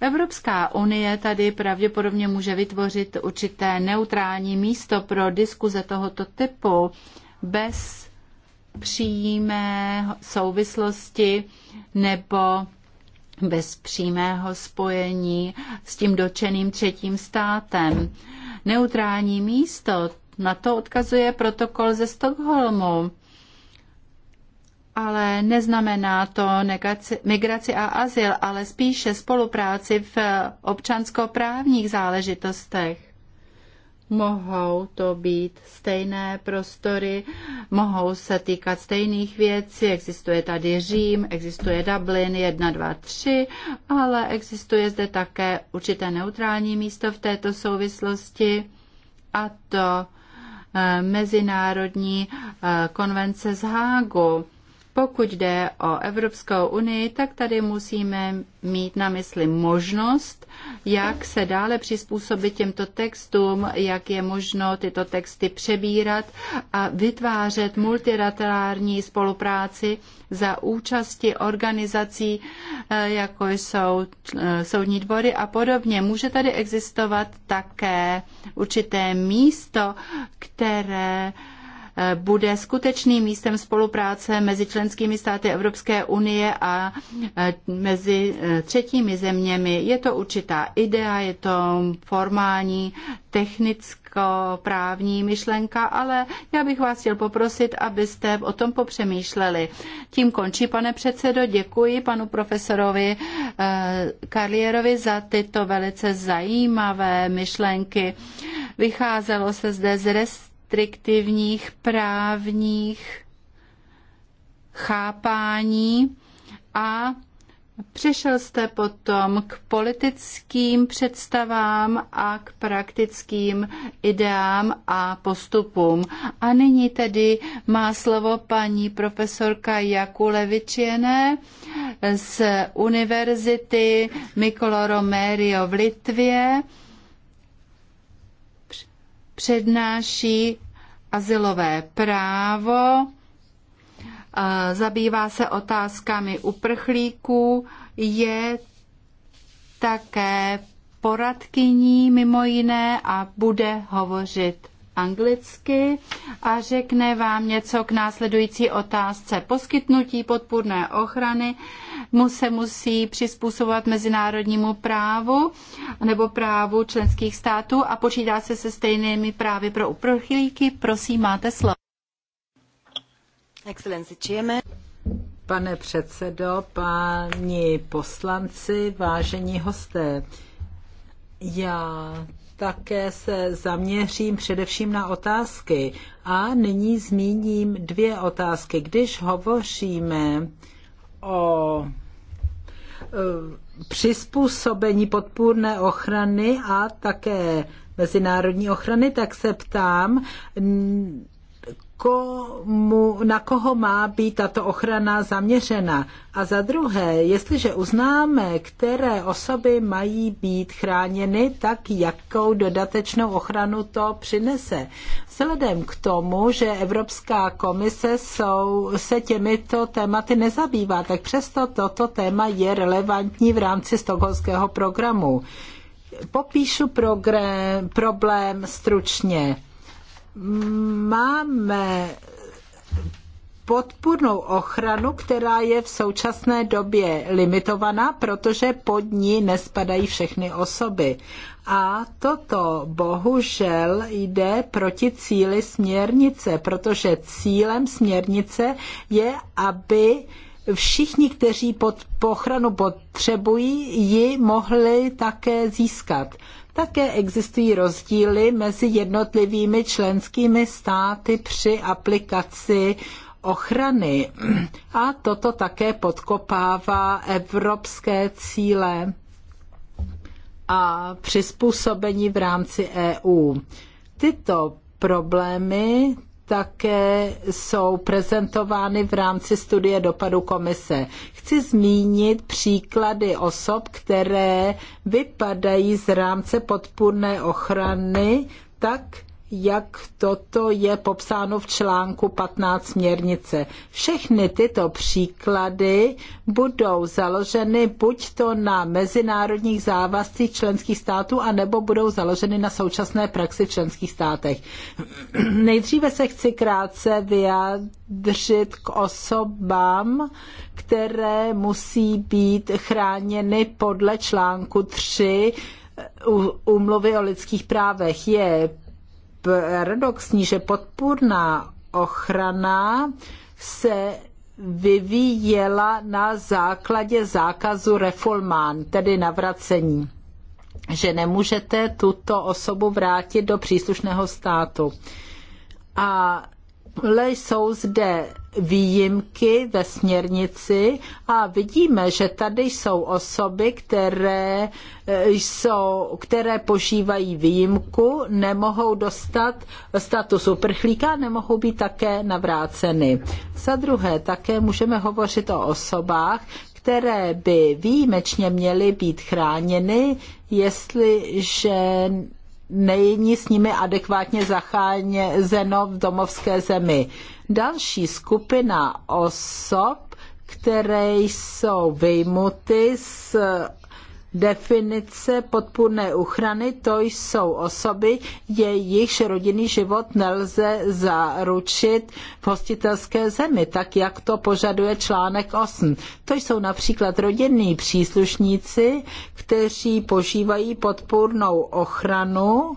Evropská unie tady pravděpodobně může vytvořit určité neutrální místo pro diskuze tohoto typu bez přímé souvislosti nebo bez přímého spojení s tím dočeným třetím státem. Neutrální místo, na to odkazuje protokol ze Stockholmu, ale neznamená to negaci, migraci a azyl, ale spíše spolupráci v občanskoprávních záležitostech mohou to být stejné prostory, mohou se týkat stejných věcí. Existuje tady Řím, existuje Dublin 1, 2, 3, ale existuje zde také určité neutrální místo v této souvislosti a to eh, Mezinárodní eh, konvence z Hágu pokud jde o Evropskou unii, tak tady musíme mít na mysli možnost, jak se dále přizpůsobit těmto textům, jak je možno tyto texty přebírat a vytvářet multilaterální spolupráci za účasti organizací, eh, jako jsou eh, soudní dvory a podobně. Může tady existovat také určité místo, které bude skutečným místem spolupráce mezi členskými státy Evropské unie a e, mezi e, třetími zeměmi. Je to určitá idea, je to formální, technicko-právní myšlenka, ale já bych vás chtěl poprosit, abyste o tom popřemýšleli. Tím končí, pane předsedo, děkuji panu profesorovi e, Karlierovi za tyto velice zajímavé myšlenky. Vycházelo se zde z rest restriktivních právních chápání a přešel jste potom k politickým představám a k praktickým ideám a postupům. A nyní tedy má slovo paní profesorka Jakulevičené z Univerzity Mikolo Romério v Litvě přednáší azylové právo, zabývá se otázkami uprchlíků, je také poradkyní mimo jiné a bude hovořit anglicky a řekne vám něco k následující otázce. Poskytnutí podpůrné ochrany mu se musí přizpůsobovat mezinárodnímu právu nebo právu členských států a počítá se se stejnými právy pro uprchlíky. Prosím, máte slovo. Excellenci, čijeme. Pane předsedo, páni poslanci, vážení hosté, já také se zaměřím především na otázky. A nyní zmíním dvě otázky. Když hovoříme o e, přizpůsobení podpůrné ochrany a také mezinárodní ochrany, tak se ptám, komu, na koho má být tato ochrana zaměřena. A za druhé, jestliže uznáme, které osoby mají být chráněny, tak jakou dodatečnou ochranu to přinese. Vzhledem k tomu, že Evropská komise jsou, se těmito tématy nezabývá, tak přesto toto téma je relevantní v rámci stokholského programu. Popíšu program, problém stručně máme podpůrnou ochranu, která je v současné době limitovaná, protože pod ní nespadají všechny osoby. A toto bohužel jde proti cíli směrnice, protože cílem směrnice je, aby všichni, kteří pod ochranu potřebují, ji mohli také získat. Také existují rozdíly mezi jednotlivými členskými státy při aplikaci ochrany a toto také podkopává evropské cíle a přizpůsobení v rámci EU. Tyto problémy také jsou prezentovány v rámci studie dopadu komise. Chci zmínit příklady osob, které vypadají z rámce podpůrné ochrany tak, jak toto je popsáno v článku 15 směrnice. Všechny tyto příklady budou založeny buď to na mezinárodních závazcích členských států, anebo budou založeny na současné praxi v členských státech. Nejdříve se chci krátce vyjádřit k osobám, které musí být chráněny podle článku 3 úmluvy o lidských právech. Je paradoxní, že podpůrná ochrana se vyvíjela na základě zákazu reformán, tedy navracení že nemůžete tuto osobu vrátit do příslušného státu. a jsou zde výjimky ve směrnici a vidíme, že tady jsou osoby, které, e, jsou, které požívají výjimku, nemohou dostat status uprchlíka, nemohou být také navráceny. Za druhé, také můžeme hovořit o osobách, které by výjimečně měly být chráněny, jestliže není s nimi adekvátně zacházeno v domovské zemi. Další skupina osob, které jsou vyjmuty z definice podpůrné ochrany, to jsou osoby, jejichž rodinný život nelze zaručit v hostitelské zemi, tak jak to požaduje článek 8. To jsou například rodinní příslušníci, kteří požívají podpůrnou ochranu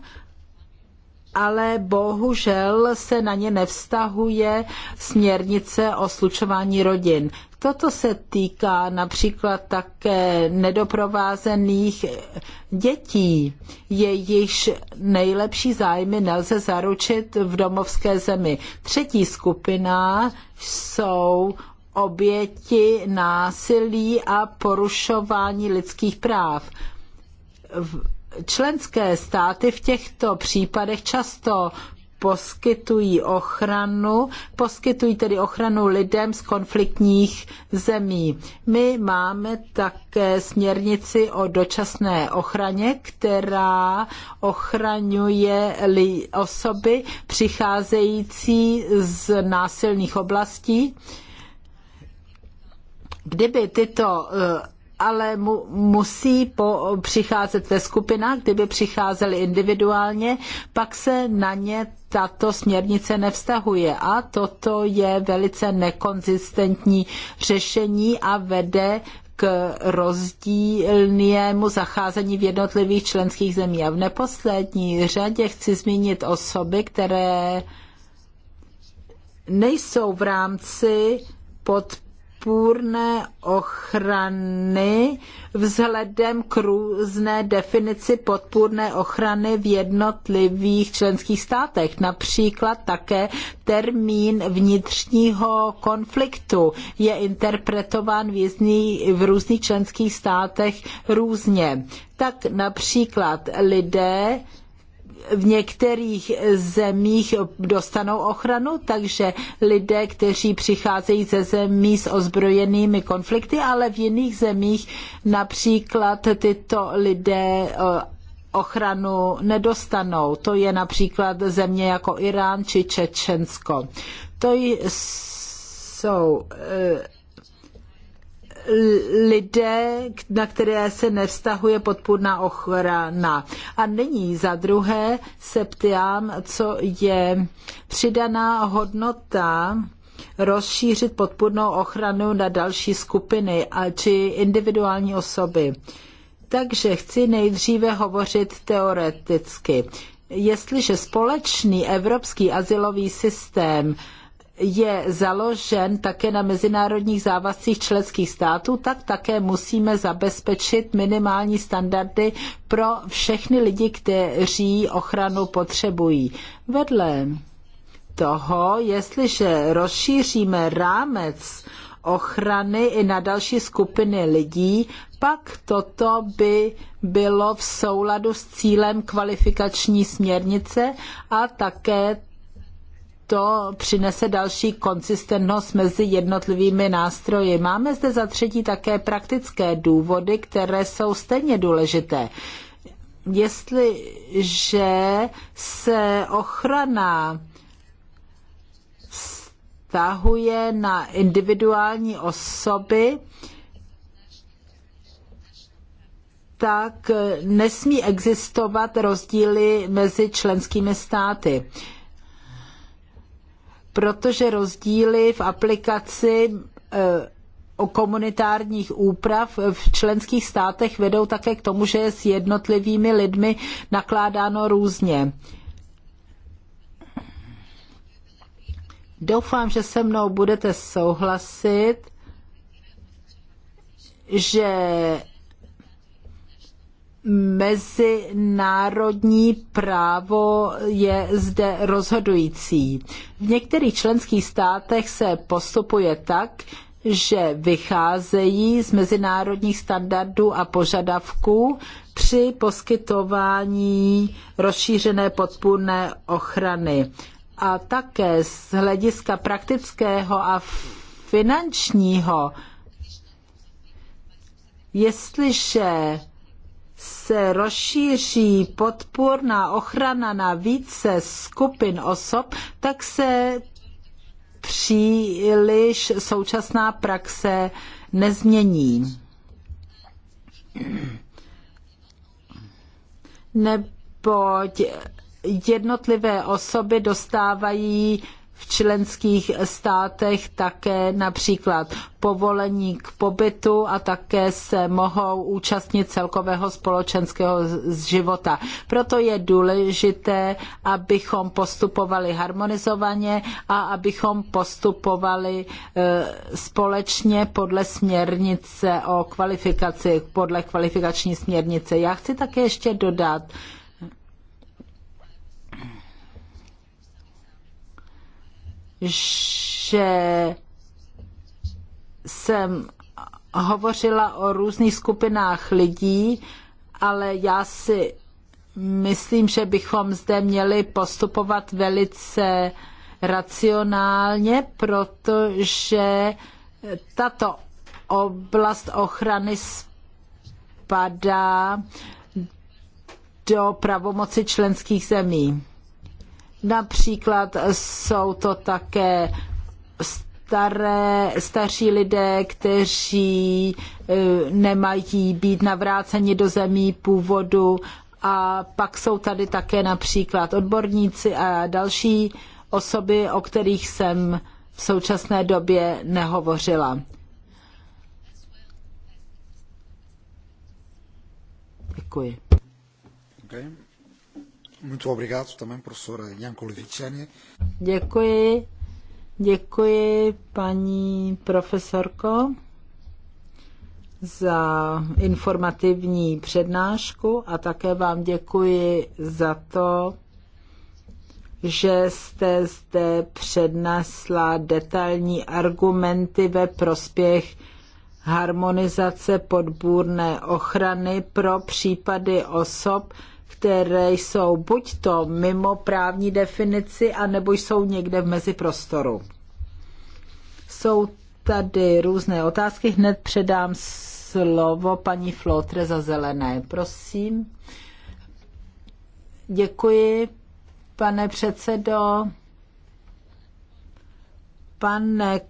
ale bohužel se na ně nevztahuje směrnice o slučování rodin. Toto se týká například také nedoprovázených dětí. Jejichž nejlepší zájmy nelze zaručit v domovské zemi. Třetí skupina jsou oběti násilí a porušování lidských práv Členské státy v těchto případech často poskytují ochranu, poskytují tedy ochranu lidem z konfliktních zemí. My máme také směrnici o dočasné ochraně, která ochraňuje osoby přicházející z násilných oblastí. Kdyby tyto eh, ale mu, musí po, přicházet ve skupinách, kdyby přicházeli individuálně, pak se na ně tato směrnice nevztahuje. A toto je velice nekonzistentní řešení a vede k rozdílnému zacházení v jednotlivých členských zemích. A v neposlední řadě chci zmínit osoby, které nejsou v rámci pod podpůrné ochrany vzhledem k různé definici podpůrné ochrany v jednotlivých členských státech. Například také termín vnitřního konfliktu je interpretován v, v různých členských státech různě. Tak například lidé v některých zemích dostanou ochranu, takže lidé, kteří přicházejí ze zemí s ozbrojenými konflikty, ale v jiných zemích například tyto lidé eh, ochranu nedostanou. To je například země jako Irán či Čečensko. To jsou eh, lidé, na které se nevztahuje podpůrná ochrana. A nyní za druhé se ptám, co je přidaná hodnota rozšířit podpůrnou ochranu na další skupiny a, či individuální osoby. Takže chci nejdříve hovořit teoreticky. Jestliže společný evropský asilový systém je založen také na mezinárodních závazcích členských států, tak také musíme zabezpečit minimální standardy pro všechny lidi, kteří ochranu potřebují. Vedle toho, jestliže rozšíříme rámec ochrany i na další skupiny lidí, pak toto by bylo v souladu s cílem kvalifikační směrnice a také to přinese další konsistentnost mezi jednotlivými nástroji. Máme zde za třetí také praktické důvody, které jsou stejně důležité. Jestliže se ochrana vztahuje na individuální osoby, tak nesmí existovat rozdíly mezi členskými státy protože rozdíly v aplikaci eh, o komunitárních úprav v členských státech vedou také k tomu, že je s jednotlivými lidmi nakládáno různě. Doufám, že se mnou budete souhlasit, že mezinárodní právo je zde rozhodující. V některých členských státech se postupuje tak, že vycházejí z mezinárodních standardů a požadavků při poskytování rozšířené podpůrné ochrany. A také z hlediska praktického a finančního, jestliže se rozšíří podpůrná ochrana na více skupin osob, tak se příliš současná praxe nezmění. Neboť jednotlivé osoby dostávají v členských státech také například povolení k pobytu a také se mohou účastnit celkového společenského života. Proto je důležité, abychom postupovali harmonizovaně a abychom postupovali e, společně podle směrnice o kvalifikaci, podle kvalifikační směrnice. Já chci také ještě dodat, že jsem hovořila o různých skupinách lidí, ale já si myslím, že bychom zde měli postupovat velice racionálně, protože tato oblast ochrany spadá do pravomoci členských zemí. Například jsou to také staré, staří lidé, kteří eh, nemají být navráceni do zemí původu. A pak jsou tady také například odborníci a další osoby, o kterých jsem v současné době nehovořila. Děkuji. Okay. Muito obrigado também, professora Jankovičani. Děkuji. Děkuji, paní profesorko, za informativní přednášku a také vám děkuji za to, že jste zde přednesla detailní argumenty ve prospěch harmonizace podbůrné ochrany pro případy osob, které jsou buď to mimo právní definici, anebo jsou někde v meziprostoru. Jsou tady různé otázky. Hned předám slovo paní Flotre za zelené. Prosím. Děkuji, pane předsedo. Pane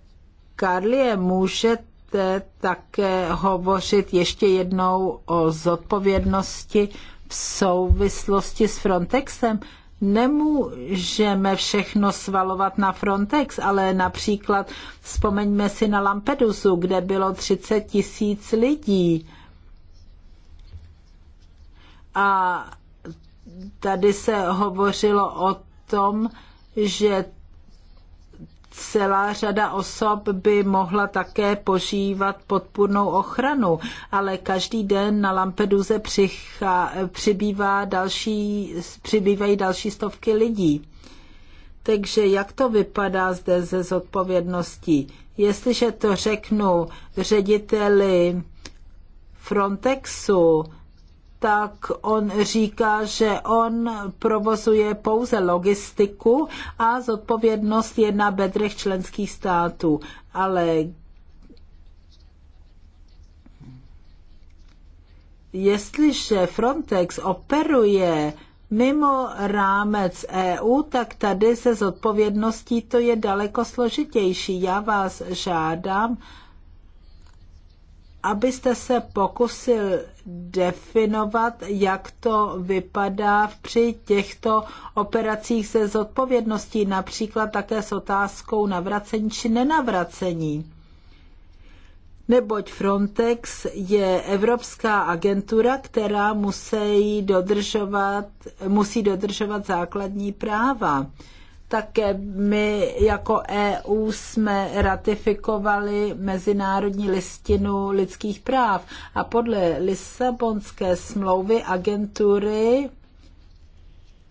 Karlie, můžete také hovořit ještě jednou o zodpovědnosti v souvislosti s Frontexem. Nemůžeme všechno svalovat na Frontex, ale například vzpomeňme si na Lampedusu, kde bylo 30 tisíc lidí. A tady se hovořilo o tom, že celá řada osob by mohla také požívat podpůrnou ochranu, ale každý den na Lampeduze přichá, přibývá další, přibývají další stovky lidí. Takže jak to vypadá zde ze zodpovědností? Jestliže to řeknu řediteli Frontexu, tak on říká, že on provozuje pouze logistiku a zodpovědnost je na bedrech členských států. Ale jestliže Frontex operuje mimo rámec EU, tak tady se zodpovědností to je daleko složitější. Já vás žádám, abyste se pokusil definovat, jak to vypadá při těchto operacích se zodpovědností, například také s otázkou navracení či nenavracení. Neboť Frontex je evropská agentura, která musí dodržovat, musí dodržovat základní práva. Také my jako EU jsme ratifikovali Mezinárodní listinu lidských práv a podle Lisabonské smlouvy agentury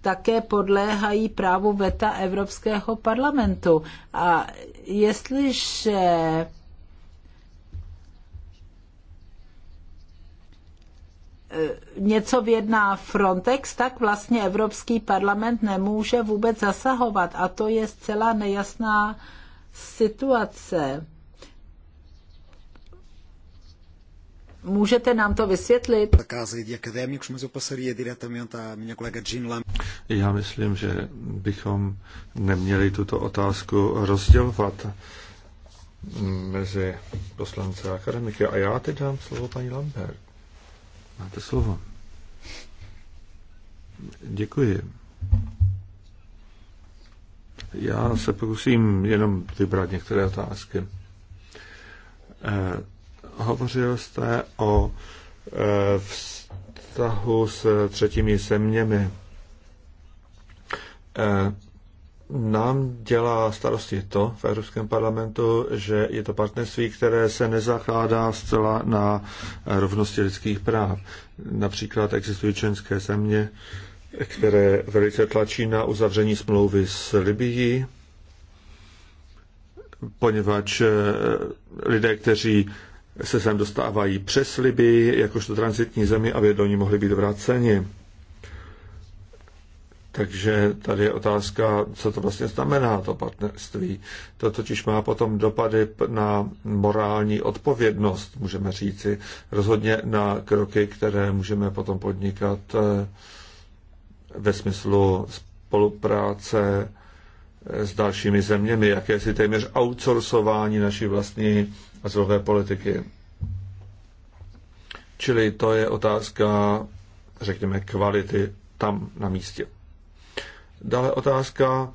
také podléhají právu VETA Evropského parlamentu. A jestliže E, něco vědná Frontex, tak vlastně Evropský parlament nemůže vůbec zasahovat. A to je zcela nejasná situace. Můžete nám to vysvětlit? Já myslím, že bychom neměli tuto otázku rozdělovat mezi poslance a akademiky. A já teď dám slovo paní Lambert. Máte slovo. Děkuji. Já se pokusím jenom vybrat některé otázky. Eh, hovořil jste o eh, vztahu s třetími zeměmi. Eh, nám dělá starosti to v Evropském parlamentu, že je to partnerství, které se nezakládá zcela na rovnosti lidských práv. Například existují členské země, které velice tlačí na uzavření smlouvy s Libií, poněvadž eh, lidé, kteří se sem dostávají přes Libii, jakožto transitní zemi, aby do ní mohli být vráceni. Takže tady je otázka, co to vlastně znamená, to partnerství. To totiž má potom dopady na morální odpovědnost, můžeme říci, rozhodně na kroky, které můžeme potom podnikat eh, ve smyslu spolupráce eh, s dalšími zeměmi, jakési téměř outsourcování naší vlastní azylové politiky. Čili to je otázka, řekněme, kvality tam na místě. Dále otázka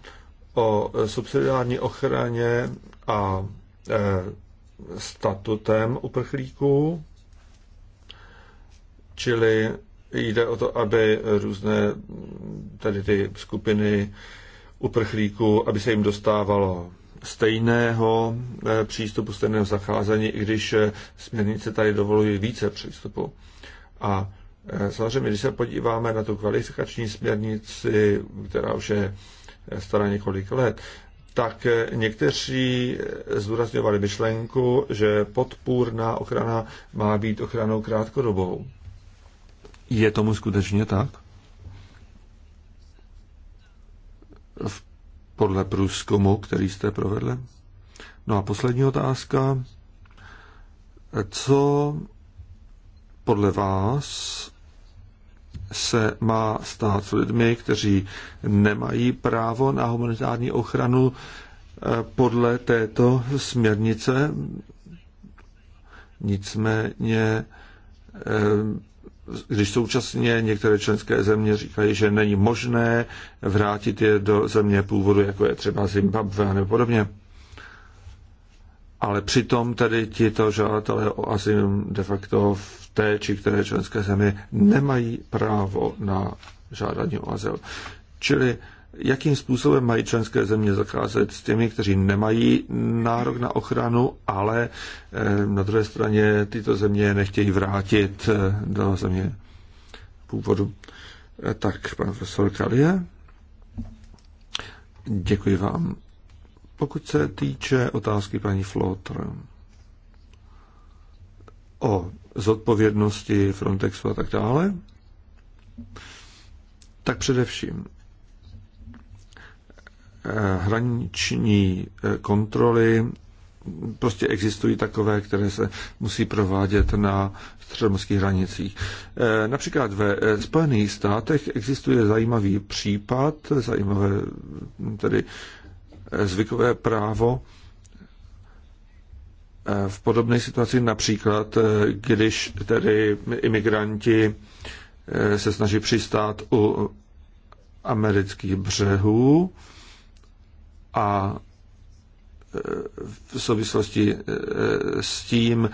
o subsidiární ochraně a e, statutem uprchlíků, čili jde o to, aby různé tady ty skupiny uprchlíků, aby se jim dostávalo stejného e, přístupu, stejného zacházení, i když e, směrnice tady dovolují více přístupu. A Eh, samozřejmě, když se podíváme na tu kvalifikační směrnici, která už je eh, stará několik let, tak eh, někteří zdůrazňovali myšlenku, že podpůrná ochrana má být ochranou krátkodobou. Je tomu skutečně tak? V, podle průzkumu, který jste provedli? No a poslední otázka. Co podle vás se má stát s lidmi, kteří nemají právo na humanitární ochranu eh, podle této směrnice. Nicméně, eh, když současně některé členské země říkají, že není možné vrátit je do země původu, jako je třeba Zimbabwe nebo podobně, ale přitom tedy tito žadatelé o azyl de facto v té či které členské země nemají právo na žádání o azyl. Čili jakým způsobem mají členské země zakázat s těmi, kteří nemají nárok na ochranu, ale eh, na druhé straně tyto země nechtějí vrátit eh, do země původu. Eh, tak, pan profesor Kalie. Děkuji vám. Pokud se týče otázky paní Flotr o zodpovědnosti Frontexu a tak dále, tak především eh, hraniční eh, kontroly prostě existují takové, které se musí provádět na středomorských hranicích. Eh, například ve Spojených státech existuje zajímavý případ, zajímavé tedy zvykové právo, v podobné situaci například, eh, když tedy imigranti eh, se snaží přistát u amerických břehů a eh, v souvislosti s tím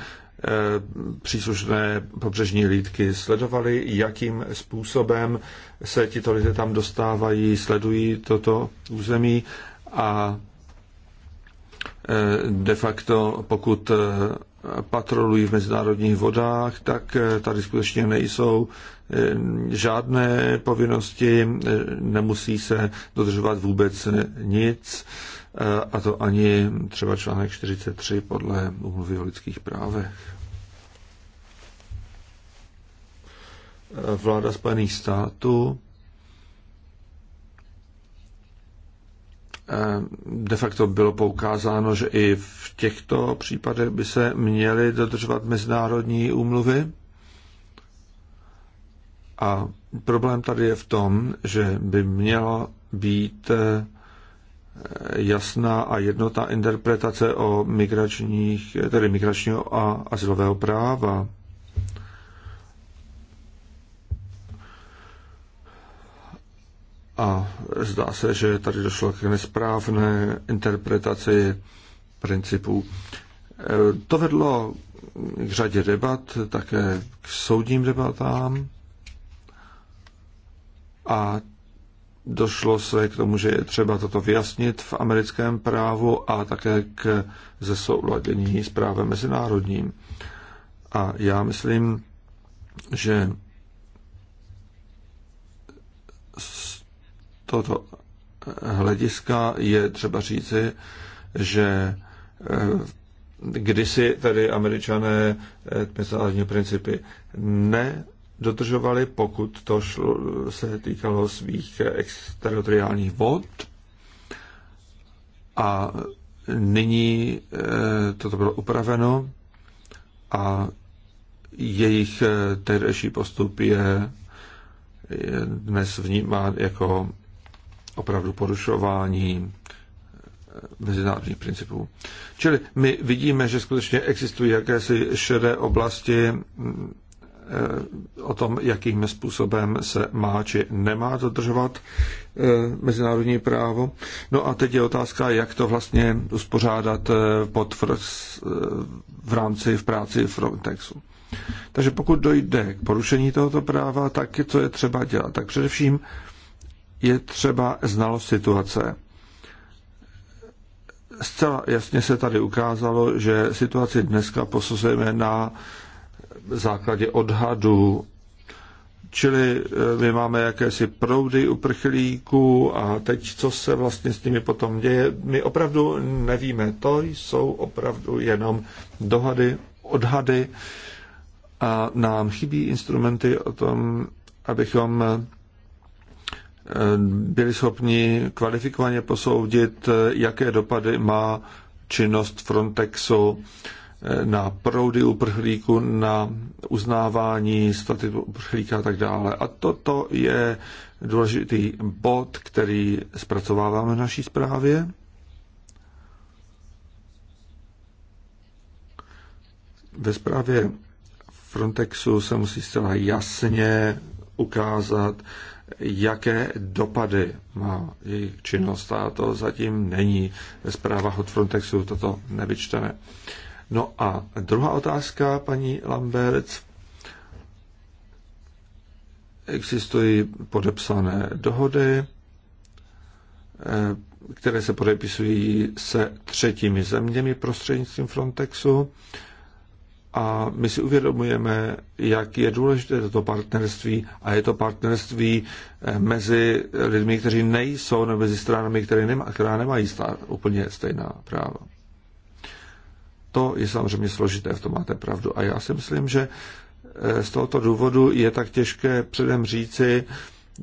příslušné pobřežní lídky sledovaly, jakým způsobem se tito lidé tam dostávají, sledují toto území a de facto, pokud eh, patrolují v mezinárodních vodách, tak eh, tady skutečně nejsou eh, žádné povinnosti, nemusí se dodržovat vůbec nic, a to ani třeba článek 43 podle umluvy o lidských právech. Vláda Spojených států Eh, de facto bylo poukázáno, že i v těchto případech by se měly dodržovat mezinárodní úmluvy. A problém tady je v tom, že by měla být eh, jasná a jednotná interpretace o migračních, tedy migračního a asilového práva. A zdá se, že tady došlo k nesprávné interpretaci principů. To vedlo k řadě debat, také k soudním debatám a došlo se k tomu, že je třeba toto vyjasnit v americkém právu a také k zesouladění s právem mezinárodním. A já myslím, že tohoto hlediska je třeba říci, že eh, kdysi tedy američané eh, mezinárodní principy ne pokud to šlo, se týkalo svých exteritoriálních vod. A nyní eh, toto bylo upraveno a jejich tehdejší postup je dnes vnímán jako opravdu porušování eh, mezinárodních principů. Čili my vidíme, že skutečně existují jakési šedé oblasti mm, eh, o tom, jakým způsobem se má či nemá dodržovat eh, mezinárodní právo. No a teď je otázka, jak to vlastně uspořádat pod v rámci v práci Frontexu. Takže pokud dojde k porušení tohoto práva, tak co je třeba dělat? Tak především je třeba znalost situace. Zcela jasně se tady ukázalo, že situaci dneska posuzujeme na základě odhadu, čili eh, my máme jakési proudy uprchlíků a teď, co se vlastně s nimi potom děje, my opravdu nevíme. To jsou opravdu jenom dohady, odhady a nám chybí instrumenty o tom, abychom Eh, byli schopni kvalifikovaně posoudit, eh, jaké dopady má činnost Frontexu eh, na proudy uprchlíků, na uznávání statutu uprchlíka a tak dále. A toto je důležitý bod, který zpracováváme v naší zprávě. Ve zprávě Frontexu se musí zcela jasně ukázat, jaké dopady má jejich činnost a to zatím není. Ve zprávách od Frontexu toto nevyčteme. No a druhá otázka, paní Lambert. Existují podepsané dohody, eh, které se podepisují se třetími zeměmi prostřednictvím Frontexu. A my si uvědomujeme, jak je důležité toto partnerství a je to partnerství eh, mezi lidmi, kteří nejsou, nebo mezi stranami, které nema, která nemají stát, úplně stejná práva. To je samozřejmě složité, v tom máte pravdu. A já si myslím, že eh, z tohoto důvodu je tak těžké předem říci,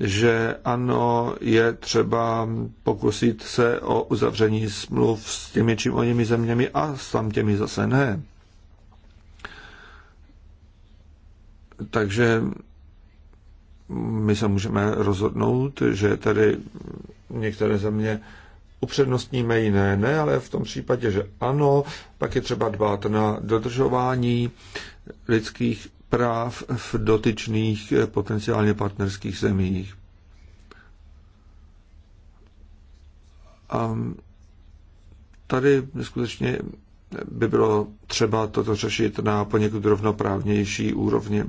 že ano, je třeba pokusit se o uzavření smluv s těmi či oněmi zeměmi a s tam těmi zase ne. Takže my se můžeme rozhodnout, že tady některé země upřednostníme jiné ne, ale v tom případě, že ano, pak je třeba dbát na dodržování lidských práv v dotyčných eh, potenciálně partnerských zemích. A tady skutečně by bylo třeba toto řešit na poněkud rovnoprávnější úrovni.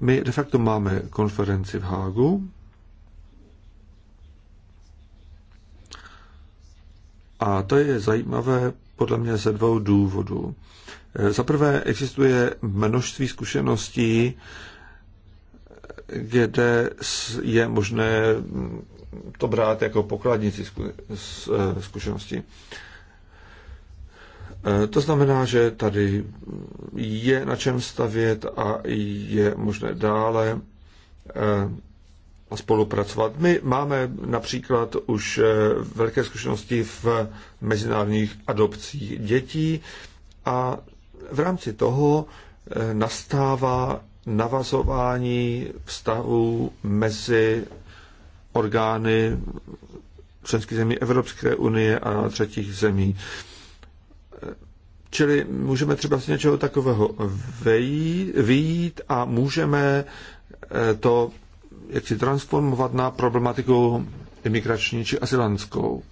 My de facto máme konferenci v Hágu a to je zajímavé podle mě ze dvou důvodů. Za prvé existuje množství zkušeností, kde je možné to brát jako pokladnici eh, zkušenosti. Eh, to znamená, že tady je na čem stavět a je možné dále eh, spolupracovat. My máme například už eh, velké zkušenosti v mezinárodních adopcích dětí a v rámci toho nastává navazování vztahů mezi orgány členských zemí Evropské unie a třetích zemí. Čili můžeme třeba z něčeho takového vyjít a můžeme eh, to jak si transformovat na problematiku imigrační či asylanskou,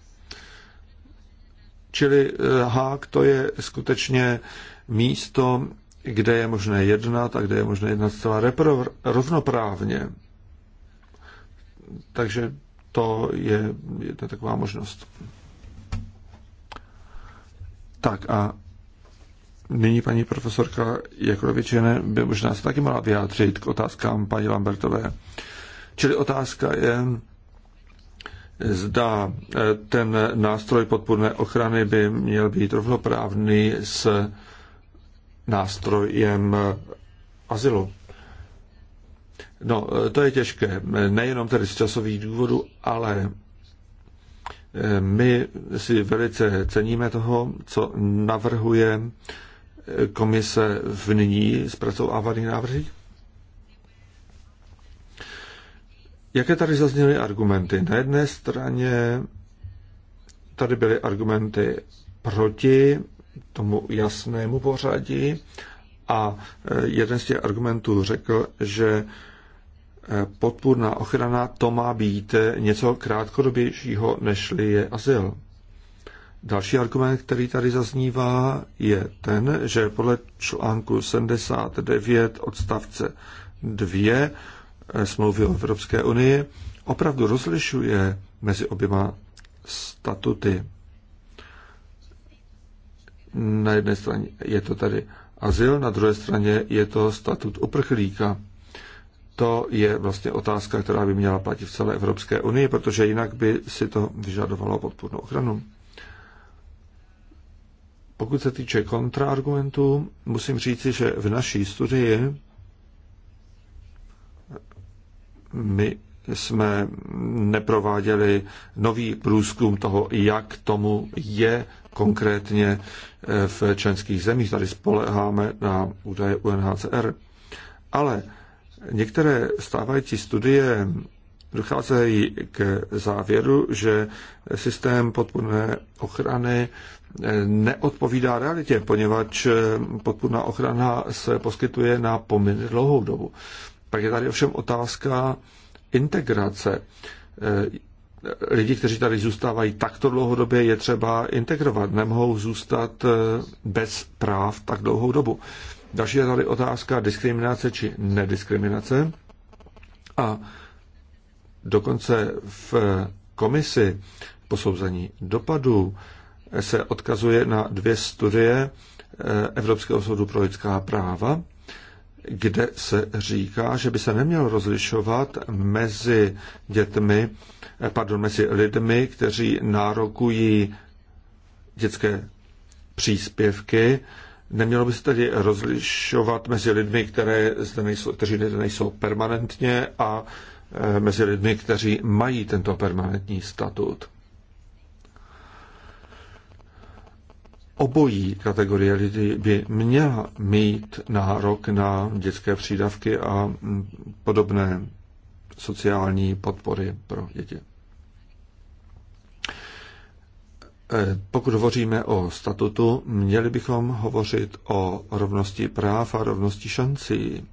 Čili Hák eh, to je skutečně místo, kde je možné jednat a kde je možné jednat zcela rovnoprávně. Takže to je jedna taková možnost. Tak a Nyní paní profesorka Jakovičené by možná se taky mohla vyjádřit k otázkám paní Lambertové. Čili otázka je, zda eh, ten nástroj podpůrné ochrany by měl být rovnoprávný s nástrojem eh, azylu. No, eh, to je těžké, nejenom tedy z časových důvodů, ale my si velice ceníme toho, co navrhuje komise v nyní zpracovávaný návrhy? Jaké tady zazněly argumenty? Na jedné straně tady byly argumenty proti tomu jasnému pořadí a e, jeden z těch argumentů řekl, že e, podpůrná ochrana to má být e, něco krátkodobějšího, než je azyl. Další argument, který tady zaznívá, je ten, že podle článku 79 odstavce 2 smlouvy o Evropské unii opravdu rozlišuje mezi oběma statuty. Na jedné straně je to tady azyl, na druhé straně je to statut uprchlíka. To je vlastně otázka, která by měla platit v celé Evropské unii, protože jinak by si to vyžadovalo podpůrnou ochranu. Pokud se týče kontraargumentů, musím říci, že v naší studii my jsme neprováděli nový průzkum toho, jak tomu je konkrétně eh, v členských zemích. Tady spoleháme na údaje UNHCR. Ale některé stávající studie docházejí k závěru, že systém podpůrné ochrany eh, neodpovídá realitě, poněvadž eh, podpůrná ochrana se poskytuje na poměrně dlouhou dobu. Pak je tady ovšem otázka integrace. Eh, lidi, kteří tady zůstávají takto dlouhodobě, je třeba integrovat. Nemohou zůstat bez práv tak dlouhou dobu. Další je tady otázka diskriminace či nediskriminace. A Dokonce v komisi posouzení dopadů se odkazuje na dvě studie eh, Evropského soudu pro lidská práva, kde se říká, že by se neměl rozlišovat mezi dětmi, eh, pardon, mezi lidmi, kteří nárokují dětské příspěvky. Nemělo by se tedy rozlišovat mezi lidmi, které zde nejsou, kteří zde nejsou permanentně a Eh, mezi lidmi, kteří mají tento permanentní statut. Obojí kategorie lidí by měla mít nárok na dětské přídavky a podobné sociální podpory pro děti. Eh, pokud hovoříme o statutu, měli bychom hovořit o rovnosti práv a rovnosti šancí.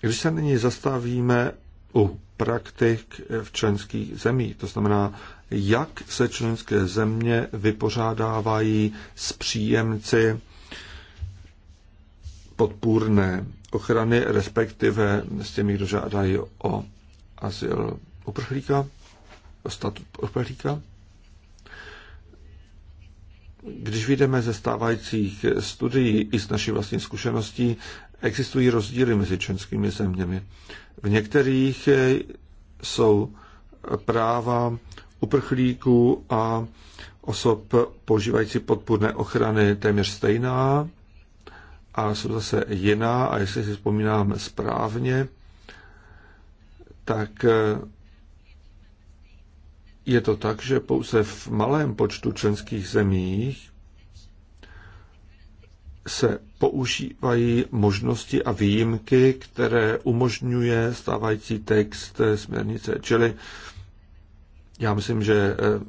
Když se nyní zastavíme u praktik v členských zemích, to znamená, jak se členské země vypořádávají s příjemci podpůrné ochrany, respektive s těmi, kdo žádají o azyl uprchlíka, o statut uprchlíka. Když vyjdeme ze stávajících studií i z naší vlastní zkušeností, existují rozdíly mezi členskými zeměmi. V některých eh, jsou práva uprchlíků a osob používající podpůrné ochrany téměř stejná a jsou zase jiná. A jestli si vzpomínám správně, tak eh, je to tak, že pouze v malém počtu členských zemích se používají možnosti a výjimky, které umožňuje stávající text směrnice. Čili já myslím, že eh,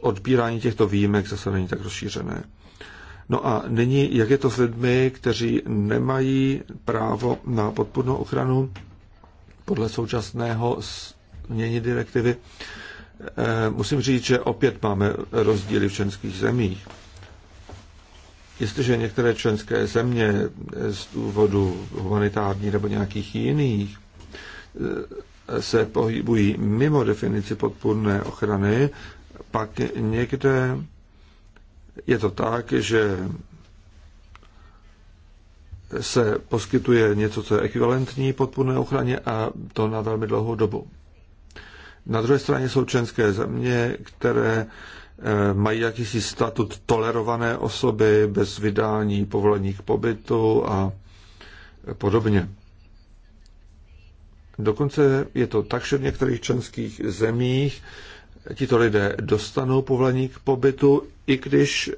odbírání těchto výjimek zase není tak rozšířené. No a nyní, jak je to s lidmi, kteří nemají právo na podpůrnou ochranu podle současného změní direktivy? Eh, musím říct, že opět máme rozdíly v členských zemích. Jestliže některé členské země z důvodu humanitární nebo nějakých jiných eh, se pohybují mimo definici podpůrné ochrany, pak někde je to tak, že se poskytuje něco, co je ekvivalentní podpůrné ochraně a to na velmi dlouhou dobu. Na druhé straně jsou členské země, které Eh, mají jakýsi statut tolerované osoby bez vydání povolení k pobytu a podobně. Dokonce je to tak, že v některých členských zemích tito lidé dostanou povolení k pobytu, i když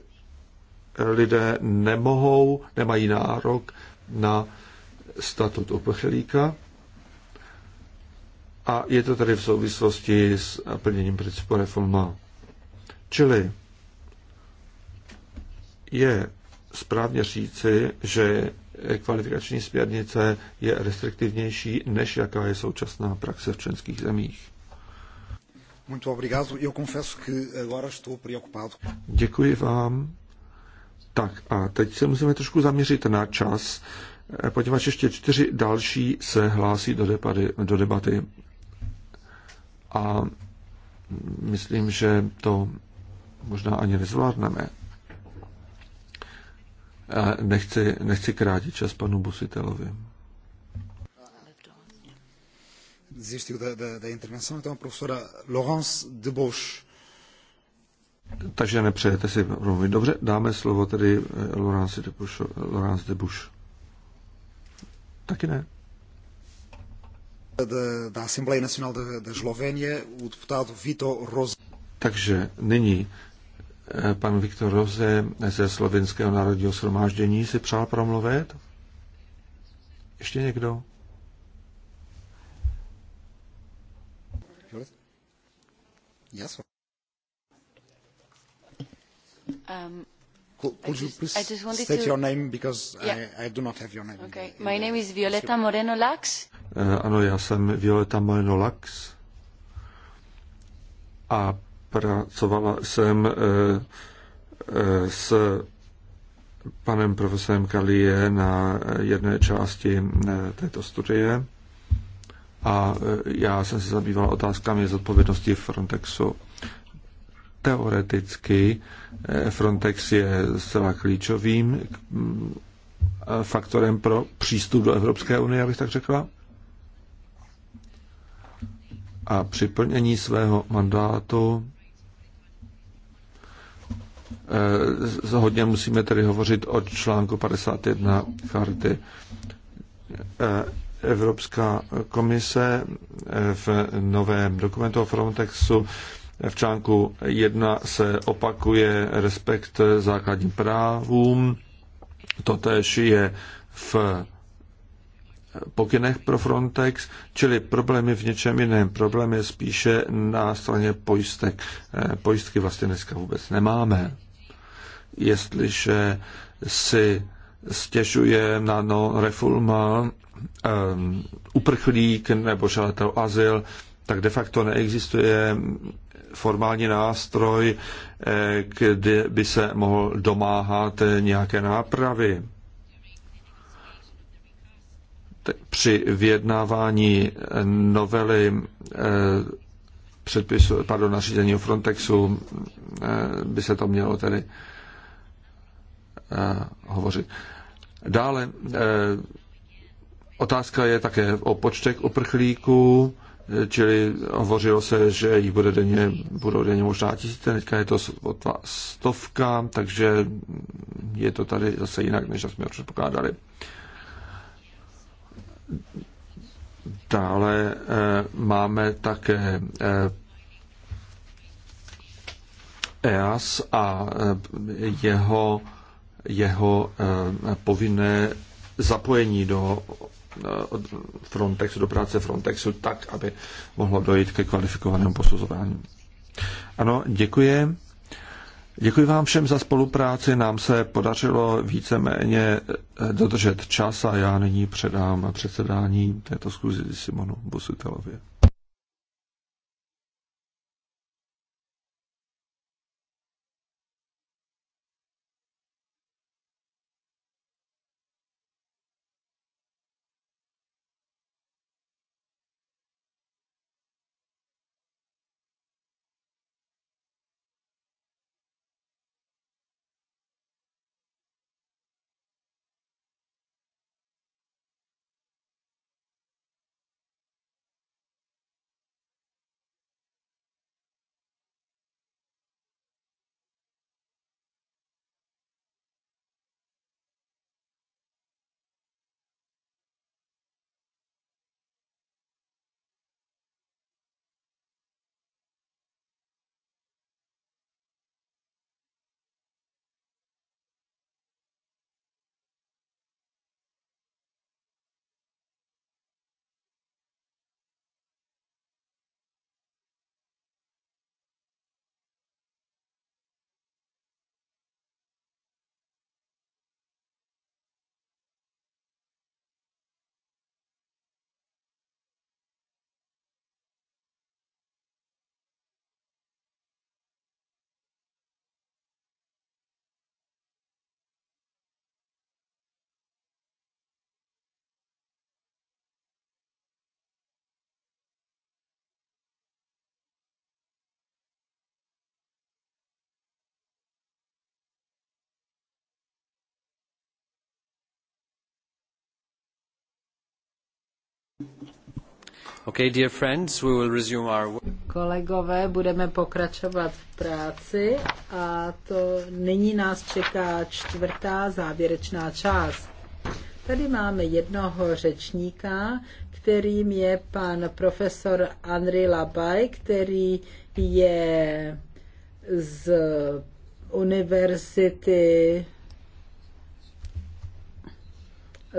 lidé nemohou, nemají nárok na statut uprchlíka. A je to tady v souvislosti s plněním principu reforma. Čili je správně říci, že kvalifikační směrnice je restriktivnější, než jaká je současná praxe v členských zemích. Muito obrigado. Eu confesso que agora estou preocupado. Děkuji vám. Tak a teď se musíme trošku zaměřit na čas, eh, poněvadž ještě čtyři další se hlásí do, depady, do debaty. A myslím, že to možná ani nezvládneme. A nechci, nechci krátit čas panu Busitelovi. Desistiu da, da, da intervenção, então a professora Laurence de Bosch. Takže nepřejete si mluvit. Dobře, dáme slovo tedy Laurence de, Bush, Laurence de Bush. Taky ne. Da, da Assembleia Nacional da, da Eslovénia, o deputado Vito Rosa. Takže nyní Eh, pan Viktor Roze ze Slovenského národního shromáždění si přál promluvit. Ještě někdo? Yes. Um, your name because I, do not have your name. My name is Moreno Lax. Eh, ano, já jsem Violeta Moreno Lax. A pracovala jsem eh, eh, s panem profesorem Kalie na jedné části eh, této studie a já jsem se zabývala otázkami zodpovědnosti Frontexu. Teoreticky Frontex je zcela klíčovým faktorem pro přístup do Evropské unie, abych tak řekla. A při plnění svého mandátu Eh, hodně musíme tedy hovořit o článku 51 charty. Eh, Evropská komise eh, v novém dokumentu o Frontexu v článku 1 se opakuje respekt základním právům. Totež je v pokynech pro Frontex, čili problém je v něčem jiném. Problém je spíše na straně pojistek. Eh, pojistky vlastně dneska vůbec nemáme. Jestliže si stěžuje na no Refulma, um, uprchlík nebo žadatel azyl, tak de facto neexistuje formální nástroj, eh, kde by se mohl domáhat nějaké nápravy při vyjednávání eh, novely eh, předpisu, pardon, nařízení o Frontexu eh, by se to mělo tedy hovořit. Dále otázka je také o počtech uprchlíků, čili hovořilo se, že jich bude denně, budou denně možná tisíce, teďka je to stovka, takže je to tady zase jinak, než jsme předpokládali. Dále eh, máme také eh, EAS a eh, jeho, jeho povinné zapojení do Frontexu, do práce Frontexu, tak, aby mohlo dojít ke kvalifikovanému posuzování. Ano, děkuji. Děkuji vám všem za spolupráci. Nám se podařilo víceméně eh, dodržet čas a já nyní předám předsedání této zkuzi Simonu Busutelově. Okay, dear friends, we will resume our... Kolegové, budeme pokračovat v práci a to nyní nás čeká čtvrtá závěrečná část. Tady máme jednoho řečníka, kterým je pan profesor Andri Labaj, který je z univerzity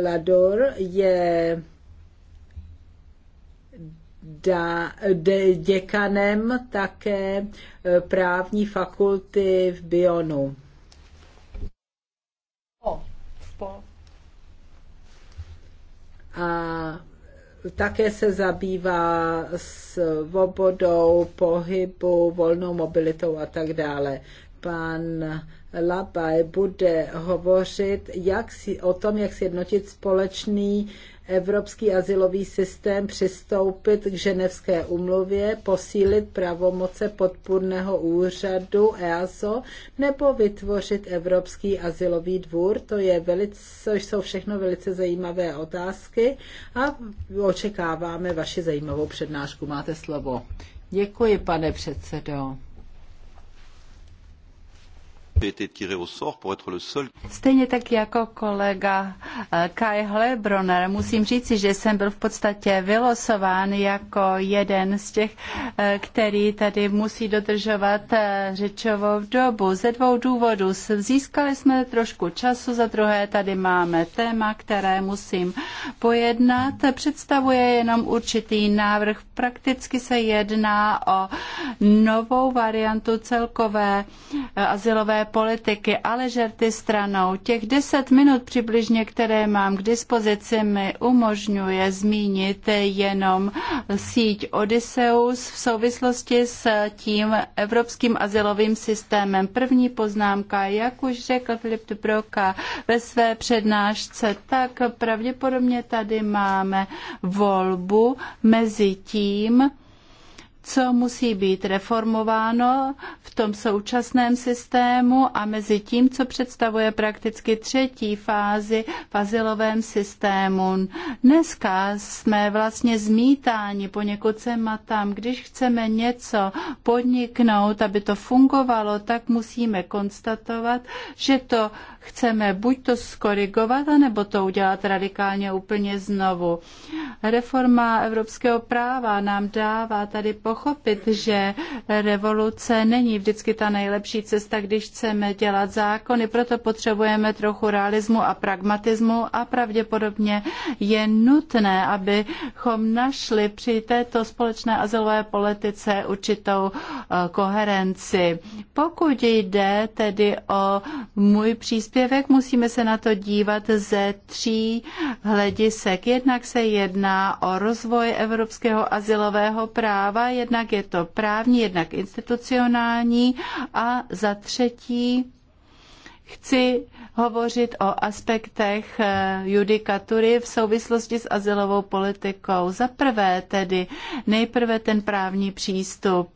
Lador, je děkanem také eh, právní fakulty v Bionu. A také se zabývá svobodou pohybu, volnou mobilitou a tak dále. Pan Labaj bude hovořit jak si, o tom, jak sjednotit společný evropský asilový systém přistoupit k ženevské umluvě, posílit pravomoce podpůrného úřadu EASO nebo vytvořit Evropský asilový dvůr. To je velice, jsou všechno velice zajímavé otázky a očekáváme vaši zajímavou přednášku. Máte slovo. Děkuji, pane předsedo. Stejně tak jako kolega eh, Kai Hlebroner, musím říci, že jsem byl v podstatě vylosován jako jeden z těch, eh, který tady musí dodržovat eh, řečovou dobu. Ze dvou důvodů. Získali jsme trošku času, za druhé tady máme téma, které musím pojednat. Představuje jenom určitý návrh. Prakticky se jedná o novou variantu celkové azylové politiky, ale žerty stranou. Těch deset minut přibližně, které mám k dispozici, mi umožňuje zmínit jenom síť Odysseus v souvislosti s tím evropským azylovým systémem. První poznámka, jak už řekl Filip Dubroka ve své přednášce, tak pravděpodobně tady máme volbu mezi tím, co musí být reformováno v tom současném systému a mezi tím, co představuje prakticky třetí fázi v azylovém systému. Dneska jsme vlastně zmítáni poněkud sem a tam. Když chceme něco podniknout, aby to fungovalo, tak musíme konstatovat, že to chceme buď to skorigovat, anebo to udělat radikálně úplně znovu. Reforma evropského práva nám dává tady pochopit, pochopit, že revoluce není vždycky ta nejlepší cesta, když chceme dělat zákony, proto potřebujeme trochu realismu a pragmatismu a pravděpodobně je nutné, abychom našli při této společné azylové politice určitou eh, koherenci. Pokud jde tedy o můj příspěvek, musíme se na to dívat ze tří hledisek. Jednak se jedná o rozvoj evropského azylového práva, jednak je to právní, jednak institucionální a za třetí chci hovořit o aspektech eh, judikatury v souvislosti s azylovou politikou. Za prvé tedy nejprve ten právní přístup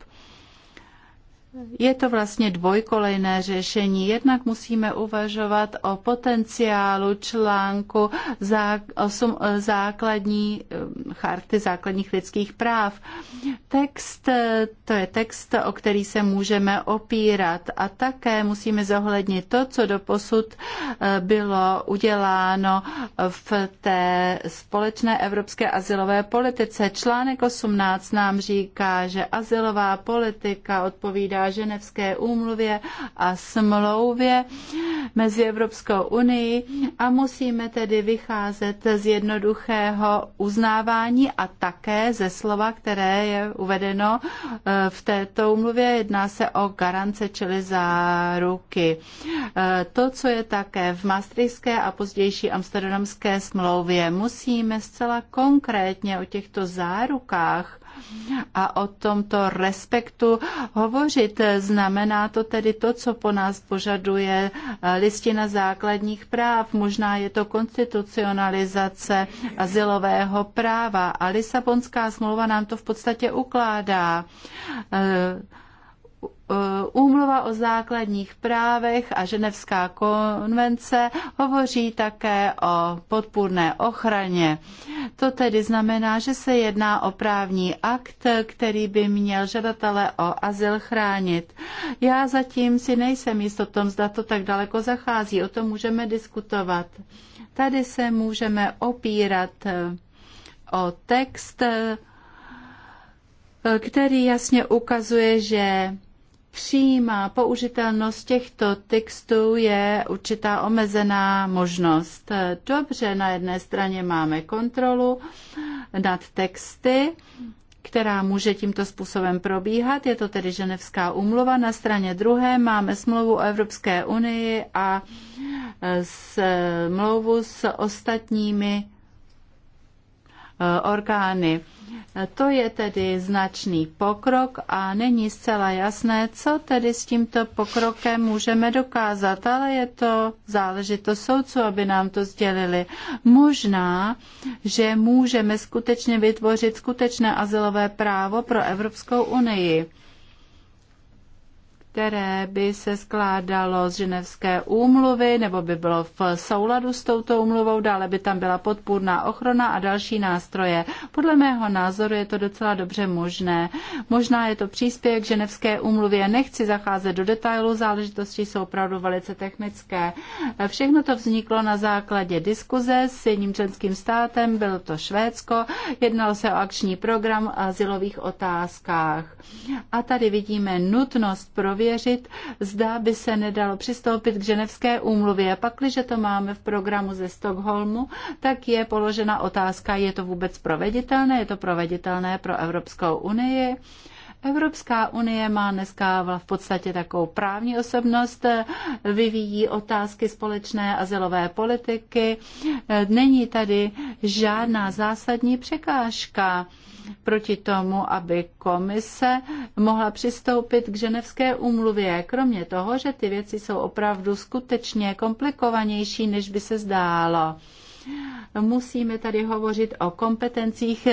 je to vlastně dvojkolejné řešení. Jednak musíme uvažovat o potenciálu článku zá, osm, základní eh, charty základních lidských práv. Text, eh, to je text, o který se můžeme opírat a také musíme zohlednit to, co do posud eh, bylo uděláno v té společné evropské asilové politice. Článek 18 nám říká, že asilová politika odpovídá ženevské úmluvě a smlouvě mezi Evropskou unii a musíme tedy vycházet z jednoduchého uznávání a také ze slova, které je uvedeno eh, v této úmluvě. Jedná se o garance, čili záruky. Eh, to, co je také v Maastrichtské a pozdější amsterdamské smlouvě, musíme zcela konkrétně o těchto zárukách a o tomto respektu hovořit. Znamená to tedy to, co po nás požaduje eh, listina základních práv. Možná je to konstitucionalizace asilového práva a Lisabonská smlouva nám to v podstatě ukládá. Eh, Eh, úmluva o základních právech a Ženevská konvence hovoří také o podpůrné ochraně. To tedy znamená, že se jedná o právní akt, který by měl žadatele o azyl chránit. Já zatím si nejsem jist o tom, zda to tak daleko zachází. O tom můžeme diskutovat. Tady se můžeme opírat eh, o text, eh, který jasně ukazuje, že přijímá použitelnost těchto textů je určitá omezená možnost. Dobře, na jedné straně máme kontrolu nad texty, která může tímto způsobem probíhat. Je to tedy Ženevská umluva. Na straně druhé máme smlouvu o Evropské unii a smlouvu s ostatními Eh, orgány. To je tedy značný pokrok a není zcela jasné, co tedy s tímto pokrokem můžeme dokázat, ale je to záležitost soudců, aby nám to sdělili. Možná, že můžeme skutečně vytvořit skutečné azylové právo pro Evropskou unii které by se skládalo z ženevské úmluvy nebo by bylo v souladu s touto úmluvou, dále by tam byla podpůrná ochrana a další nástroje. Podle mého názoru je to docela dobře možné. Možná je to příspěvek k ženevské úmluvě, nechci zacházet do detailu, záležitosti jsou opravdu velice technické. Všechno to vzniklo na základě diskuze s jedním členským státem, bylo to Švédsko, jednalo se o akční program a zilových otázkách. A tady vidíme nutnost pro prověřit, zda by se nedalo přistoupit k ženevské úmluvě. Pakliže to máme v programu ze Stockholmu, tak je položena otázka, je to vůbec proveditelné, je to proveditelné pro Evropskou unii. Evropská unie má dneska v podstatě takovou právní osobnost, vyvíjí otázky společné azylové politiky. Není tady žádná zásadní překážka proti tomu, aby komise mohla přistoupit k ženevské úmluvě. Kromě toho, že ty věci jsou opravdu skutečně komplikovanější, než by se zdálo. Musíme tady hovořit o kompetencích,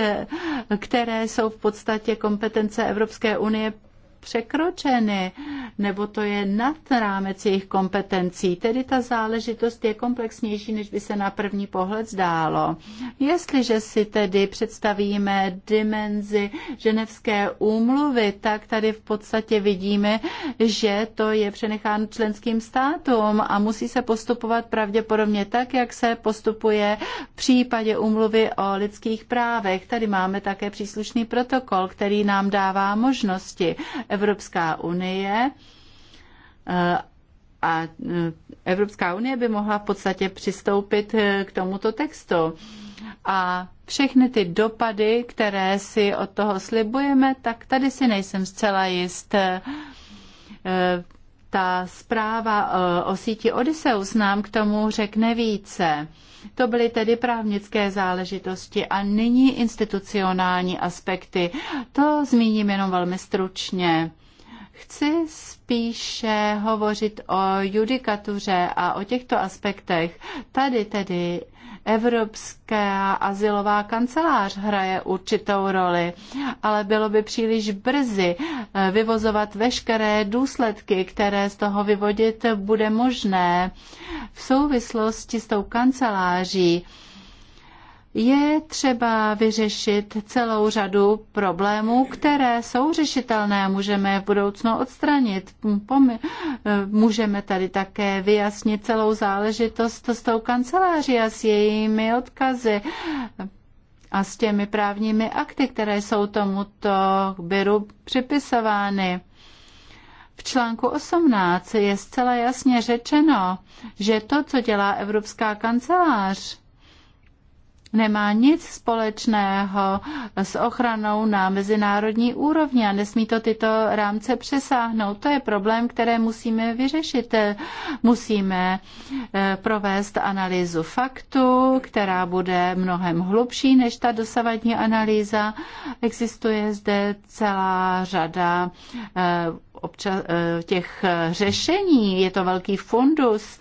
které jsou v podstatě kompetence Evropské unie překročeny, nebo to je nad rámec jejich kompetencí. Tedy ta záležitost je komplexnější, než by se na první pohled zdálo. Jestliže si tedy představíme dimenzi ženevské úmluvy, tak tady v podstatě vidíme, že to je přenecháno členským státům a musí se postupovat pravděpodobně tak, jak se postupuje v případě úmluvy o lidských právech. Tady máme také příslušný protokol, který nám dává možnosti. Evropská unie eh, a eh, Evropská unie by mohla v podstatě přistoupit eh, k tomuto textu. A všechny ty dopady, které si od toho slibujeme, tak tady si nejsem zcela jist. Ta zpráva o síti Odysseus nám k tomu řekne více. To byly tedy právnické záležitosti a nyní institucionální aspekty. To zmíním jenom velmi stručně. Chci spíše hovořit o judikatuře a o těchto aspektech. Tady tedy Evropská asilová kancelář hraje určitou roli, ale bylo by příliš brzy eh, vyvozovat veškeré důsledky, které z toho vyvodit bude možné v souvislosti s tou kanceláří je třeba vyřešit celou řadu problémů, které jsou řešitelné a můžeme je v budoucnu odstranit. Můžeme tady také vyjasnit celou záležitost s tou kanceláří a s jejími odkazy a s těmi právními akty, které jsou tomuto byru připisovány. V článku 18 je zcela jasně řečeno, že to, co dělá Evropská kancelář, nemá nic společného s ochranou na mezinárodní úrovni a nesmí to tyto rámce přesáhnout. To je problém, které musíme vyřešit. Musíme eh, provést analýzu faktu, která bude mnohem hlubší než ta dosavadní analýza. Existuje zde celá řada eh, obča- eh, těch eh, řešení. Je to velký fundus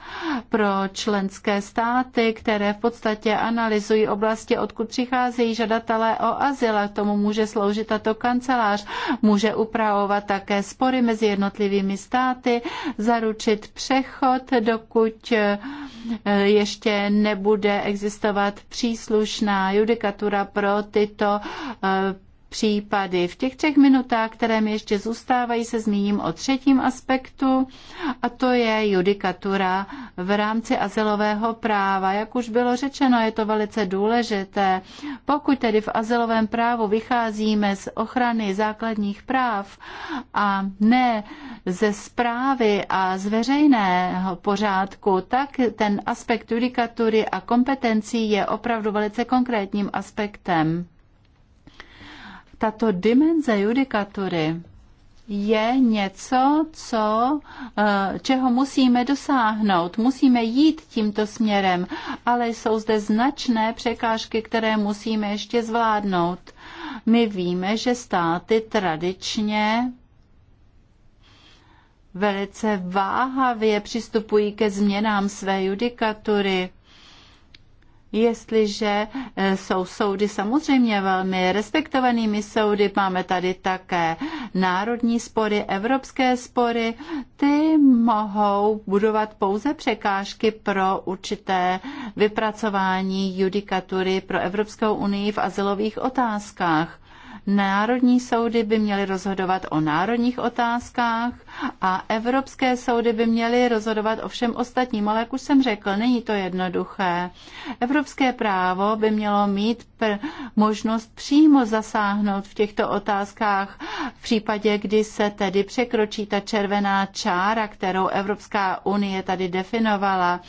pro členské státy, které v podstatě analyzují oblasti, odkud přicházejí žadatelé o azyl. A k tomu může sloužit tato kancelář. Může upravovat také spory mezi jednotlivými státy, zaručit přechod, dokud eh, ještě nebude existovat příslušná judikatura pro tyto případy. V těch třech minutách, které mi ještě zůstávají, se zmíním o třetím aspektu a to je judikatura v rámci azylového práva. Jak už bylo řečeno, je to velice důležité. Pokud tedy v azylovém právu vycházíme z ochrany základních práv a ne ze zprávy a z veřejného pořádku, tak ten aspekt judikatury a kompetencí je opravdu velice konkrétním aspektem tato dimenze judikatury je něco, co, eh, čeho musíme dosáhnout. Musíme jít tímto směrem, ale jsou zde značné překážky, které musíme ještě zvládnout. My víme, že státy tradičně velice váhavě přistupují ke změnám své judikatury jestliže eh, jsou soudy samozřejmě velmi respektovanými soudy, máme tady také národní spory, evropské spory, ty mohou budovat pouze překážky pro určité vypracování judikatury pro Evropskou unii v azylových otázkách. Národní soudy by měly rozhodovat o národních otázkách, a evropské soudy by měly rozhodovat o všem ostatním, ale jak už jsem řekl, není to jednoduché. Evropské právo by mělo mít pr- možnost přímo zasáhnout v těchto otázkách v případě, kdy se tedy překročí ta červená čára, kterou Evropská unie tady definovala.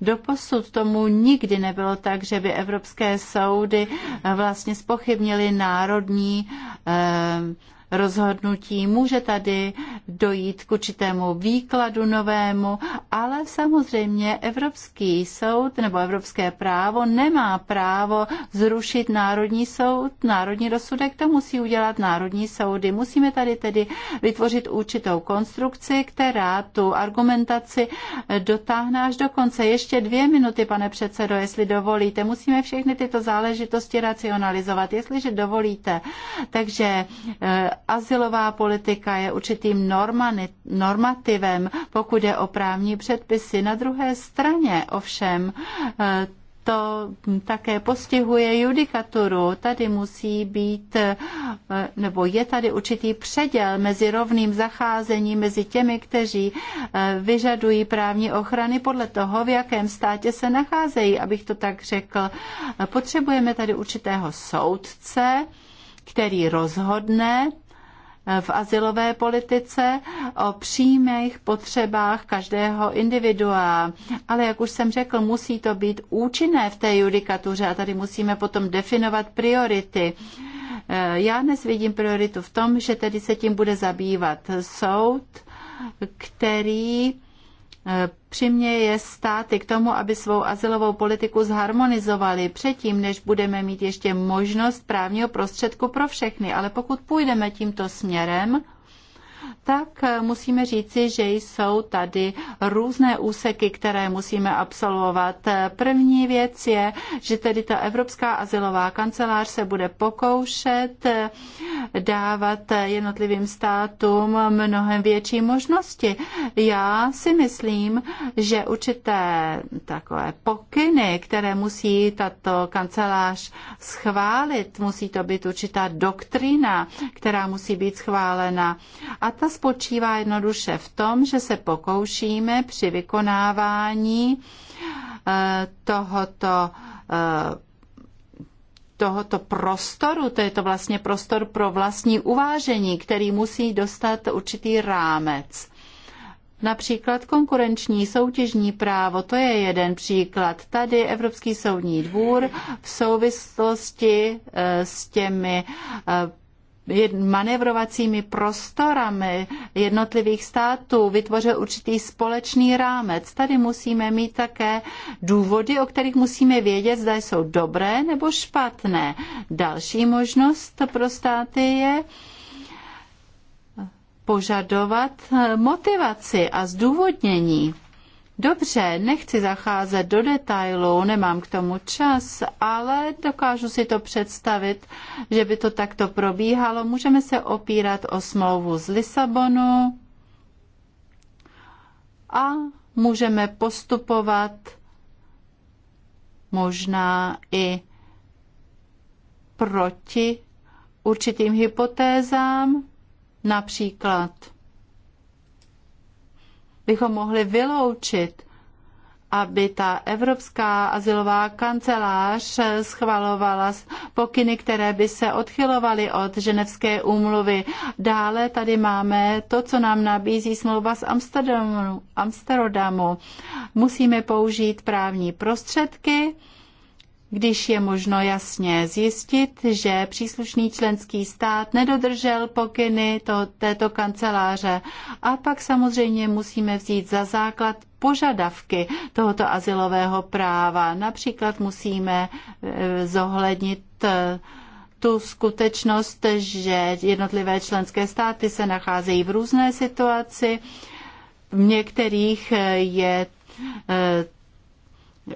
Doposud tomu nikdy nebylo tak, že by evropské soudy vlastně spochybnili národní eh, rozhodnutí. Může tady dojít k určitému výkladu novému, ale samozřejmě Evropský soud nebo Evropské právo nemá právo zrušit Národní soud, Národní rozsudek, to musí udělat Národní soudy. Musíme tady tedy vytvořit určitou konstrukci, která tu argumentaci dotáhne až do konce. Ještě dvě minuty, pane předsedo, jestli dovolíte. Musíme všechny tyto záležitosti racionalizovat, jestliže dovolíte. Takže eh, Azylová politika je určitým normani, normativem, pokud je o právní předpisy. Na druhé straně ovšem eh, to také postihuje judikaturu. Tady musí být, eh, nebo je tady určitý předěl mezi rovným zacházením mezi těmi, kteří eh, vyžadují právní ochrany podle toho, v jakém státě se nacházejí, abych to tak řekl. Potřebujeme tady určitého soudce, který rozhodne v asilové politice, o přímých potřebách každého individua. Ale jak už jsem řekl, musí to být účinné v té judikatuře a tady musíme potom definovat priority. Eh, já dnes vidím prioritu v tom, že tedy se tím bude zabývat soud, který přiměje státy k tomu, aby svou asilovou politiku zharmonizovali předtím, než budeme mít ještě možnost právního prostředku pro všechny. Ale pokud půjdeme tímto směrem, tak eh, musíme říci, že jsou tady různé úseky, které musíme absolvovat. Eh, první věc je, že tedy ta Evropská asilová kancelář se bude pokoušet eh, dávat jednotlivým státům mnohem větší možnosti. Já si myslím, že určité takové pokyny, které musí tato kancelář schválit, musí to být určitá doktrína, která musí být schválena. A ta spočívá jednoduše v tom, že se pokoušíme při vykonávání eh, tohoto eh, tohoto prostoru, to je to vlastně prostor pro vlastní uvážení, který musí dostat určitý rámec. Například konkurenční soutěžní právo, to je jeden příklad. Tady Evropský soudní dvůr v souvislosti eh, s těmi manevrovacími prostorami jednotlivých států vytvořil určitý společný rámec. Tady musíme mít také důvody, o kterých musíme vědět, zda jsou dobré nebo špatné. Další možnost pro státy je požadovat motivaci a zdůvodnění Dobře, nechci zacházet do detailů, nemám k tomu čas, ale dokážu si to představit, že by to takto probíhalo. Můžeme se opírat o smlouvu z Lisabonu a můžeme postupovat možná i proti určitým hypotézám, například bychom mohli vyloučit, aby ta Evropská asilová kancelář schvalovala pokyny, které by se odchylovaly od ženevské úmluvy. Dále tady máme to, co nám nabízí smlouva z Amsterdamu. Amsterdamu. Musíme použít právní prostředky, když je možno jasně zjistit, že příslušný členský stát nedodržel pokyny to, této kanceláře. A pak samozřejmě musíme vzít za základ požadavky tohoto asilového práva. Například musíme e, zohlednit e, tu skutečnost, že jednotlivé členské státy se nacházejí v různé situaci. V některých e, je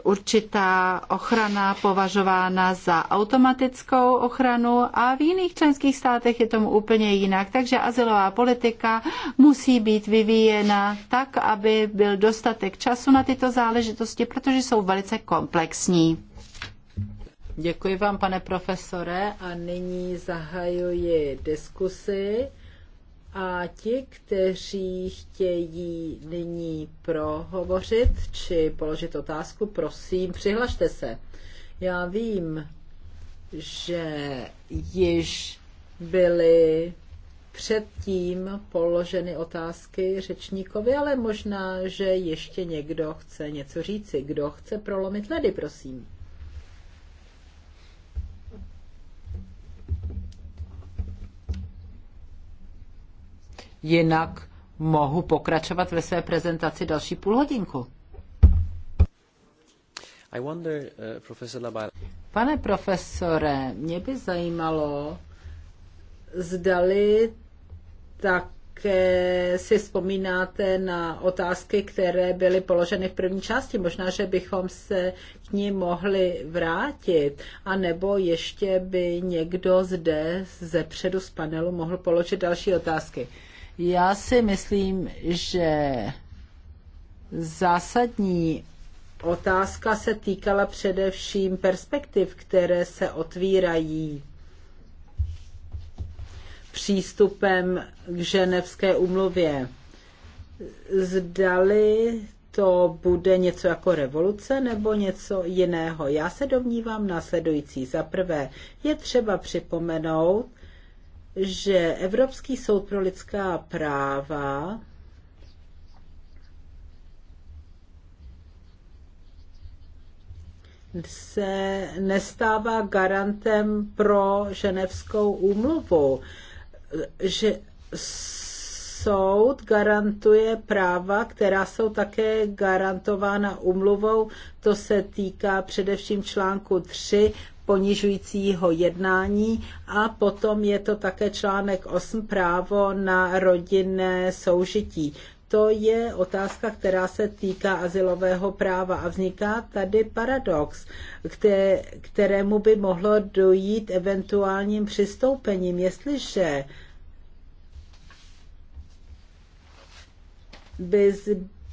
určitá ochrana považována za automatickou ochranu a v jiných členských státech je tomu úplně jinak. Takže asilová politika musí být vyvíjena tak, aby byl dostatek času na tyto záležitosti, protože jsou velice komplexní. Děkuji vám, pane profesore, a nyní zahajuji diskusi. A ti, kteří chtějí nyní prohovořit či položit otázku, prosím, přihlašte se. Já vím, že již byly předtím položeny otázky řečníkovi, ale možná, že ještě někdo chce něco říci. Kdo chce prolomit ledy, prosím? jinak mohu pokračovat ve své prezentaci další půl hodinku. Wonder, uh, Pane profesore, mě by zajímalo, zdali také si vzpomínáte na otázky, které byly položeny v první části. Možná, že bychom se k ní mohli vrátit. A nebo ještě by někdo zde ze předu z panelu mohl položit další otázky. Uh, já si myslím, že zásadní otázka se týkala především perspektiv, které se otvírají přístupem k ženevské umluvě. Zdali to bude něco jako revoluce nebo něco jiného. Já se domnívám následující. Za prvé je třeba připomenout, že Evropský soud pro lidská práva se nestává garantem pro ženevskou úmluvu, že soud garantuje práva, která jsou také garantována úmluvou. To se týká především článku 3 ponižujícího jednání a potom je to také článek 8 právo na rodinné soužití. To je otázka, která se týká asilového práva a vzniká tady paradox, kterému by mohlo dojít eventuálním přistoupením, jestliže by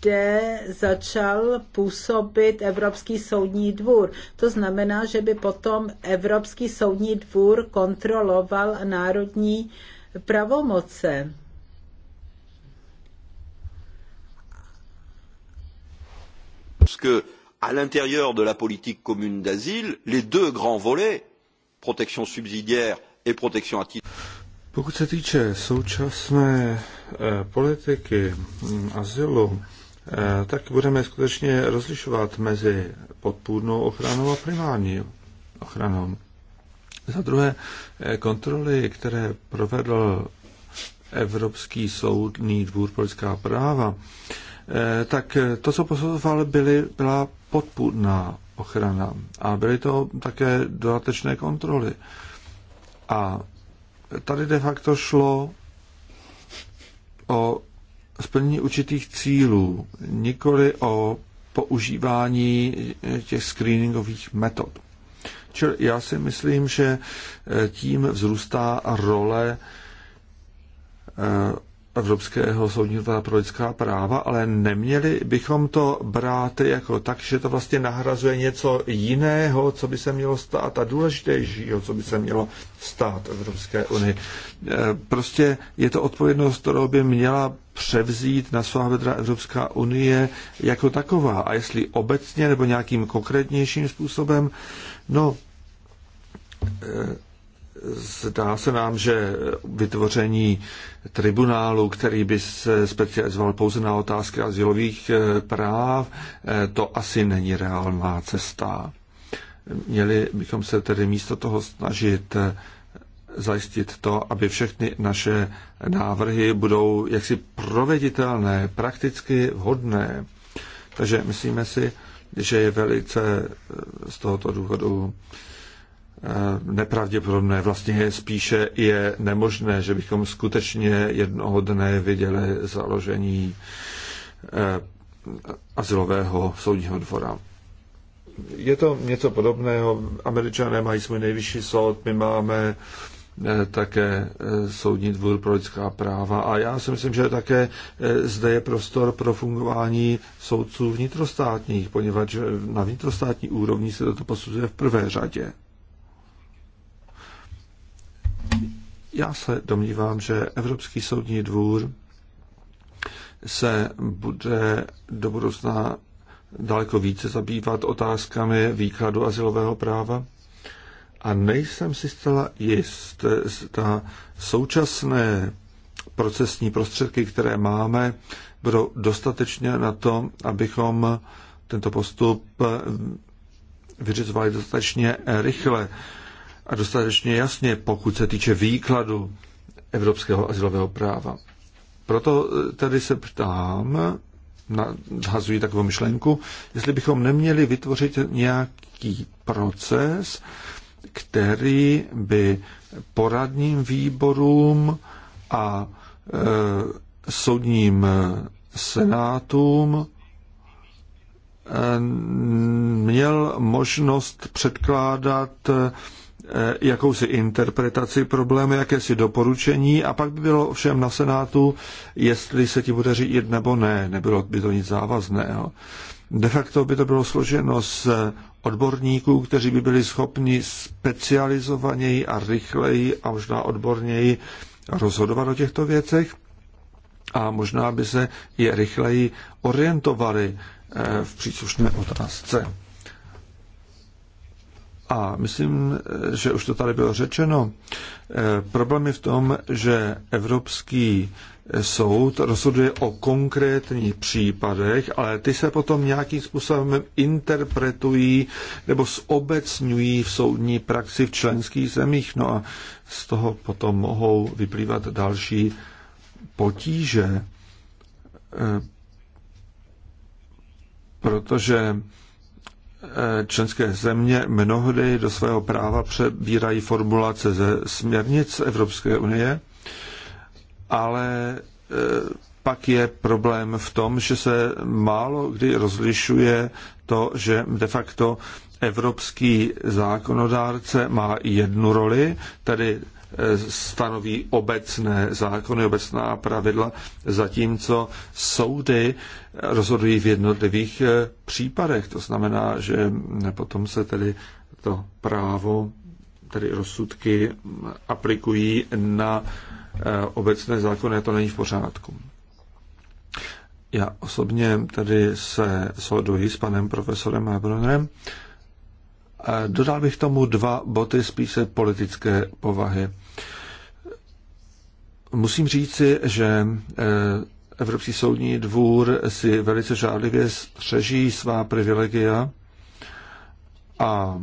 kde začal působit Evropský soudní dvůr. To znamená, že by potom Evropský soudní dvůr kontroloval národní pravomoce. Parce que, à l'intérieur de la politique commune d'asile, les deux grands volets, protection subsidiaire et protection à titre. Pokud se týče současné eh, politiky mm, azylu, Eh, tak budeme skutečně rozlišovat mezi podpůrnou ochranou a primární ochranou. Za druhé, eh, kontroly, které provedl Evropský soudní dvůr pro lidská práva, eh, tak to, co posuzoval, byly, byla podpůrná ochrana a byly to také dodatečné kontroly. A tady de facto šlo o splnění určitých cílů, nikoli o používání těch screeningových metod. Čili já si myslím, že eh, tím vzrůstá role eh, Evropského soudního pro lidská práva, ale neměli bychom to brát jako tak, že to vlastně nahrazuje něco jiného, co by se mělo stát a důležitějšího, co by se mělo stát Evropské unii. E, prostě je to odpovědnost, kterou by měla převzít na svá vedra Evropská unie jako taková. A jestli obecně nebo nějakým konkrétnějším způsobem, no, e, zdá se nám, že vytvoření tribunálu, který by se specializoval pouze na otázky asilových eh, práv, eh, to asi není reálná cesta. Měli bychom se tedy místo toho snažit eh, zajistit to, aby všechny naše návrhy budou jaksi proveditelné, prakticky vhodné. Takže myslíme si, že je velice z tohoto důvodu Eh, nepravděpodobné, vlastně spíše je nemožné, že bychom skutečně jednoho dne viděli založení eh, asilového soudního dvora. Je to něco podobného. Američané mají svůj nejvyšší soud, my máme eh, také Soudní dvůr pro lidská práva. A já si myslím, že také zde je prostor pro fungování soudců vnitrostátních, poněvadž na vnitrostátní úrovni se toto posuzuje v prvé řadě. Já se domnívám, že Evropský soudní dvůr se bude do budoucna daleko více zabývat otázkami výkladu asilového práva. A nejsem si zcela jist, zda současné procesní prostředky, které máme, budou dostatečně na to, abychom tento postup vyřizovali dostatečně rychle a dostatečně jasně, pokud se týče výkladu evropského asilového práva. Proto eh, tady se ptám, nadhazují takovou myšlenku, jestli bychom neměli vytvořit nějaký proces, který by poradním výborům a e, soudním eh, senátům měl možnost předkládat Eh, jakousi interpretaci problému, jakési doporučení a pak by bylo všem na Senátu, jestli se ti bude řídit nebo ne. Nebylo by to nic závazného. De facto by to bylo složeno z odborníků, kteří by byli schopni specializovaněji a rychleji a možná odborněji rozhodovat o těchto věcech a možná by se je rychleji orientovali eh, v příslušné otázce. A myslím, že už to tady bylo řečeno. Eh, problém je v tom, že Evropský soud rozhoduje o konkrétních případech, ale ty se potom nějakým způsobem interpretují nebo zobecňují v soudní praxi v členských zemích. No a z toho potom mohou vyplývat další potíže, eh, protože Eh, členské země mnohdy do svého práva přebírají formulace ze směrnic Evropské unie, ale eh, pak je problém v tom, že se málo kdy rozlišuje to, že de facto evropský zákonodárce má jednu roli, tedy stanoví obecné zákony, obecná pravidla, zatímco soudy rozhodují v jednotlivých eh, případech. To znamená, že potom se tedy to právo, tedy rozsudky aplikují na eh, obecné zákony a to není v pořádku. Já osobně tedy se shoduji s panem profesorem Hebronerem. Eh, dodal bych tomu dva boty spíše politické povahy. Musím říci, že eh, Evropský soudní dvůr si velice žádlivě střeží svá privilegia a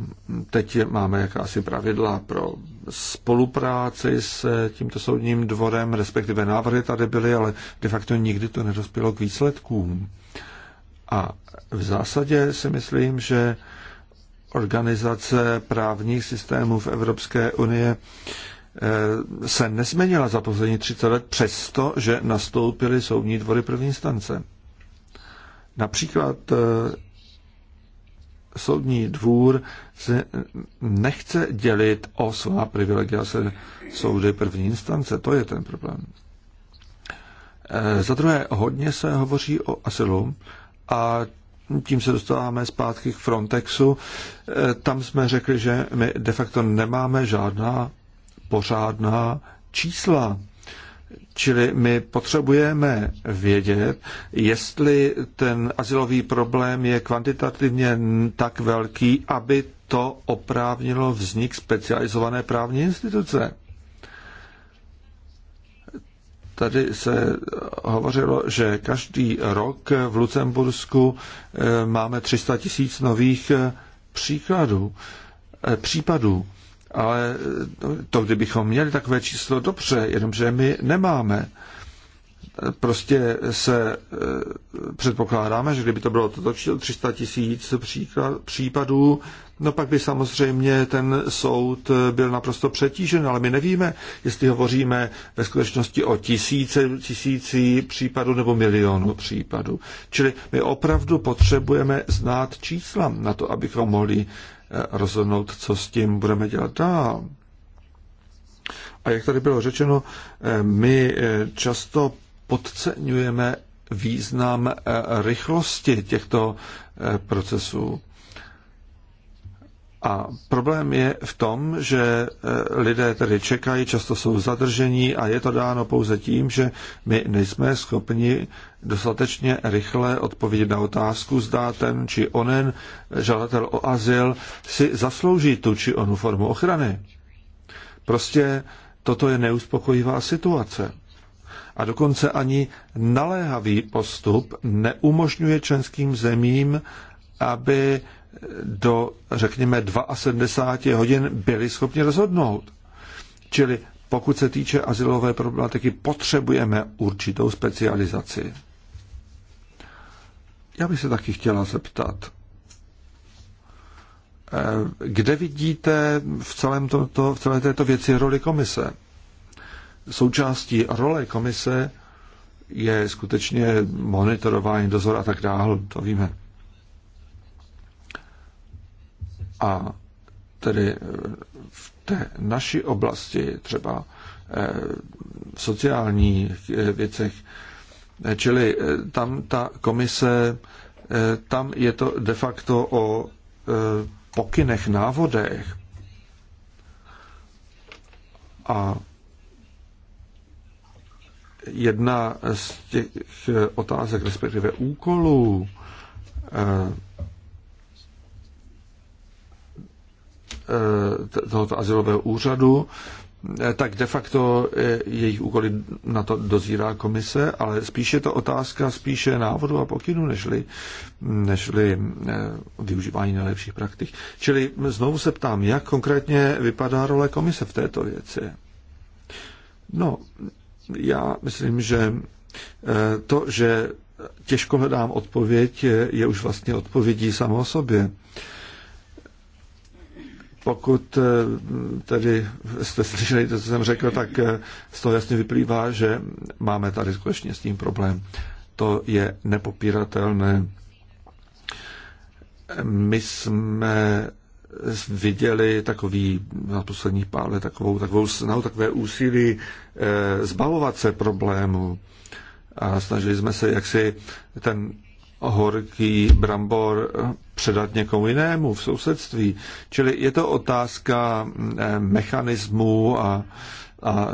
teď máme jakási pravidla pro spolupráci s eh, tímto soudním dvorem, respektive návrhy tady byly, ale de facto nikdy to nedospělo k výsledkům. A v zásadě si myslím, že organizace právních systémů v Evropské unie Eh, se nezměnila za poslední 30 let, přesto, že nastoupily soudní dvory první instance. Například eh, soudní dvůr se nechce dělit o svá privilegia se soudy první instance. To je ten problém. Eh, za druhé, hodně se hovoří o asilu a tím se dostáváme zpátky k Frontexu. Tam jsme řekli, že my de facto nemáme žádná pořádná čísla. Čili my potřebujeme vědět, jestli ten asilový problém je kvantitativně tak velký, aby to oprávnilo vznik specializované právní instituce. Tady se hovořilo, že každý rok v Lucembursku eh, máme 300 tisíc nových eh, příkladů, eh, případů. Ale to, kdybychom měli takové číslo, dobře, jenomže my nemáme. Prostě se eh, předpokládáme, že kdyby to bylo toto číslo 300 tisíc případů, no pak by samozřejmě ten soud eh, byl naprosto přetížen, ale my nevíme, jestli hovoříme ve skutečnosti o tisíce, tisící případů nebo milionu případů. Čili my opravdu potřebujeme znát čísla na to, abychom mohli rozhodnout, co s tím budeme dělat dál. A jak tady bylo řečeno, eh, my eh, často podceňujeme význam eh, rychlosti těchto procesů. A problém je v tom, že lidé tedy čekají, často jsou zadržení a je to dáno pouze tím, že my nejsme schopni dostatečně rychle odpovědět na otázku, zda ten či onen žadatel o azyl si zaslouží tu či onu formu ochrany. Prostě toto je neuspokojivá situace. A dokonce ani naléhavý postup neumožňuje členským zemím, aby do, řekněme, 72 hodin byli schopni rozhodnout. Čili pokud se týče asilové problematiky, potřebujeme určitou specializaci. Já bych se taky chtěla zeptat, eh, kde vidíte v, celém to, to, v celé této věci roli komise? Součástí role komise je skutečně monitorování, dozor a tak dále, to víme. A tedy eh, v té naší oblasti, třeba eh, v sociálních věcech, Čili eh, tam ta komise, eh, tam je to de facto o eh, pokynech, návodech. A jedna z těch otázek, respektive úkolů, tohoto asilového úřadu Eh, tak de facto eh, jejich úkoly na to dozírá komise, ale spíše je to otázka spíše návodu a pokynu, nežli, nežli eh, využívání nejlepších praktik. Čili znovu se ptám, jak konkrétně vypadá role komise v této věci? No, já myslím, že to, že těžko hledám odpověď, je už vlastně odpovědí samo o sobě pokud eh, tedy jste slyšeli to, co jsem řekl, tak eh, z toho jasně vyplývá, že máme tady skutečně s tím problém. To je nepopíratelné. My jsme viděli takový na posledních pár let takovou, takovou snahu, takové úsilí eh, zbavovat se problému a snažili jsme se jaksi ten horký brambor předat někomu jinému v sousedství. Čili je to otázka eh, mechanismů a, a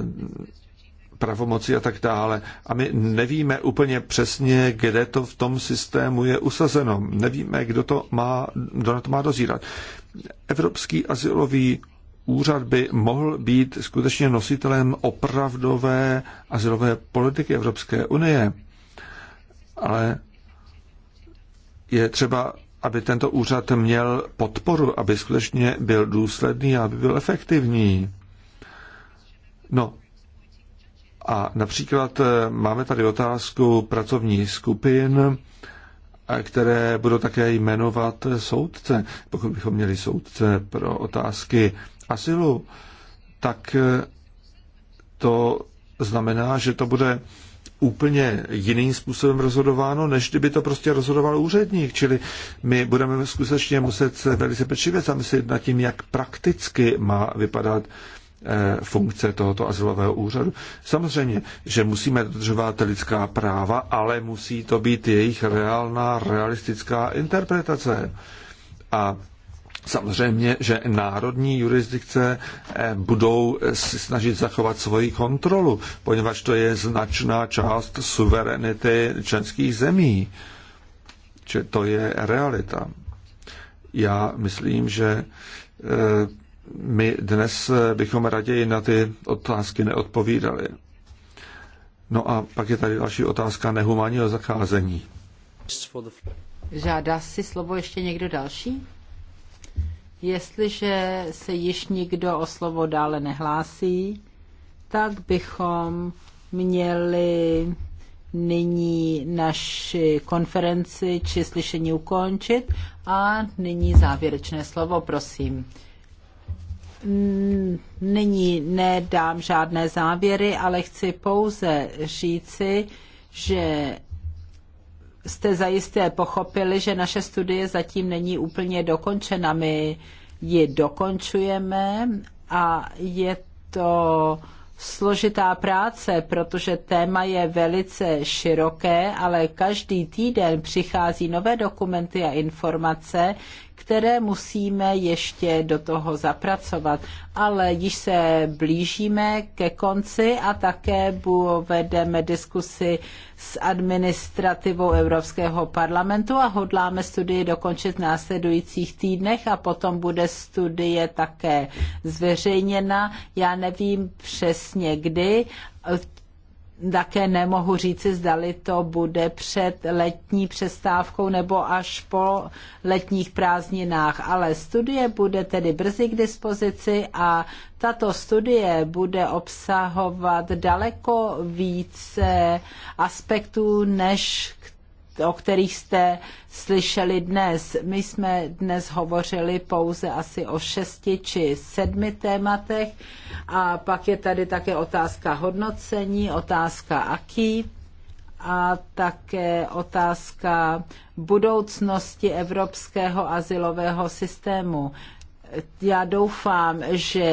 pravomoci a tak dále. A my nevíme úplně přesně, kde to v tom systému je usazeno. Nevíme, kdo, to má, kdo na to má dozírat. Evropský asilový úřad by mohl být skutečně nositelem opravdové asilové politiky Evropské unie. Ale je třeba, aby tento úřad měl podporu, aby skutečně byl důsledný a aby byl efektivní. No, a například eh, máme tady otázku pracovní skupin, eh, které budou také jmenovat eh, soudce. Pokud bychom měli soudce pro otázky asilu, tak to znamená, že to bude úplně jiným způsobem rozhodováno, než kdyby to prostě rozhodoval úředník. Čili my budeme skutečně muset se velice pečlivě zamyslet nad tím, jak prakticky má vypadat eh, funkce tohoto azylového úřadu. Samozřejmě, že musíme dodržovat lidská práva, ale musí to být jejich reálná, realistická interpretace. A Samozřejmě, že národní jurisdikce eh, budou si snažit zachovat svoji kontrolu, poněvadž to je značná část suverenity členských zemí. Či to je realita. Já myslím, že eh, my dnes bychom raději na ty otázky neodpovídali. No a pak je tady další otázka nehumánního zacházení. Žádá si slovo ještě někdo další? Jestliže se již nikdo o slovo dále nehlásí, tak bychom měli nyní naši konferenci či slyšení ukončit a nyní závěrečné slovo, prosím. Nyní nedám žádné závěry, ale chci pouze říci, že jste zajisté pochopili, že naše studie zatím není úplně dokončena. My ji dokončujeme a je to složitá práce, protože téma je velice široké, ale každý týden přichází nové dokumenty a informace, které musíme ještě do toho zapracovat. Ale již se blížíme ke konci a také vedeme diskusi s administrativou Evropského parlamentu a hodláme studii dokončit v následujících týdnech a potom bude studie také zveřejněna. Já nevím přesně kdy, také nemohu říci, zdali to bude před letní přestávkou nebo až po letních prázdninách, ale studie bude tedy brzy k dispozici a tato studie bude obsahovat daleko více aspektů, než k o kterých jste slyšeli dnes. My jsme dnes hovořili pouze asi o šesti či sedmi tématech a pak je tady také otázka hodnocení, otázka aký a také otázka budoucnosti evropského asilového systému. Já doufám, že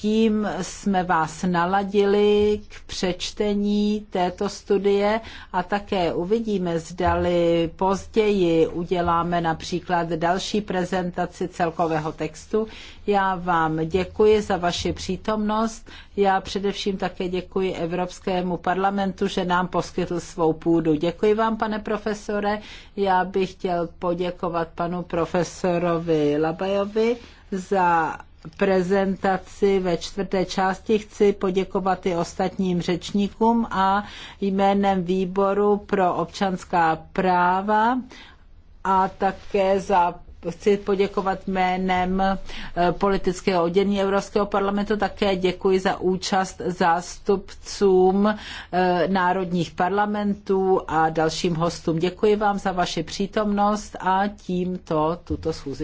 tím jsme vás naladili k přečtení této studie a také uvidíme, zdali později uděláme například další prezentaci celkového textu. Já vám děkuji za vaši přítomnost. Já především také děkuji Evropskému parlamentu, že nám poskytl svou půdu. Děkuji vám, pane profesore. Já bych chtěl poděkovat panu profesorovi Labajovi za prezentaci ve čtvrté části chci poděkovat i ostatním řečníkům a jménem výboru pro občanská práva a také za chci poděkovat jménem eh, politického oddělení Evropského parlamentu. Také děkuji za účast zástupcům eh, národních parlamentů a dalším hostům. Děkuji vám za vaši přítomnost a tímto tuto schůzi.